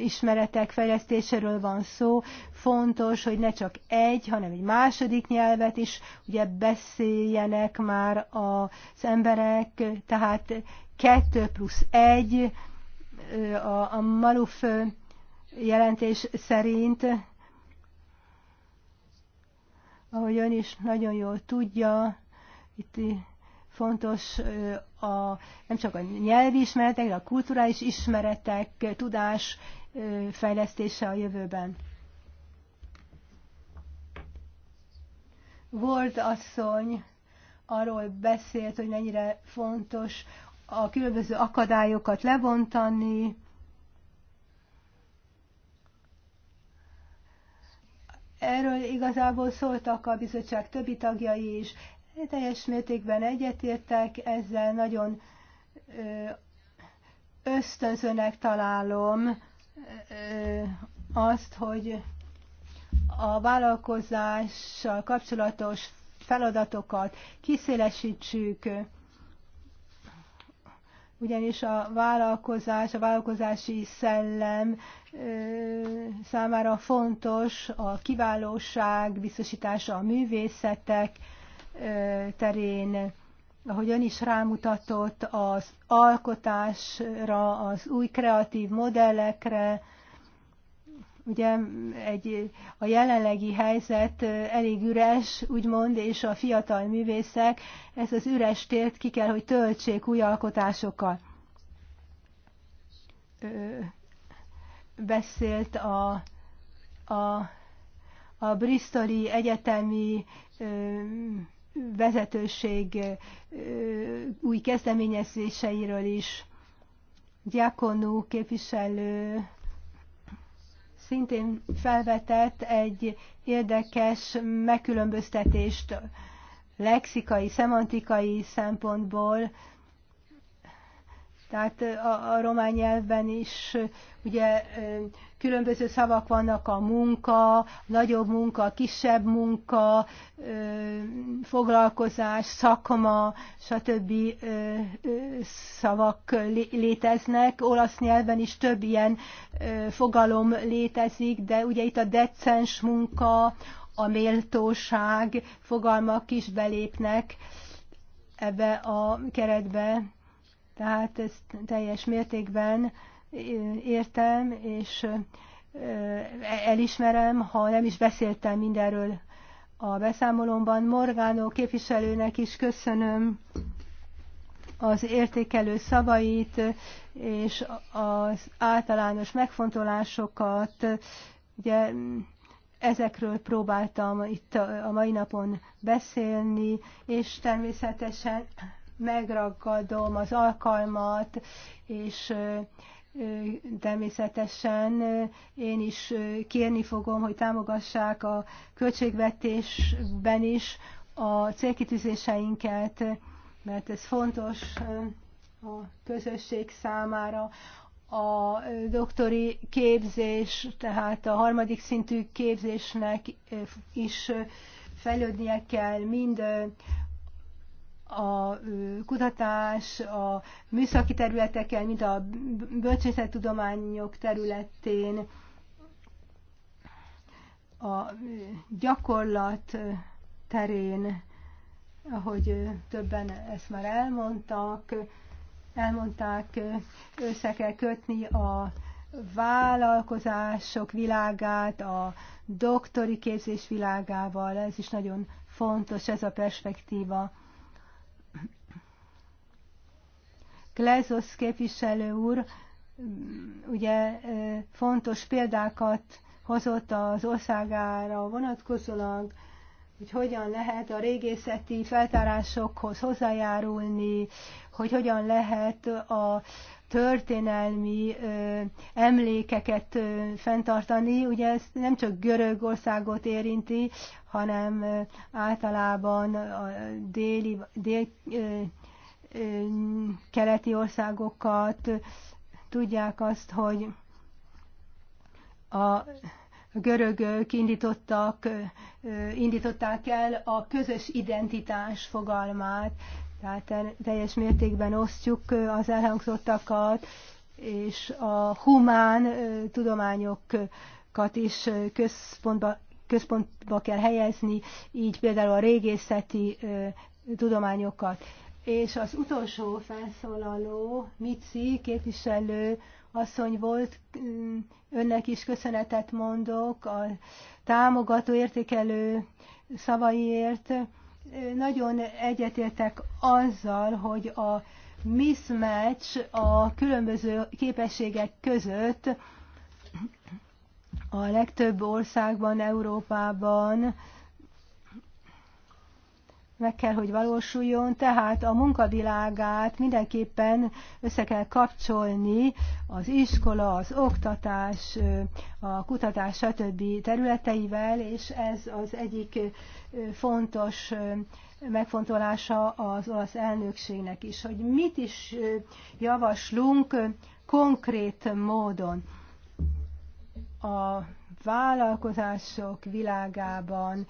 ismeretek fejlesztéséről van szó. Fontos, hogy ne csak egy, hanem egy második nyelvet is ugye beszéljenek már az emberek, tehát kettő plusz egy a, a Maluf jelentés szerint ahogy ön is nagyon jól tudja, itt fontos a, nem csak a nyelvi ismeretek, de a kulturális ismeretek, tudás fejlesztése a jövőben. Volt asszony arról beszélt, hogy mennyire fontos a különböző akadályokat lebontani, Erről igazából szóltak a bizottság többi tagjai is. Teljes mértékben egyetértek, ezzel nagyon ösztönzőnek találom azt, hogy a vállalkozással kapcsolatos feladatokat kiszélesítsük, ugyanis a vállalkozás, a vállalkozási szellem számára fontos a kiválóság biztosítása a művészetek terén, ahogy ön is rámutatott az alkotásra, az új kreatív modellekre, Ugye egy, a jelenlegi helyzet elég üres, úgymond, és a fiatal művészek ezt az üres tért ki kell, hogy töltsék új alkotásokkal. Ö, beszélt a, a, a Bristoli Egyetemi ö, vezetőség új kezdeményezéseiről is. Diakonú képviselő szintén felvetett egy érdekes megkülönböztetést lexikai, szemantikai szempontból, tehát a, a román nyelvben is ugye különböző szavak vannak, a munka, nagyobb munka, kisebb munka, foglalkozás, szakma, stb. szavak léteznek. Olasz nyelven is több ilyen fogalom létezik, de ugye itt a decens munka, a méltóság fogalmak is belépnek ebbe a keretbe. Tehát ez teljes mértékben értem, és elismerem, ha nem is beszéltem mindenről a beszámolomban. Morgánó képviselőnek is köszönöm az értékelő szavait és az általános megfontolásokat. Ugye ezekről próbáltam itt a mai napon beszélni, és természetesen megragadom az alkalmat, és Természetesen én is kérni fogom, hogy támogassák a költségvetésben is a célkitűzéseinket, mert ez fontos a közösség számára. A doktori képzés, tehát a harmadik szintű képzésnek is fejlődnie kell mind a kutatás a műszaki területeken, mint a bölcsészettudományok területén, a gyakorlat terén, ahogy többen ezt már elmondtak, elmondták, össze kell kötni a vállalkozások világát, a doktori képzés világával, ez is nagyon fontos, ez a perspektíva. Klezosz képviselő úr ugye fontos példákat hozott az országára vonatkozólag, hogy hogyan lehet a régészeti feltárásokhoz hozzájárulni, hogy hogyan lehet a történelmi ö, emlékeket ö, fenntartani. Ugye ez nem csak Görögországot érinti, hanem ö, általában a déli, dél, ö, keleti országokat, tudják azt, hogy a görögök indítottak, indították el a közös identitás fogalmát, tehát teljes mértékben osztjuk az elhangzottakat, és a humán tudományokat is központba, központba kell helyezni, így például a régészeti tudományokat és az utolsó felszólaló, Mici képviselő asszony volt, mm, önnek is köszönetet mondok a támogató értékelő szavaiért. Nagyon egyetértek azzal, hogy a mismatch a különböző képességek között a legtöbb országban, Európában meg kell, hogy valósuljon, tehát a munkavilágát mindenképpen össze kell kapcsolni az iskola, az oktatás, a kutatás, stb. területeivel, és ez az egyik fontos megfontolása az olasz elnökségnek is, hogy mit is javaslunk konkrét módon a vállalkozások világában,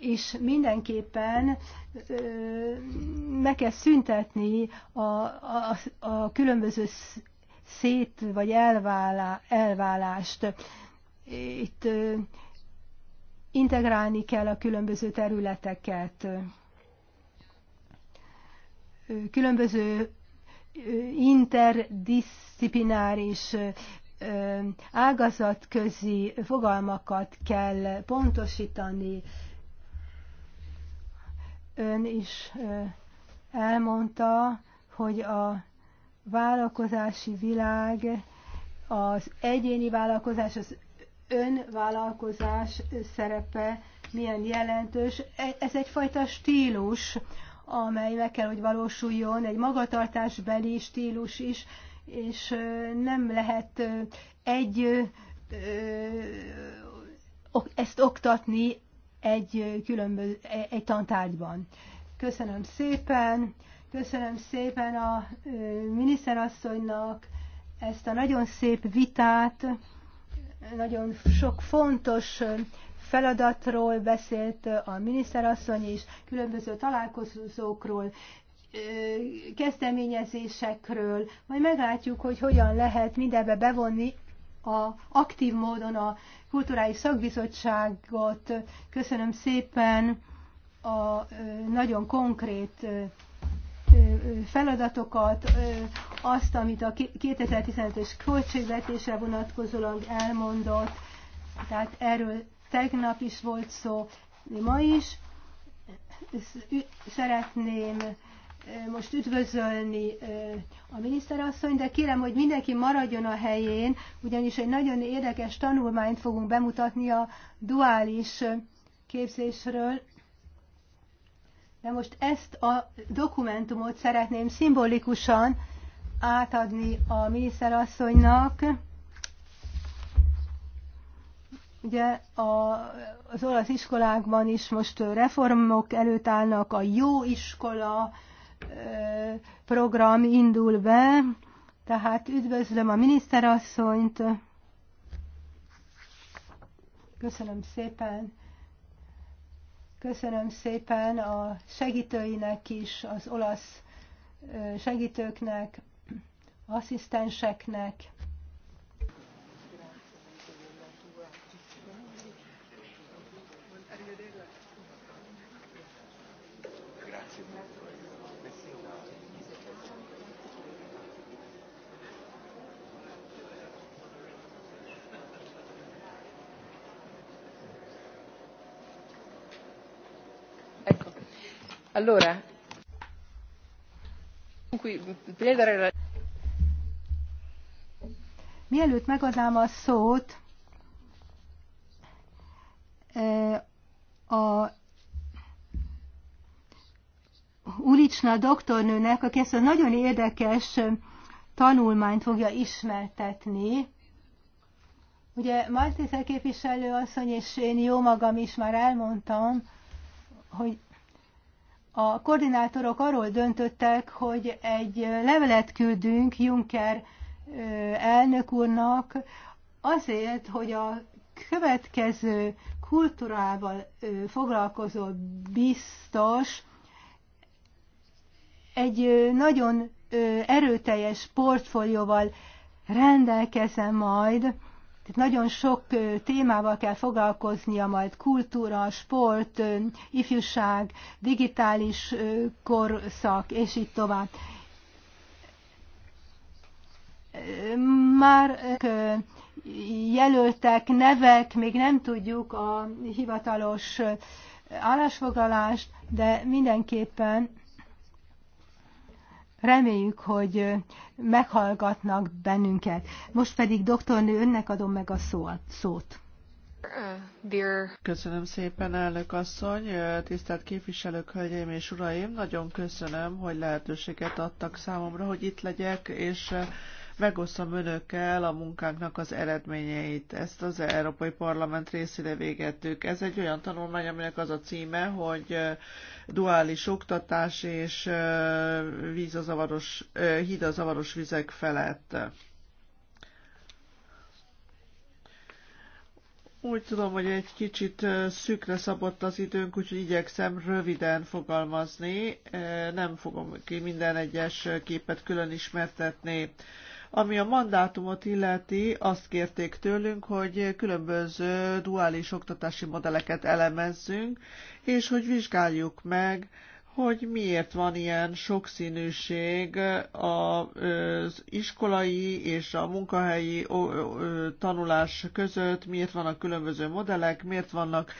és mindenképpen meg kell szüntetni a, a, a különböző szét vagy elvállá, elvállást. Itt integrálni kell a különböző területeket. Különböző interdisziplináris ágazatközi fogalmakat kell pontosítani. Ön is elmondta, hogy a vállalkozási világ, az egyéni vállalkozás, az önvállalkozás szerepe milyen jelentős. E, ez egyfajta stílus, amely meg kell, hogy valósuljon, egy magatartásbeli stílus is, és nem lehet egy ezt oktatni egy különböző, e, egy tantárgyban. Köszönöm szépen, köszönöm szépen a miniszterasszonynak ezt a nagyon szép vitát, nagyon sok fontos feladatról beszélt a miniszterasszony is, különböző találkozókról, kezdeményezésekről, majd meglátjuk, hogy hogyan lehet mindebbe bevonni a aktív módon a Kulturális Szakbizottságot. Köszönöm szépen a nagyon konkrét feladatokat, azt, amit a 2015-ös költségvetésre vonatkozólag elmondott, tehát erről tegnap is volt szó, ma is. Szeretném most üdvözölni a miniszterasszony, de kérem, hogy mindenki maradjon a helyén, ugyanis egy nagyon érdekes tanulmányt fogunk bemutatni a duális képzésről. De most ezt a dokumentumot szeretném szimbolikusan átadni a miniszterasszonynak. Ugye a, az olasz iskolákban is most reformok előtt állnak, a jó iskola, program indul be, tehát üdvözlöm a miniszterasszonyt. Köszönöm szépen. Köszönöm szépen a segítőinek is, az olasz segítőknek, asszisztenseknek. Mielőtt megadnám a szót eh, a Ulicsna doktornőnek, aki ezt a nagyon érdekes tanulmányt fogja ismertetni. Ugye Martizel képviselő asszony és én jó magam is már elmondtam, hogy a koordinátorok arról döntöttek, hogy egy levelet küldünk Juncker elnök úrnak azért, hogy a következő kultúrával foglalkozó biztos egy nagyon erőteljes portfólióval rendelkezem majd, tehát nagyon sok témával kell foglalkoznia majd kultúra, sport, ifjúság, digitális korszak, és így tovább. Már jelöltek nevek, még nem tudjuk a hivatalos állásfoglalást, de mindenképpen Reméljük, hogy meghallgatnak bennünket. Most pedig doktornő, önnek adom meg a szót. Uh, köszönöm szépen, elnök asszony, tisztelt képviselők, hölgyeim és uraim, nagyon köszönöm, hogy lehetőséget adtak számomra, hogy itt legyek, és megosztom önökkel a munkánknak az eredményeit. Ezt az Európai Parlament részére végettük. Ez egy olyan tanulmány, aminek az a címe, hogy duális oktatás és víz a zavaros, híd a zavaros vizek felett. Úgy tudom, hogy egy kicsit szükre szabott az időnk, úgyhogy igyekszem röviden fogalmazni. Nem fogom ki minden egyes képet külön ismertetni. Ami a mandátumot illeti, azt kérték tőlünk, hogy különböző duális oktatási modelleket elemezzünk, és hogy vizsgáljuk meg, hogy miért van ilyen sokszínűség az iskolai és a munkahelyi tanulás között, miért vannak különböző modellek, miért vannak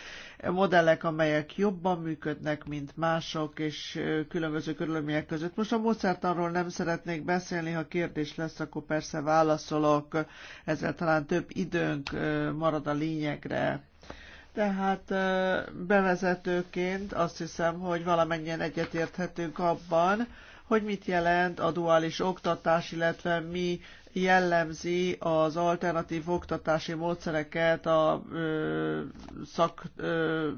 modellek, amelyek jobban működnek, mint mások, és különböző körülmények között. Most a módszertanról nem szeretnék beszélni, ha kérdés lesz, akkor persze válaszolok, ezzel talán több időnk marad a lényegre. Tehát bevezetőként azt hiszem, hogy valamennyien egyetérthetünk abban, hogy mit jelent a duális oktatás, illetve mi jellemzi az alternatív oktatási módszereket a ö, szak, ö,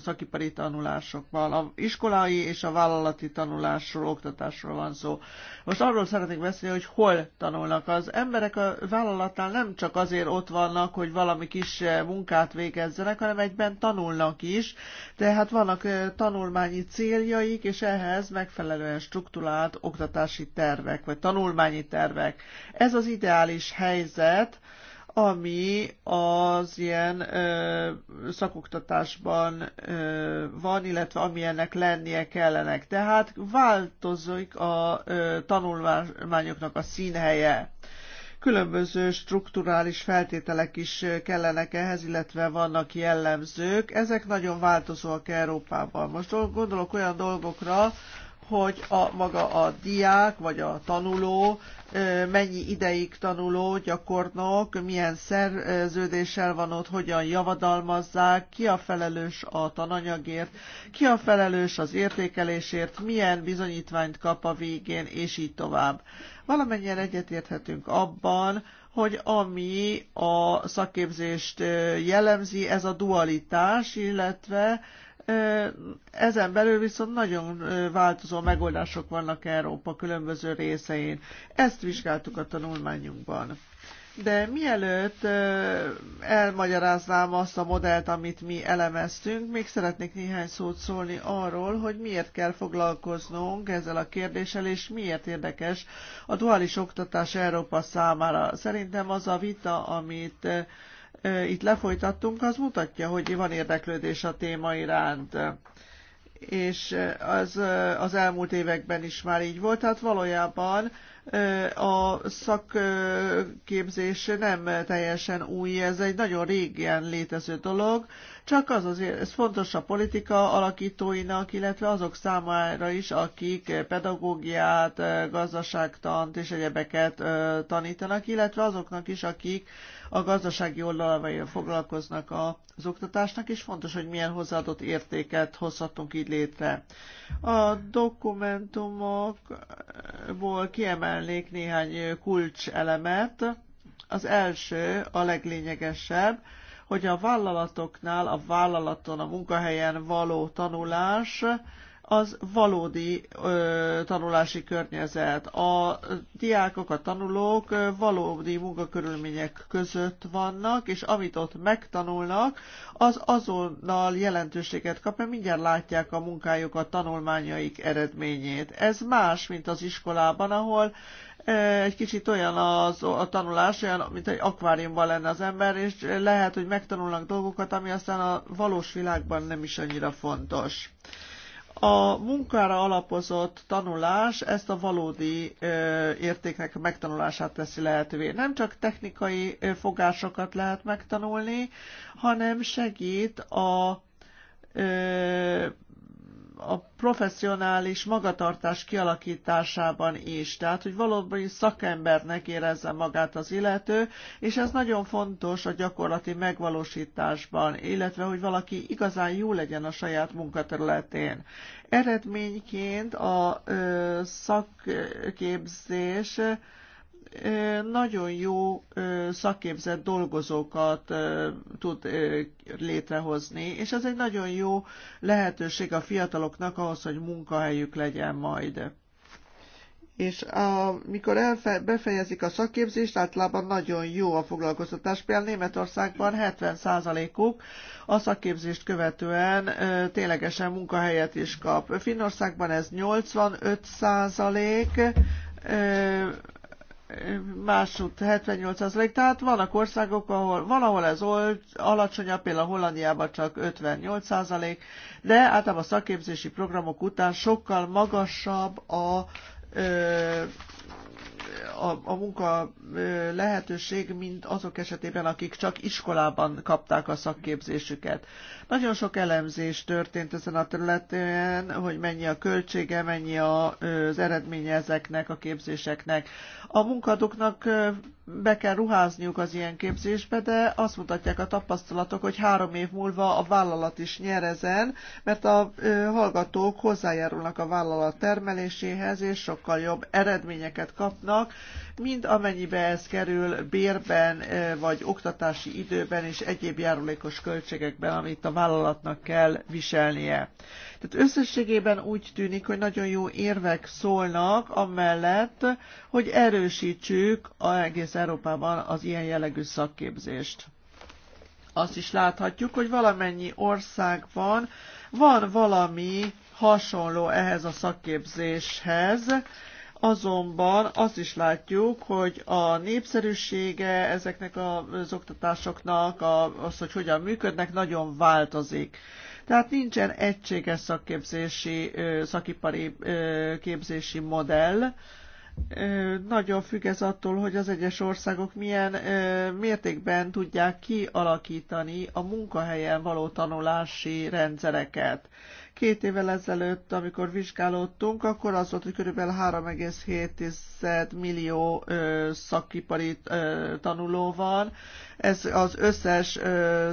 szakipari tanulásokban. A iskolai és a vállalati tanulásról, oktatásról van szó. Most arról szeretnék beszélni, hogy hol tanulnak. Az emberek a vállalatnál nem csak azért ott vannak, hogy valami kis munkát végezzenek, hanem egyben tanulnak is. Tehát vannak tanulmányi céljaik, és ehhez megfelelően struktúrált oktatási tervek, vagy tanulmányi tervek. Ez az ideális helyzet, ami az ilyen ö, szakoktatásban ö, van, illetve amilyennek lennie kellenek. Tehát változik a ö, tanulmányoknak a színhelye. Különböző strukturális feltételek is kellenek ehhez, illetve vannak jellemzők. Ezek nagyon változóak Európában. Most gondolok olyan dolgokra, hogy a maga a diák vagy a tanuló mennyi ideig tanuló, gyakornok, milyen szerződéssel van ott, hogyan javadalmazzák, ki a felelős a tananyagért, ki a felelős az értékelésért, milyen bizonyítványt kap a végén, és így tovább. Valamennyien egyetérthetünk abban, hogy ami a szakképzést jellemzi, ez a dualitás, illetve ezen belül viszont nagyon változó megoldások vannak Európa különböző részein. Ezt vizsgáltuk a tanulmányunkban. De mielőtt elmagyaráznám azt a modellt, amit mi elemeztünk, még szeretnék néhány szót szólni arról, hogy miért kell foglalkoznunk ezzel a kérdéssel, és miért érdekes a duális oktatás Európa számára. Szerintem az a vita, amit Eh, itt lefolytattunk, az mutatja, hogy van érdeklődés a téma iránt. És eh, az, eh, az elmúlt években is már így volt, tehát valójában a szakképzés nem teljesen új, ez egy nagyon régen létező dolog, csak az azért, ez fontos a politika alakítóinak, illetve azok számára is, akik pedagógiát, gazdaságtant és egyebeket tanítanak, illetve azoknak is, akik a gazdasági oldalával foglalkoznak az oktatásnak, és fontos, hogy milyen hozzáadott értéket hozhatunk így létre. A dokumentumokból kiemelnék néhány kulcselemet. Az első, a leglényegesebb, hogy a vállalatoknál, a vállalaton, a munkahelyen való tanulás az valódi ö, tanulási környezet. A diákok, a tanulók ö, valódi munkakörülmények között vannak, és amit ott megtanulnak, az azonnal jelentőséget kap, mert mindjárt látják a munkájuk, a tanulmányaik eredményét. Ez más, mint az iskolában, ahol egy kicsit olyan az, a tanulás, olyan, mint egy akváriumban lenne az ember, és lehet, hogy megtanulnak dolgokat, ami aztán a valós világban nem is annyira fontos. A munkára alapozott tanulás ezt a valódi ö, értéknek megtanulását teszi lehetővé. Nem csak technikai ö, fogásokat lehet megtanulni, hanem segít a ö, a professzionális magatartás kialakításában is. Tehát, hogy valóban szakembernek érezze magát az illető, és ez nagyon fontos a gyakorlati megvalósításban, illetve, hogy valaki igazán jó legyen a saját munkaterületén. Eredményként a ö, szakképzés nagyon jó szakképzett dolgozókat tud létrehozni, és ez egy nagyon jó lehetőség a fiataloknak ahhoz, hogy munkahelyük legyen majd. És amikor elfe, befejezik a szakképzést, általában nagyon jó a foglalkoztatás. Például Németországban 70%-uk a szakképzést követően ö, ténylegesen munkahelyet is kap. Finnországban ez 85%, ö, másút 78%, tehát vannak országok, ahol valahol ez old, alacsonyabb, például Hollandiában csak 58%, de általában a szakképzési programok után sokkal magasabb a ö, a, a munka lehetőség, mint azok esetében, akik csak iskolában kapták a szakképzésüket. Nagyon sok elemzés történt ezen a területen, hogy mennyi a költsége, mennyi az eredménye ezeknek a képzéseknek. A munkadoknak be kell ruházniuk az ilyen képzésbe, de azt mutatják a tapasztalatok, hogy három év múlva a vállalat is nyer ezen, mert a hallgatók hozzájárulnak a vállalat termeléséhez, és sokkal jobb eredményeket kapnak, mind amennyibe ez kerül bérben, vagy oktatási időben és egyéb járulékos költségekben, amit a vállalatnak kell viselnie. Tehát összességében úgy tűnik, hogy nagyon jó érvek szólnak amellett, hogy erősítsük a egész Európában az ilyen jellegű szakképzést. Azt is láthatjuk, hogy valamennyi országban van valami hasonló ehhez a szakképzéshez, Azonban azt is látjuk, hogy a népszerűsége ezeknek az oktatásoknak, az, hogy hogyan működnek, nagyon változik. Tehát nincsen egységes szakképzési, szakipari képzési modell, nagyon függ ez attól, hogy az egyes országok milyen mértékben tudják kialakítani a munkahelyen való tanulási rendszereket. Két évvel ezelőtt, amikor vizsgálódtunk, akkor az volt, hogy kb. 3,7 millió szakipari tanuló van. Ez az összes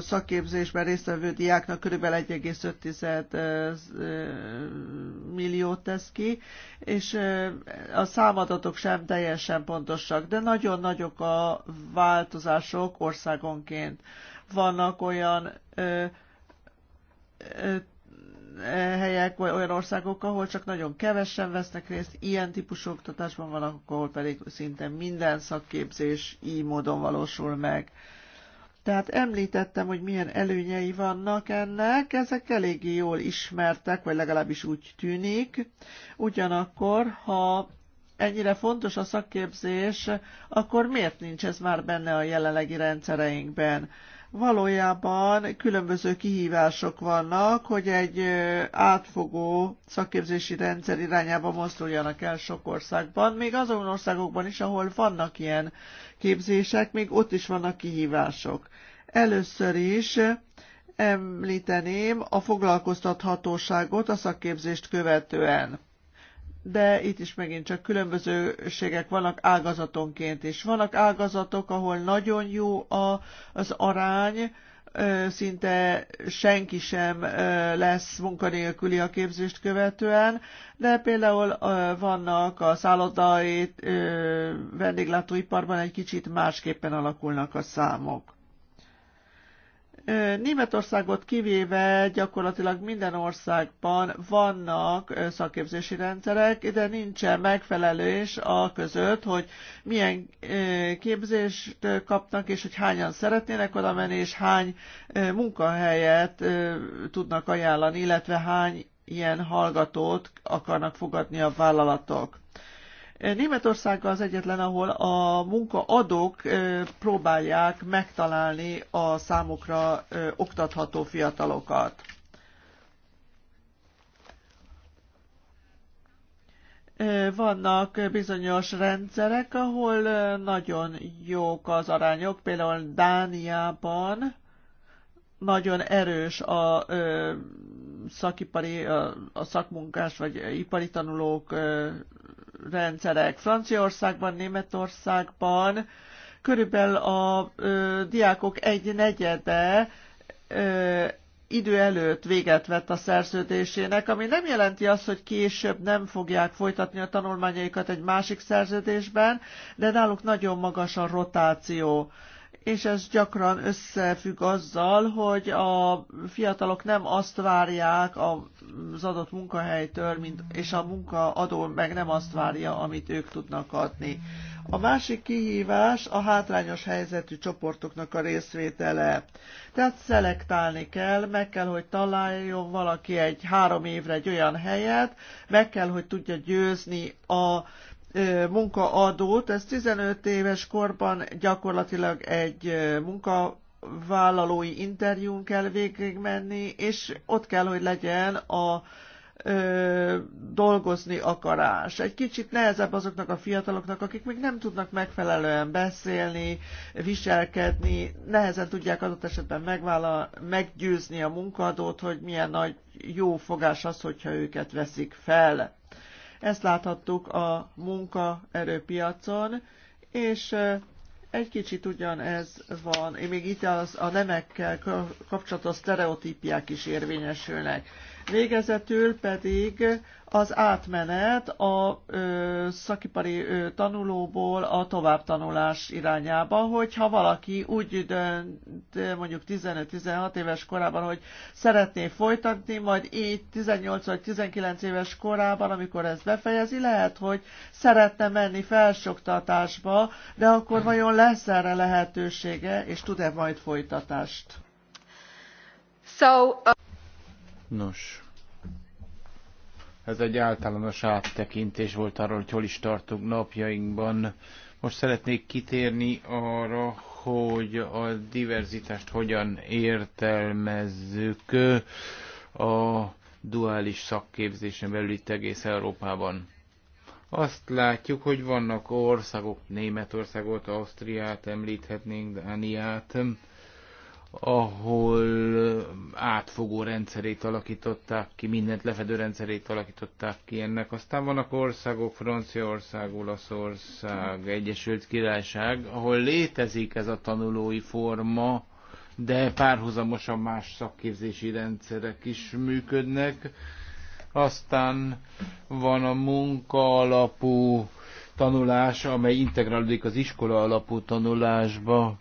szakképzésben résztvevő diáknak kb. 1,5 milliót tesz ki, és a számadatok sem teljesen pontosak, de nagyon nagyok a változások országonként. Vannak olyan ö, ö, helyek, vagy olyan országok, ahol csak nagyon kevesen vesznek részt ilyen típusú oktatásban, van, ahol pedig szinte minden szakképzés így módon valósul meg. Tehát említettem, hogy milyen előnyei vannak ennek, ezek eléggé jól ismertek, vagy legalábbis úgy tűnik. Ugyanakkor, ha ennyire fontos a szakképzés, akkor miért nincs ez már benne a jelenlegi rendszereinkben? valójában különböző kihívások vannak, hogy egy átfogó szakképzési rendszer irányába mozduljanak el sok országban, még azon országokban is, ahol vannak ilyen képzések, még ott is vannak kihívások. Először is említeném a foglalkoztathatóságot a szakképzést követően de itt is megint csak különbözőségek vannak ágazatonként is. Vannak ágazatok, ahol nagyon jó a, az arány, szinte senki sem lesz munkanélküli a képzést követően, de például vannak a szállodai vendéglátóiparban egy kicsit másképpen alakulnak a számok. Németországot kivéve gyakorlatilag minden országban vannak szakképzési rendszerek, de nincsen megfelelés a között, hogy milyen képzést kapnak, és hogy hányan szeretnének oda menni, és hány munkahelyet tudnak ajánlani, illetve hány ilyen hallgatót akarnak fogadni a vállalatok. Németország az egyetlen, ahol a munkaadók próbálják megtalálni a számukra oktatható fiatalokat. Vannak bizonyos rendszerek, ahol nagyon jók az arányok, például Dániában nagyon erős a szakipari, a szakmunkás vagy ipari tanulók rendszerek. Franciaországban, Németországban körülbelül a ö, diákok egy negyede ö, idő előtt véget vett a szerződésének, ami nem jelenti azt, hogy később nem fogják folytatni a tanulmányaikat egy másik szerződésben, de náluk nagyon magas a rotáció. Ö, és ez gyakran összefügg azzal, hogy a fiatalok nem azt várják az adott munkahelytől, mint, és a munkaadó meg nem azt várja, amit ők tudnak adni. A másik kihívás a hátrányos helyzetű csoportoknak a részvétele. Tehát szelektálni kell, meg kell, hogy találjon valaki egy három évre egy olyan helyet, meg kell, hogy tudja győzni a munkaadót, ez 15 éves korban gyakorlatilag egy munka vállalói interjún kell végig menni, és ott kell, hogy legyen a ö, dolgozni akarás. Egy kicsit nehezebb azoknak a fiataloknak, akik még nem tudnak megfelelően beszélni, viselkedni, nehezen tudják adott esetben megvállal, meggyőzni a munkadót, hogy milyen nagy jó fogás az, hogyha őket veszik fel. Ezt láthattuk a munkaerőpiacon, és egy kicsit ugyanez van, még itt az, a nemekkel kapcsolatos sztereotípiák is érvényesülnek. Végezetül pedig az átmenet a ö, szakipari ö, tanulóból a továbbtanulás irányába, hogyha valaki úgy dönt mondjuk 15-16 éves korában, hogy szeretné folytatni, majd így 18 vagy 19 éves korában, amikor ez befejezi, lehet, hogy szeretne menni felsoktatásba, de akkor vajon lesz erre lehetősége, és tud-e majd folytatást? So, uh... Nos, ez egy általános áttekintés volt arról, hogy hol is tartunk napjainkban. Most szeretnék kitérni arra, hogy a diverzitást hogyan értelmezzük a duális szakképzésen belül itt egész Európában. Azt látjuk, hogy vannak országok, Németországot, Ausztriát említhetnénk, Dániát, ahol átfogó rendszerét alakították ki, mindent lefedő rendszerét alakították ki ennek. Aztán vannak országok, Franciaország, Olaszország, Egyesült Királyság, ahol létezik ez a tanulói forma, de párhuzamosan más szakképzési rendszerek is működnek. Aztán van a munka alapú tanulás, amely integrálódik az iskola alapú tanulásba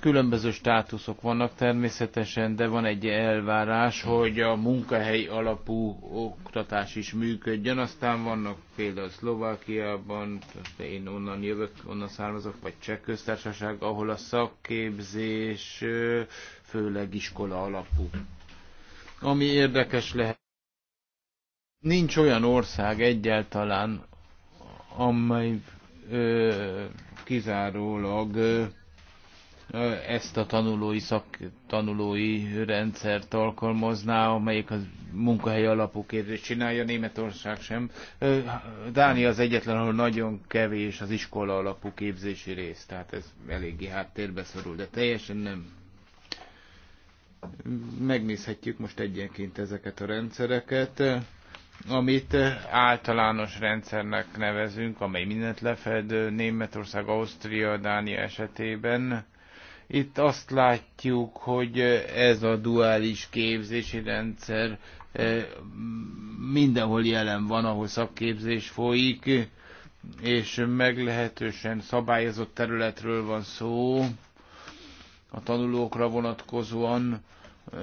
Különböző státuszok vannak természetesen, de van egy elvárás, hogy a munkahely alapú oktatás is működjön. Aztán vannak például Szlovákiában, én onnan jövök, onnan származok, vagy Cseh köztársaság, ahol a szakképzés főleg iskola alapú. Ami érdekes lehet. Nincs olyan ország egyáltalán, amely ö, kizárólag ö, ezt a tanulói szak tanulói rendszert alkalmazná, amelyik a munkahely alapú képzést csinálja, Németország sem. Dánia az egyetlen, ahol nagyon kevés az iskola alapú képzési rész, tehát ez eléggé háttérbe szorul, de teljesen nem. Megnézhetjük most egyenként ezeket a rendszereket amit általános rendszernek nevezünk, amely mindent lefed Németország, Ausztria, Dánia esetében itt azt látjuk, hogy ez a duális képzési rendszer eh, mindenhol jelen van, ahol szakképzés folyik, és meglehetősen szabályozott területről van szó a tanulókra vonatkozóan,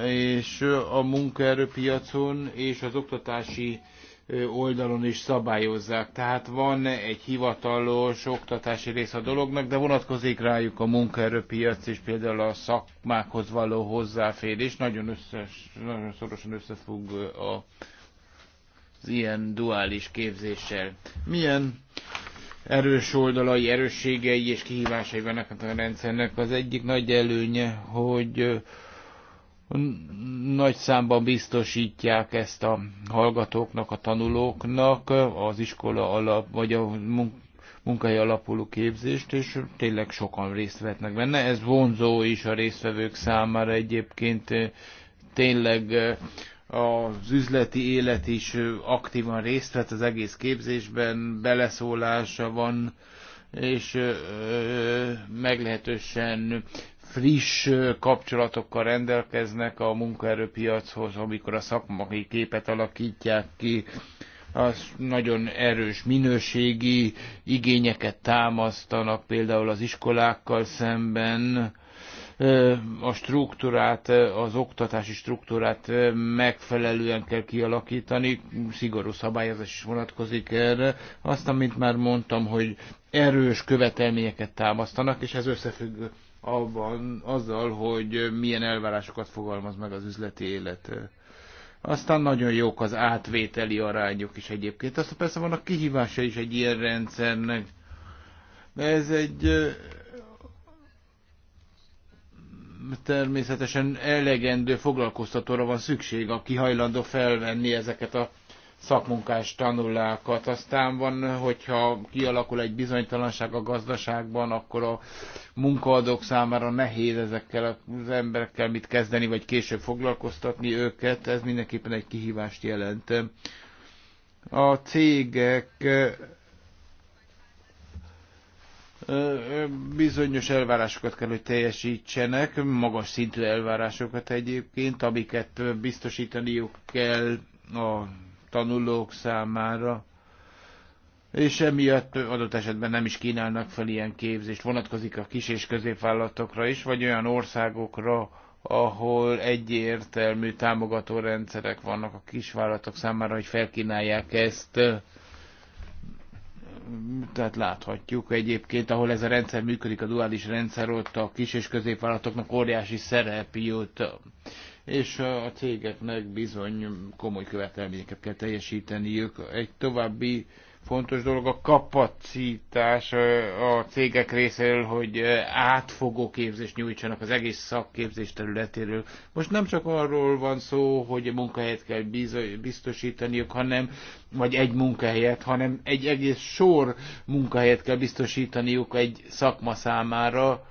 és a munkaerőpiacon és az oktatási oldalon is szabályozzák. Tehát van egy hivatalos oktatási rész a dolognak, de vonatkozik rájuk a munkaerőpiac és például a szakmákhoz való hozzáférés. Nagyon, összes, nagyon szorosan összefügg a, az ilyen duális képzéssel. Milyen erős oldalai, erősségei és kihívásai vannak a rendszernek. Az egyik nagy előnye, hogy nagy számban biztosítják ezt a hallgatóknak, a tanulóknak az iskola alap, vagy a munkai alapuló képzést, és tényleg sokan részt vetnek benne. Ez vonzó is a résztvevők számára egyébként tényleg eh, az üzleti élet is aktívan részt vett az egész képzésben, beleszólása van, és eh, meglehetősen friss kapcsolatokkal rendelkeznek a munkaerőpiachoz, amikor a szakmai képet alakítják ki, az nagyon erős minőségi igényeket támasztanak például az iskolákkal szemben, a struktúrát, az oktatási struktúrát megfelelően kell kialakítani, szigorú szabályozás is vonatkozik erre. Azt, amit már mondtam, hogy erős követelményeket támasztanak, és ez összefügg abban, azzal, hogy milyen elvárásokat fogalmaz meg az üzleti élet. Aztán nagyon jók az átvételi arányok is egyébként. Aztán persze vannak kihívása is egy ilyen rendszernek. De ez egy természetesen elegendő foglalkoztatóra van szükség, aki hajlandó felvenni ezeket a szakmunkás tanulákat. Aztán van, hogyha kialakul egy bizonytalanság a gazdaságban, akkor a munkaadók számára nehéz ezekkel az emberekkel mit kezdeni, vagy később foglalkoztatni őket. Ez mindenképpen egy kihívást jelent. A cégek bizonyos elvárásokat kell, hogy teljesítsenek, magas szintű elvárásokat egyébként, amiket biztosítaniuk kell a tanulók számára, és emiatt adott esetben nem is kínálnak fel ilyen képzést. Vonatkozik a kis és középvállalatokra is, vagy olyan országokra, ahol egyértelmű támogató rendszerek vannak a kisvállalatok számára, hogy felkínálják ezt. Tehát láthatjuk egyébként, ahol ez a rendszer működik, a duális rendszer, ott a kis és középvállalatoknak óriási szerep jut és a cégeknek bizony komoly követelményeket kell teljesíteniük. Egy további fontos dolog a kapacitás a cégek részéről, hogy átfogó képzést nyújtsanak az egész szakképzés területéről. Most nem csak arról van szó, hogy a munkahelyet kell biztosítaniuk, hanem, vagy egy munkahelyet, hanem egy egész sor munkahelyet kell biztosítaniuk egy szakma számára,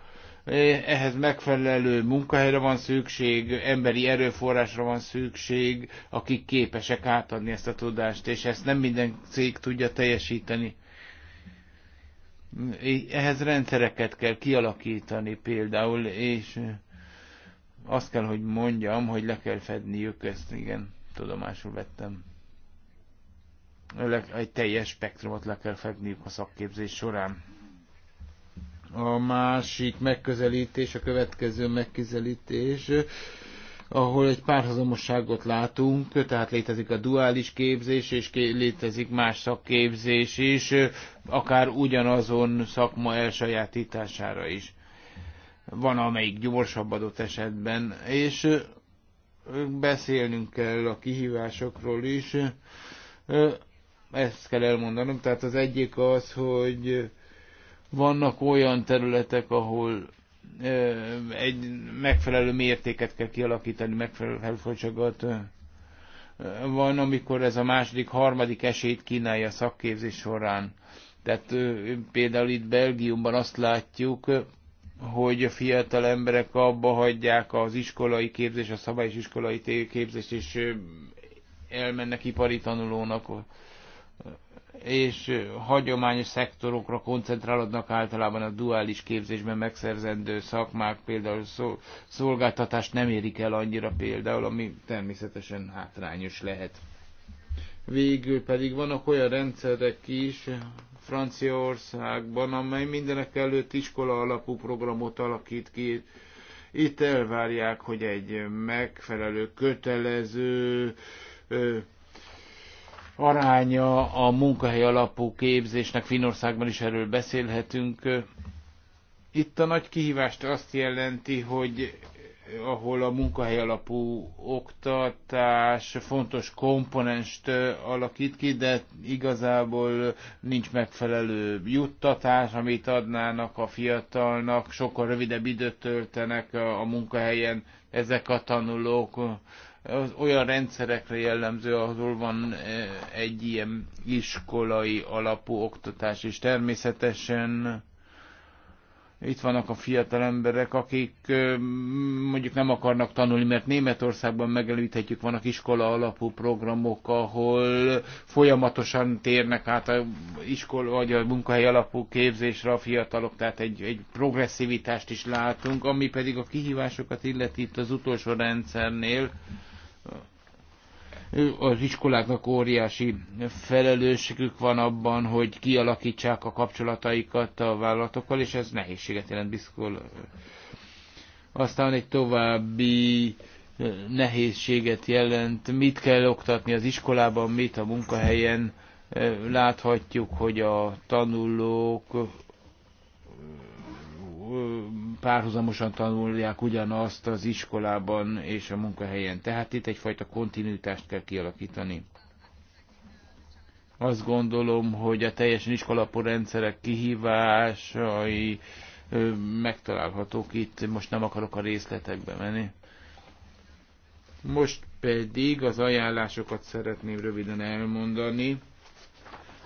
Eh, ehhez megfelelő munkahelyre van szükség, emberi erőforrásra van szükség, akik képesek átadni ezt a tudást, és ezt nem minden cég tudja teljesíteni. Ehhez rendszereket kell kialakítani például, és eh, azt kell, hogy mondjam, hogy le kell fedniük ezt, igen, tudomásul vettem. Egy teljes spektrumot le kell fedniük a szakképzés során. A másik megközelítés, a következő megközelítés, ahol egy párhuzamosságot látunk, tehát létezik a duális képzés, és létezik más szakképzés is, akár ugyanazon szakma elsajátítására is. Van, amelyik gyorsabb adott esetben, és beszélnünk kell a kihívásokról is. Ezt kell elmondanom, tehát az egyik az, hogy vannak olyan területek, ahol egy megfelelő mértéket kell kialakítani, megfelelő felfolytsagat. Van, amikor ez a második, harmadik esélyt kínálja a szakképzés során. Tehát például itt Belgiumban azt látjuk, hogy a fiatal emberek abba hagyják az iskolai képzés, a szabályos iskolai képzést, és elmennek ipari tanulónak, és hagyományos szektorokra koncentrálódnak általában a duális képzésben megszerzendő szakmák, például szolgáltatást nem érik el annyira például, ami természetesen hátrányos lehet. Végül pedig vannak olyan rendszerek is Franciaországban, amely mindenek előtt iskola alapú programot alakít ki, itt elvárják, hogy egy megfelelő, kötelező aránya a munkahely alapú képzésnek, Finországban is erről beszélhetünk. Itt a nagy kihívást azt jelenti, hogy ahol a munkahely alapú oktatás fontos komponenst alakít ki, de igazából nincs megfelelő juttatás, amit adnának a fiatalnak, sokkal rövidebb időt töltenek a munkahelyen ezek a tanulók, az olyan rendszerekre jellemző, ahol van e, egy ilyen iskolai alapú oktatás, és természetesen itt vannak a fiatal emberek, akik e, mondjuk nem akarnak tanulni, mert Németországban megelőíthetjük vannak iskola alapú programok, ahol folyamatosan térnek át a iskola vagy a munkahely alapú képzésre a fiatalok, tehát egy, egy progresszivitást is látunk, ami pedig a kihívásokat illeti itt az utolsó rendszernél, az iskoláknak óriási felelősségük van abban, hogy kialakítsák a kapcsolataikat a vállalatokkal, és ez nehézséget jelent biztos. Aztán egy további eh, nehézséget jelent, mit kell oktatni az iskolában, mit a munkahelyen. Eh, láthatjuk, hogy a tanulók párhuzamosan tanulják ugyanazt az iskolában és a munkahelyen. Tehát itt egyfajta kontinuitást kell kialakítani. Azt gondolom, hogy a teljesen iskolapó rendszerek kihívásai megtalálhatók itt, most nem akarok a részletekbe menni. Most pedig az ajánlásokat szeretném röviden elmondani.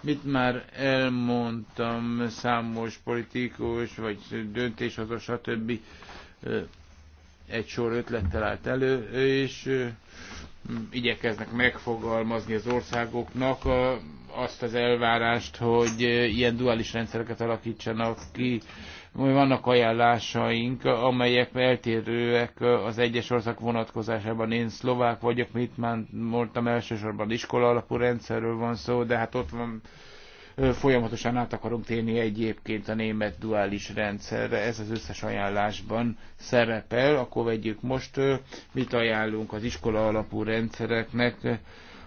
Mit már elmondtam számos politikus, vagy döntéshozó, stb. egy sor ötlettel állt elő, és igyekeznek megfogalmazni az országoknak azt az elvárást, hogy ilyen duális rendszereket alakítsanak ki, vannak ajánlásaink, amelyek eltérőek az egyes ország vonatkozásában. Én szlovák vagyok, mit már mondtam, elsősorban iskola alapú rendszerről van szó, de hát ott van folyamatosan át akarunk térni egyébként a német duális rendszerre. Ez az összes ajánlásban szerepel. Akkor vegyük most, mit ajánlunk az iskola alapú rendszereknek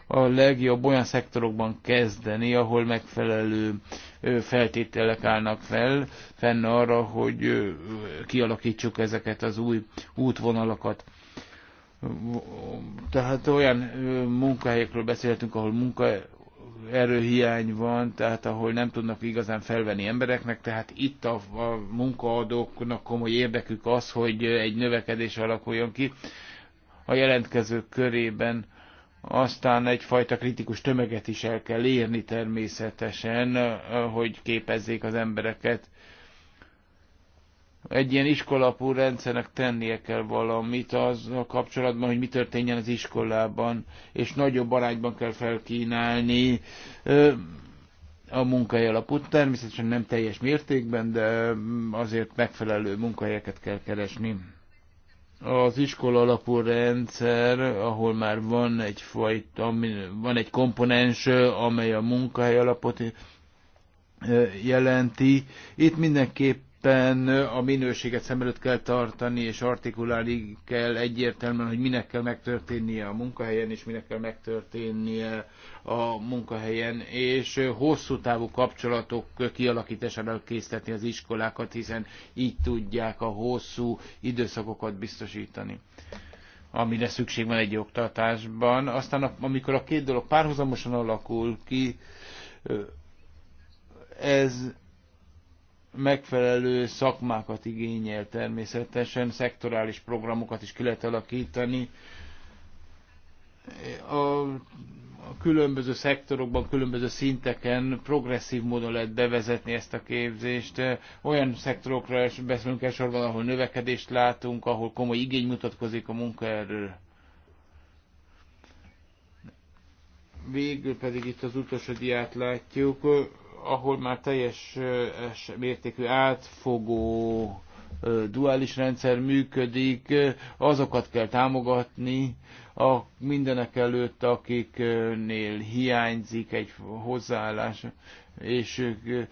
a legjobb olyan szektorokban kezdeni, ahol megfelelő feltételek állnak fel, fenn arra, hogy kialakítsuk ezeket az új útvonalakat. Tehát olyan munkahelyekről beszéltünk, ahol munka erőhiány van, tehát ahol nem tudnak igazán felvenni embereknek, tehát itt a, a munkaadóknak komoly érdekük az, hogy egy növekedés alakuljon ki. A jelentkezők körében aztán egyfajta kritikus tömeget is el kell érni természetesen, hogy képezzék az embereket. Egy ilyen iskolapú rendszernek tennie kell valamit a kapcsolatban, hogy mi történjen az iskolában, és nagyobb arányban kell felkínálni a munkahely alapú. Természetesen nem teljes mértékben, de azért megfelelő munkahelyeket kell keresni az iskola alapú rendszer, ahol már van egy fajta, van egy komponens, amely a munkahely alapot jelenti. Itt mindenképp mindenképpen a minőséget szem előtt kell tartani, és artikulálni kell egyértelműen, hogy minek kell megtörténnie a munkahelyen, és minek kell megtörténnie a munkahelyen, és hosszú távú kapcsolatok kialakítására készíteni az iskolákat, hiszen így tudják a hosszú időszakokat biztosítani amire szükség van egy oktatásban. Aztán amikor a két dolog párhuzamosan alakul ki, ez megfelelő szakmákat igényel természetesen, szektorális programokat is ki lehet alakítani. A, a különböző szektorokban, különböző szinteken progresszív módon lehet bevezetni ezt a képzést. Olyan szektorokra beszélünk elsősorban, ahol növekedést látunk, ahol komoly igény mutatkozik a munkaerőre. Végül pedig itt az utolsó diát látjuk ahol már teljes mértékű átfogó duális rendszer működik, azokat kell támogatni, a mindenek előtt, akiknél hiányzik egy hozzáállás, és ők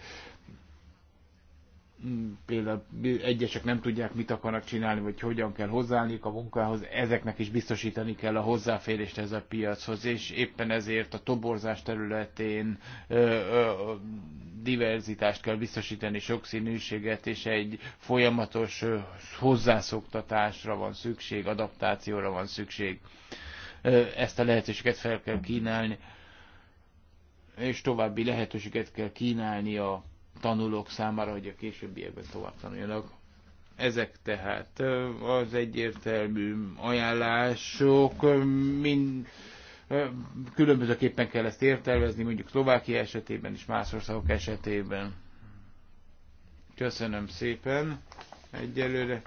például egyesek nem tudják, mit akarnak csinálni, vagy hogyan kell hozzáállni a munkához, ezeknek is biztosítani kell a hozzáférést ez a piachoz, és éppen ezért a toborzás területén ö, ö, diverzitást kell biztosítani, sokszínűséget, és egy folyamatos ö, hozzászoktatásra van szükség, adaptációra van szükség. Ö, ezt a lehetőséget fel kell kínálni, és további lehetőséget kell kínálni a tanulók számára, hogy a későbbiekben tovább tanuljanak. Ezek tehát az egyértelmű ajánlások, mind különbözőképpen kell ezt értelmezni, mondjuk Szlovákia esetében és más országok esetében. Köszönöm szépen egyelőre.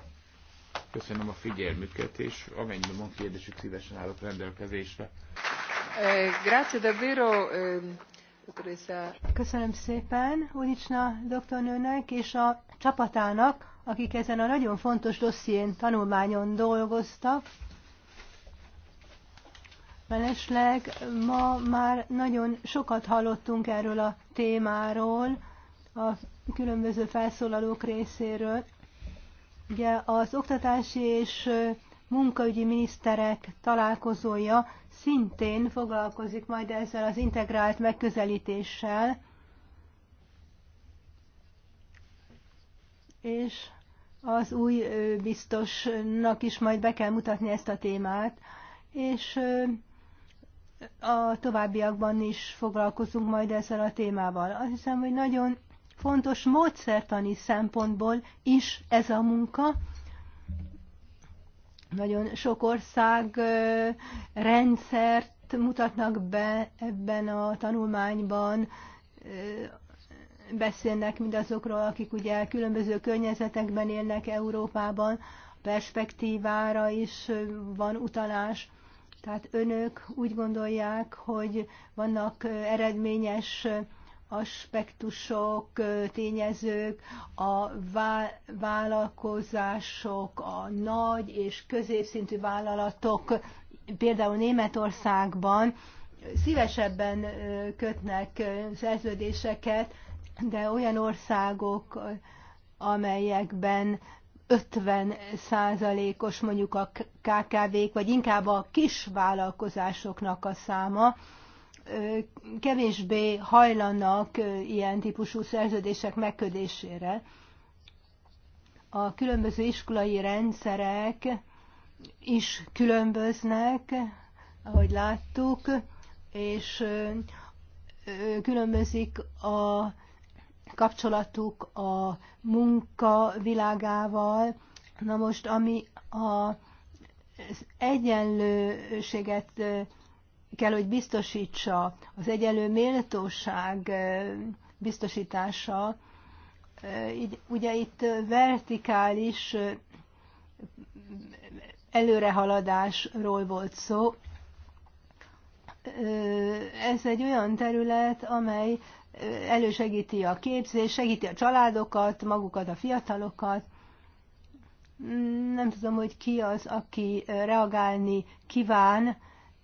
Köszönöm a figyelmüket, és amennyiben van kérdésük, szívesen állok rendelkezésre. Eh, grazie davvero eh, Köszönöm szépen Ulicsna doktornőnek és a csapatának, akik ezen a nagyon fontos dosszién, tanulmányon dolgoztak. Mellesleg ma már nagyon sokat hallottunk erről a témáról, a különböző felszólalók részéről. Ugye az oktatási és munkaügyi miniszterek találkozója szintén foglalkozik majd ezzel az integrált megközelítéssel, és az új biztosnak is majd be kell mutatni ezt a témát, és a továbbiakban is foglalkozunk majd ezzel a témával. Azt hiszem, hogy nagyon fontos módszertani szempontból is ez a munka, nagyon sok ország rendszert mutatnak be ebben a tanulmányban, beszélnek mindazokról, akik ugye különböző környezetekben élnek Európában, perspektívára is van utalás. Tehát önök úgy gondolják, hogy vannak eredményes aspektusok, tényezők, a vállalkozások, a nagy és középszintű vállalatok, például Németországban szívesebben kötnek szerződéseket, de olyan országok, amelyekben 50 százalékos mondjuk a KKV-k, vagy inkább a kis vállalkozásoknak a száma, kevésbé hajlanak ilyen típusú szerződések megködésére. A különböző iskolai rendszerek is különböznek, ahogy láttuk, és különbözik a kapcsolatuk a munka világával. Na most, ami a, az egyenlőséget kell, hogy biztosítsa az egyenlő méltóság biztosítása. Ugye itt vertikális előrehaladásról volt szó. Ez egy olyan terület, amely elősegíti a képzés, segíti a családokat, magukat, a fiatalokat. Hm, nem tudom, hogy ki az, aki reagálni kíván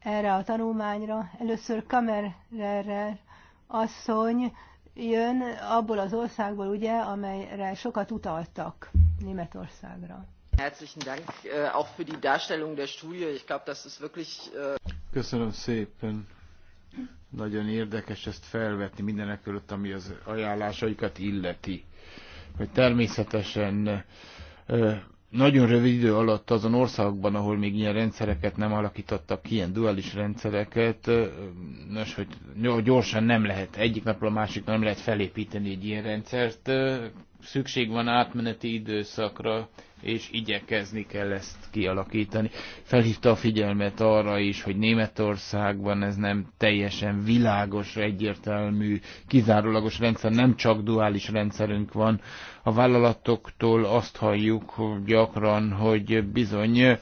erre a tanulmányra. Először Kamererrel asszony jön abból az országból, ugye, amelyre sokat utaltak, Németországra. Herzlichen Dank äh, auch für die Darstellung der Studie. Ich glaube, das ist wirklich... Äh, Köszönöm szépen. Nagyon érdekes ezt felvetni mindenek előtt, ami az ajánlásaikat illeti. Hogy természetesen nagyon rövid idő alatt azon országokban, ahol még ilyen rendszereket nem alakítottak ki, ilyen duális rendszereket, nos, hogy gyorsan nem lehet, egyik napról a másik nem lehet felépíteni egy ilyen rendszert, szükség van átmeneti időszakra, és igyekezni kell ezt kialakítani. Felhívta a figyelmet arra is, hogy Németországban ez nem teljesen világos, egyértelmű, kizárólagos rendszer, nem csak duális rendszerünk van. A vállalatoktól azt halljuk gyakran, hogy bizony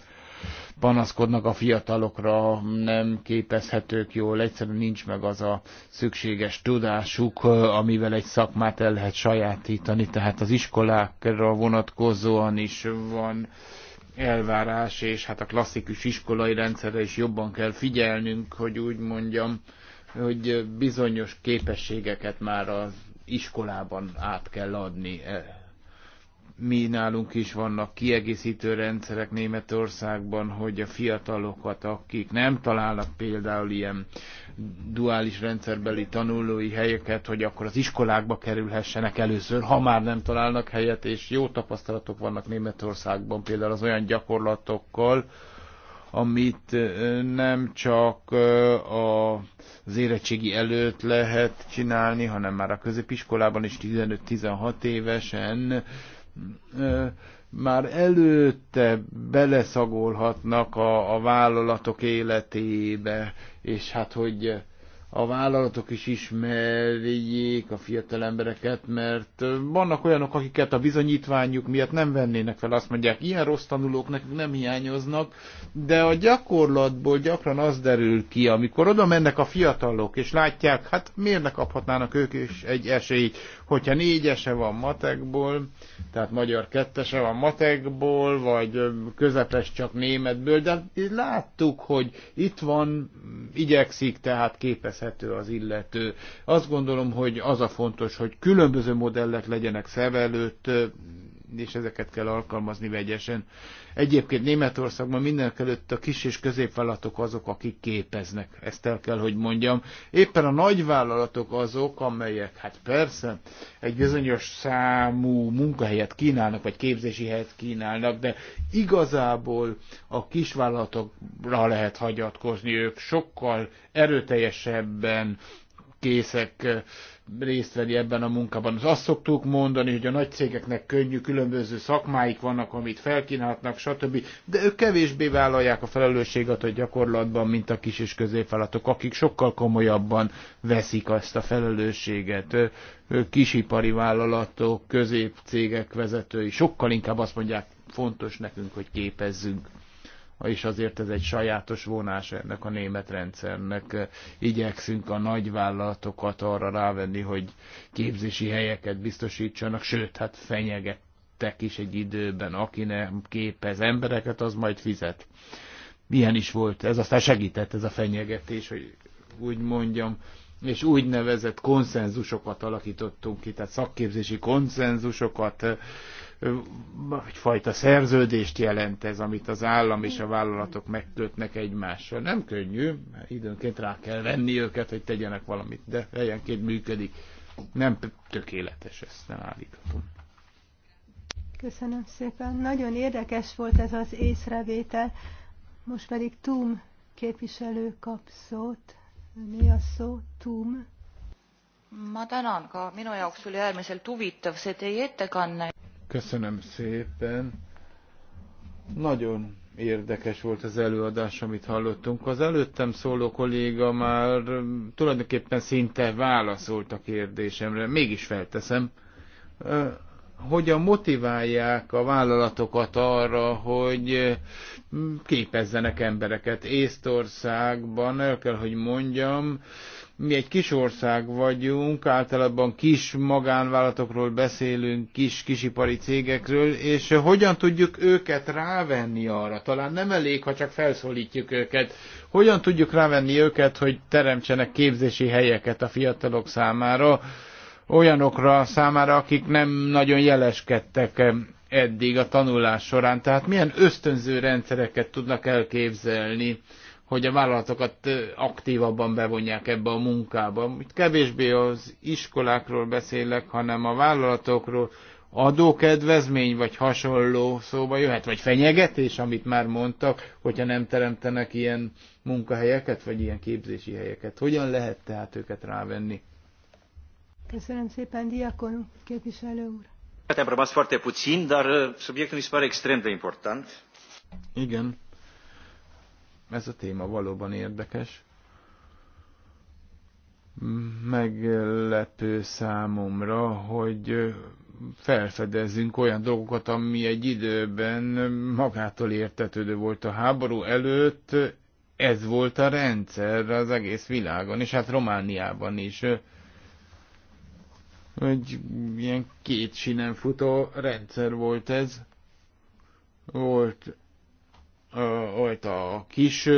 panaszkodnak a fiatalokra, nem képezhetők jól, egyszerűen nincs meg az a szükséges tudásuk, amivel egy szakmát el lehet sajátítani. Tehát az iskolákra vonatkozóan is van elvárás, és hát a klasszikus iskolai rendszerre is jobban kell figyelnünk, hogy úgy mondjam, hogy bizonyos képességeket már az iskolában át kell adni mi nálunk is vannak kiegészítő rendszerek Németországban, hogy a fiatalokat, akik nem találnak például ilyen duális rendszerbeli tanulói helyeket, hogy akkor az iskolákba kerülhessenek először, ha már nem találnak helyet, és jó tapasztalatok vannak Németországban például az olyan gyakorlatokkal, amit nem csak az érettségi előtt lehet csinálni, hanem már a középiskolában is 15-16 évesen már előtte beleszagolhatnak a, a vállalatok életébe, és hát hogy a vállalatok is ismerjék a fiatal embereket, mert vannak olyanok, akiket a bizonyítványuk miatt nem vennének fel, azt mondják, ilyen rossz tanulók nekik nem hiányoznak, de a gyakorlatból gyakran az derül ki, amikor oda mennek a fiatalok, és látják, hát miért ne kaphatnának ők is egy esélyt, Hogyha négyese van matekból, tehát magyar kettese van matekból, vagy közepes csak németből, de láttuk, hogy itt van, igyekszik, tehát képezhető az illető. Azt gondolom, hogy az a fontos, hogy különböző modellek legyenek szem előtt, és ezeket kell alkalmazni vegyesen. Egyébként Németországban előtt a kis és középvállalatok azok, akik képeznek. Ezt el kell, hogy mondjam. Éppen a nagyvállalatok azok, amelyek, hát persze, egy bizonyos számú munkahelyet kínálnak, vagy képzési helyet kínálnak, de igazából a kisvállalatokra lehet hagyatkozni. Ők sokkal erőteljesebben készek részt venni ebben a munkában. Az azt szoktuk mondani, hogy a nagy cégeknek könnyű, különböző szakmáik vannak, amit felkínálhatnak, stb. De ők kevésbé vállalják a felelősséget a gyakorlatban, mint a kis és középvállalatok, akik sokkal komolyabban veszik azt a felelősséget. Kisipari vállalatok, középcégek vezetői sokkal inkább azt mondják, fontos nekünk, hogy képezzünk és azért ez egy sajátos vonás ennek a német rendszernek. Igyekszünk a nagyvállalatokat arra rávenni, hogy képzési helyeket biztosítsanak, sőt, hát fenyegettek is egy időben, aki nem képez embereket, az majd fizet. Milyen is volt ez, aztán segített ez a fenyegetés, hogy úgy mondjam, és úgynevezett konszenzusokat alakítottunk ki, tehát szakképzési konszenzusokat egyfajta szerződést jelent ez, amit az állam és a vállalatok megkötnek egymással. Nem könnyű, időnként rá kell venni őket, hogy tegyenek valamit, de helyenként működik. Nem tökéletes, ezt nem állíthatom. Köszönöm szépen. Nagyon érdekes volt ez az észrevétel. Most pedig Tum képviselő kap szót. Mi a szó? Tum. Ma tänan ka, minu jaoks oli äärmiselt huvitav see teie ettekanne. Köszönöm szépen. Nagyon érdekes volt az előadás, amit hallottunk. Az előttem szóló kolléga már tulajdonképpen szinte válaszolt a kérdésemre, mégis felteszem. Hogyan motiválják a vállalatokat arra, hogy képezzenek embereket? Észtországban el kell, hogy mondjam, mi egy kis ország vagyunk, általában kis magánvállalatokról beszélünk, kis kisipari cégekről, és hogyan tudjuk őket rávenni arra? Talán nem elég, ha csak felszólítjuk őket. Hogyan tudjuk rávenni őket, hogy teremtsenek képzési helyeket a fiatalok számára, olyanokra számára, akik nem nagyon jeleskedtek eddig a tanulás során. Tehát milyen ösztönző rendszereket tudnak elképzelni? hogy a vállalatokat aktívabban bevonják ebbe a munkába. Itt kevésbé az iskolákról beszélek, hanem a vállalatokról adókedvezmény vagy hasonló szóba jöhet, vagy fenyegetés, amit már mondtak, hogyha nem teremtenek ilyen munkahelyeket, vagy ilyen képzési helyeket. Hogyan lehet tehát őket rávenni? Köszönöm szépen, Diakon képviselő úr. Te probați foarte puțin, dar uh, subiectul mi se pare extrem de important. Igen, ez a téma valóban érdekes. Meglepő számomra, hogy felfedezzünk olyan dolgokat, ami egy időben magától értetődő volt a háború előtt, ez volt a rendszer az egész világon, és hát Romániában is. Egy ilyen két sinem futó rendszer volt ez. Volt a kis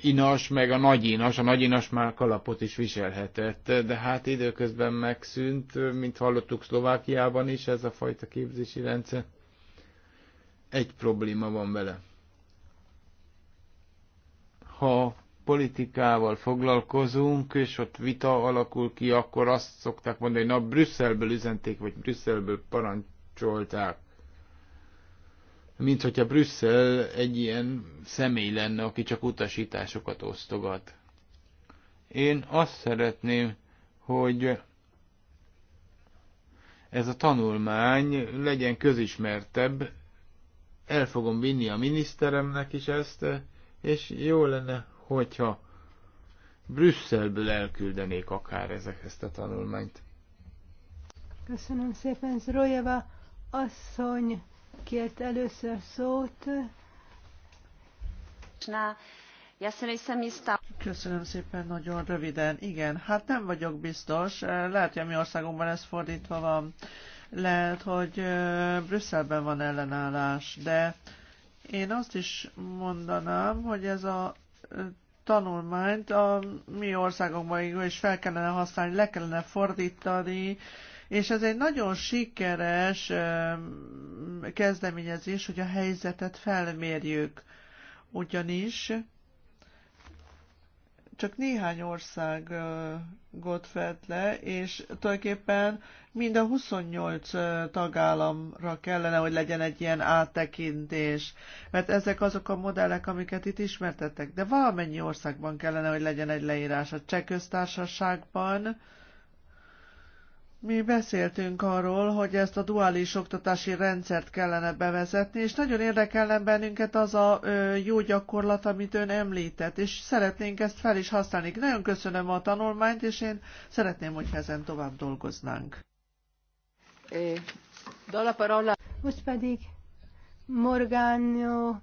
inas, meg a nagy inas. A nagy inas már kalapot is viselhetett, de hát időközben megszűnt, mint hallottuk Szlovákiában is ez a fajta képzési rendszer. Egy probléma van vele. Ha politikával foglalkozunk, és ott vita alakul ki, akkor azt szokták mondani, hogy na Brüsszelből üzenték, vagy Brüsszelből parancsolták mint hogyha Brüsszel egy ilyen személy lenne, aki csak utasításokat osztogat. Én azt szeretném, hogy ez a tanulmány legyen közismertebb, el fogom vinni a miniszteremnek is ezt, és jó lenne, hogyha Brüsszelből elküldenék akár ezek ezt a tanulmányt. Köszönöm szépen, Zrojeva asszony! kért először szót. Köszönöm szépen, nagyon röviden. Igen, hát nem vagyok biztos. Lehet, hogy a mi országunkban ez fordítva van. Lehet, hogy Brüsszelben van ellenállás, de én azt is mondanám, hogy ez a tanulmányt a mi országunkban is fel kellene használni, le kellene fordítani, és ez egy nagyon sikeres kezdeményezés, hogy a helyzetet felmérjük. Ugyanis csak néhány országot fed le, és tulajdonképpen mind a 28 tagállamra kellene, hogy legyen egy ilyen áttekintés, mert ezek azok a modellek, amiket itt ismertettek, de valamennyi országban kellene, hogy legyen egy leírás. A cseh köztársaságban mi beszéltünk arról, hogy ezt a duális oktatási rendszert kellene bevezetni, és nagyon érdekelne bennünket az a jó gyakorlat, amit ön említett, és szeretnénk ezt fel is használni. Nagyon köszönöm a tanulmányt, és én szeretném, hogy ezen tovább dolgoznánk. Eh, Most pedig Morgano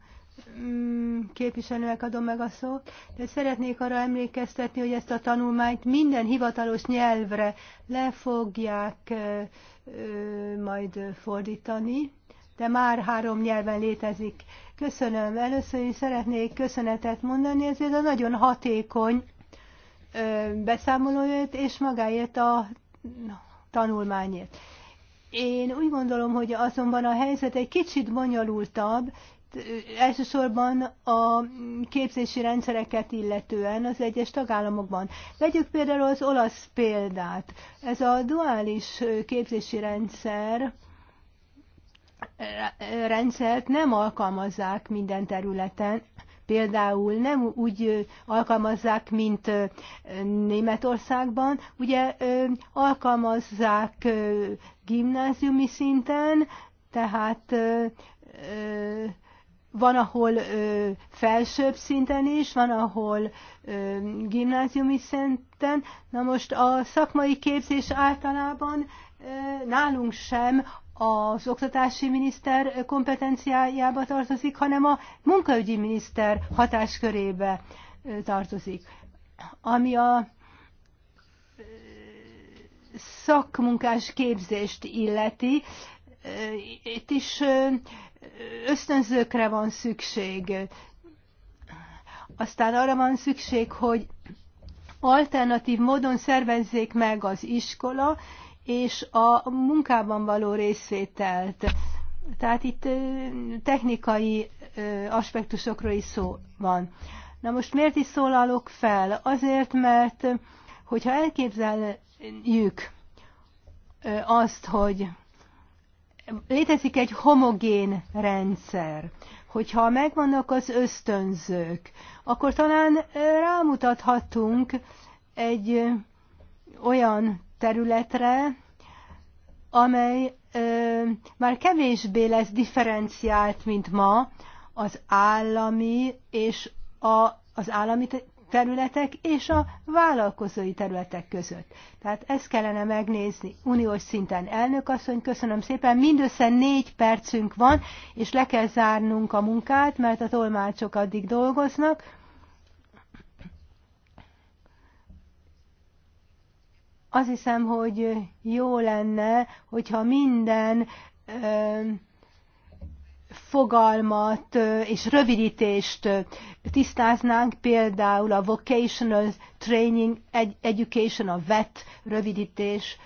Mm, képviselőnek adom meg a szót, de szeretnék arra emlékeztetni, hogy ezt a tanulmányt minden hivatalos nyelvre le fogják majd fordítani, de már három nyelven létezik. Köszönöm. Először is szeretnék köszönetet mondani, ezért a nagyon hatékony beszámolóért és magáért a tanulmányért. Én úgy gondolom, hogy azonban a helyzet egy kicsit bonyolultabb, Hát, elsősorban a képzési rendszereket illetően az egyes tagállamokban. Vegyük például az olasz példát. Ez a duális képzési rendszer rendszert nem alkalmazzák minden területen, például nem úgy alkalmazzák, mint Németországban, ugye alkalmazzák gimnáziumi szinten, tehát van, ahol ö, felsőbb szinten is, van, ahol ö, gimnáziumi szinten. Na most a szakmai képzés általában ö, nálunk sem az oktatási miniszter kompetenciájába tartozik, hanem a munkaügyi miniszter hatáskörébe tartozik. Ami a szakmunkás képzést illeti, itt is ösztönzőkre van szükség, aztán arra van szükség, hogy alternatív módon szervezzék meg az iskola és a munkában való részvételt. Tehát itt technikai aspektusokról is szó van. Na most miért is szólalok fel? Azért, mert hogyha elképzeljük azt, hogy létezik egy homogén rendszer. Hogyha megvannak az ösztönzők, akkor talán rámutathatunk egy olyan területre, amely ö, már kevésbé lesz differenciált, mint ma az állami és a, az állami területek és a vállalkozói területek között. Tehát ezt kellene megnézni uniós szinten. Elnök asszony, köszönöm szépen, mindössze négy percünk van, és le kell zárnunk a munkát, mert a tolmácsok addig dolgoznak. Azt hiszem, hogy jó lenne, hogyha minden ö, fogalmat és rövidítést tisztáznánk, például a Vocational Training Education, a VET rövidítés,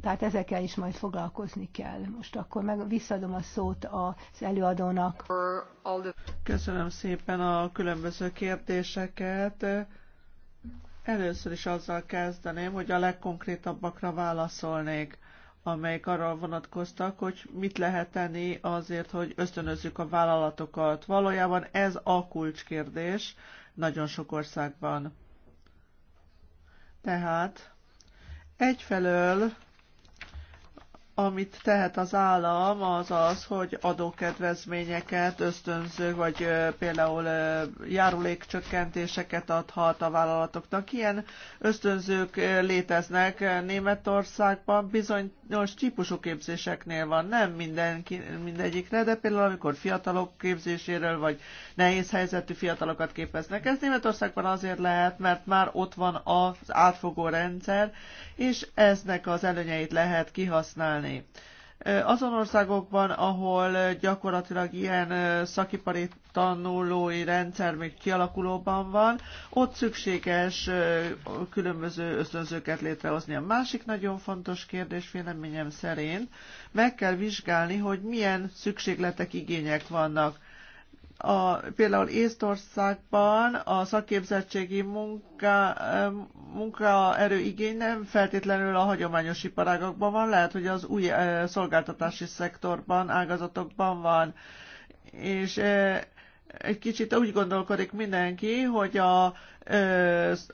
tehát ezekkel is majd foglalkozni kell. Most akkor meg visszadom a szót az előadónak. Köszönöm szépen a különböző kérdéseket. Először is azzal kezdeném, hogy a legkonkrétabbakra válaszolnék amelyek arra vonatkoztak, hogy mit lehet tenni azért, hogy ösztönözzük a vállalatokat. Valójában ez a kulcskérdés nagyon sok országban. Tehát egyfelől amit tehet az állam, az az, hogy adókedvezményeket, ösztönző, vagy például járulékcsökkentéseket adhat a vállalatoknak. Ilyen ösztönzők léteznek Németországban, bizonyos típusú képzéseknél van, nem mindenki, mindegyikre, de például amikor fiatalok képzéséről, vagy nehéz helyzetű fiatalokat képeznek. Ez Németországban azért lehet, mert már ott van az átfogó rendszer, és eznek az előnyeit lehet kihasználni tenni. Azon országokban, ahol gyakorlatilag ilyen szakipari tanulói rendszer még kialakulóban van, ott szükséges különböző ösztönzőket létrehozni. A másik nagyon fontos kérdés véleményem szerint meg kell vizsgálni, hogy milyen szükségletek, igények vannak a, például Észtországban a szakképzettségi munka, eh, munkaerő igény nem feltétlenül a hagyományos iparágakban van, lehet, hogy az új eh, szolgáltatási szektorban, ágazatokban van. És eh, egy kicsit úgy gondolkodik mindenki, hogy a,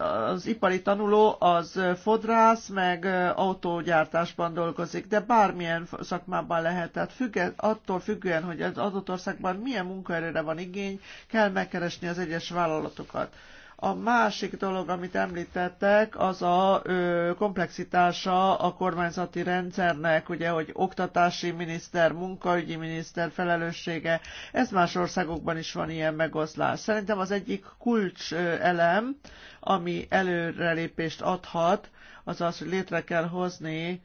az ipari tanuló az fodrász, meg autógyártásban dolgozik, de bármilyen szakmában lehet. Tehát függ, attól függően, hogy az adott országban milyen munkaerőre van igény, kell megkeresni az egyes vállalatokat. A másik dolog, amit említettek, az a ö, komplexitása a kormányzati rendszernek, ugye, hogy oktatási miniszter, munkaügyi miniszter felelőssége, ez más országokban is van ilyen megoszlás. Szerintem az egyik kulcs elem, ami előrelépést adhat, az az, hogy létre kell hozni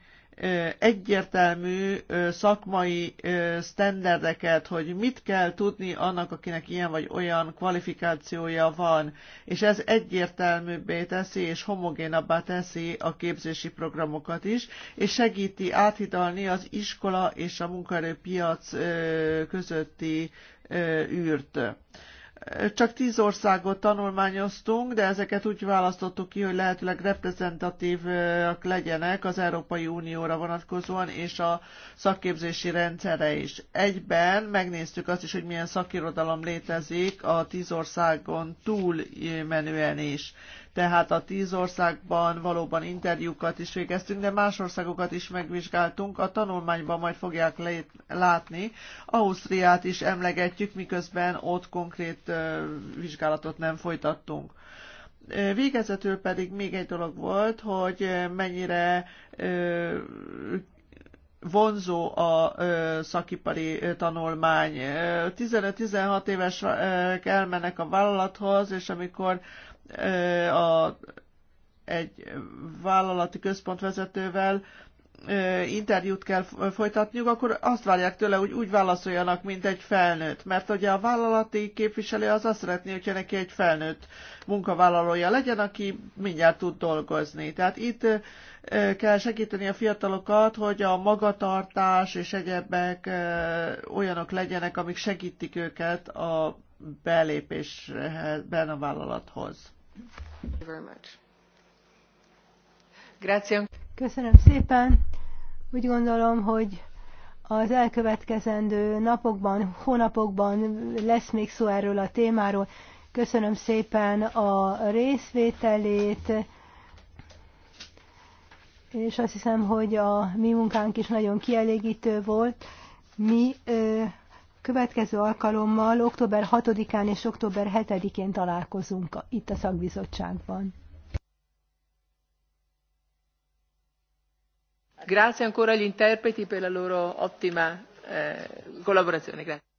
egyértelmű szakmai sztenderdeket, hogy mit kell tudni annak, akinek ilyen vagy olyan kvalifikációja van, és ez egyértelműbbé teszi és homogénabbá teszi a képzési programokat is, és segíti áthidalni az iskola és a munkaerőpiac közötti űrt. Csak tíz országot tanulmányoztunk, de ezeket úgy választottuk ki, hogy lehetőleg reprezentatívak legyenek az Európai Unióra vonatkozóan, és a szakképzési rendszere is. Egyben megnéztük azt is, hogy milyen szakirodalom létezik a tíz országon túl menően is tehát a tíz országban valóban interjúkat is végeztünk, de más országokat is megvizsgáltunk, a tanulmányban majd fogják látni. Ausztriát is emlegetjük, miközben ott konkrét vizsgálatot nem folytattunk. Végezetül pedig még egy dolog volt, hogy mennyire vonzó a szakipari tanulmány. 15-16 évesek elmennek a vállalathoz, és amikor a, egy vállalati központvezetővel interjút kell folytatniuk, akkor azt várják tőle, hogy úgy válaszoljanak, mint egy felnőtt. Mert ugye a vállalati képviselő az azt szeretné, hogyha neki egy felnőtt munkavállalója legyen, aki mindjárt tud dolgozni. Tehát itt kell segíteni a fiatalokat, hogy a magatartás és egyebek olyanok legyenek, amik segítik őket a belépésben a vállalathoz. Köszönöm szépen. Úgy gondolom, hogy az elkövetkezendő napokban, hónapokban lesz még szó erről a témáról. Köszönöm szépen a részvételét, és azt hiszem, hogy a mi munkánk is nagyon kielégítő volt. Mi következő alkalommal október 6-án és október 7-én találkozunk itt a szakbizottságban. Grazie ancora agli interpreti per la loro ottima eh, collaborazione. Grazie.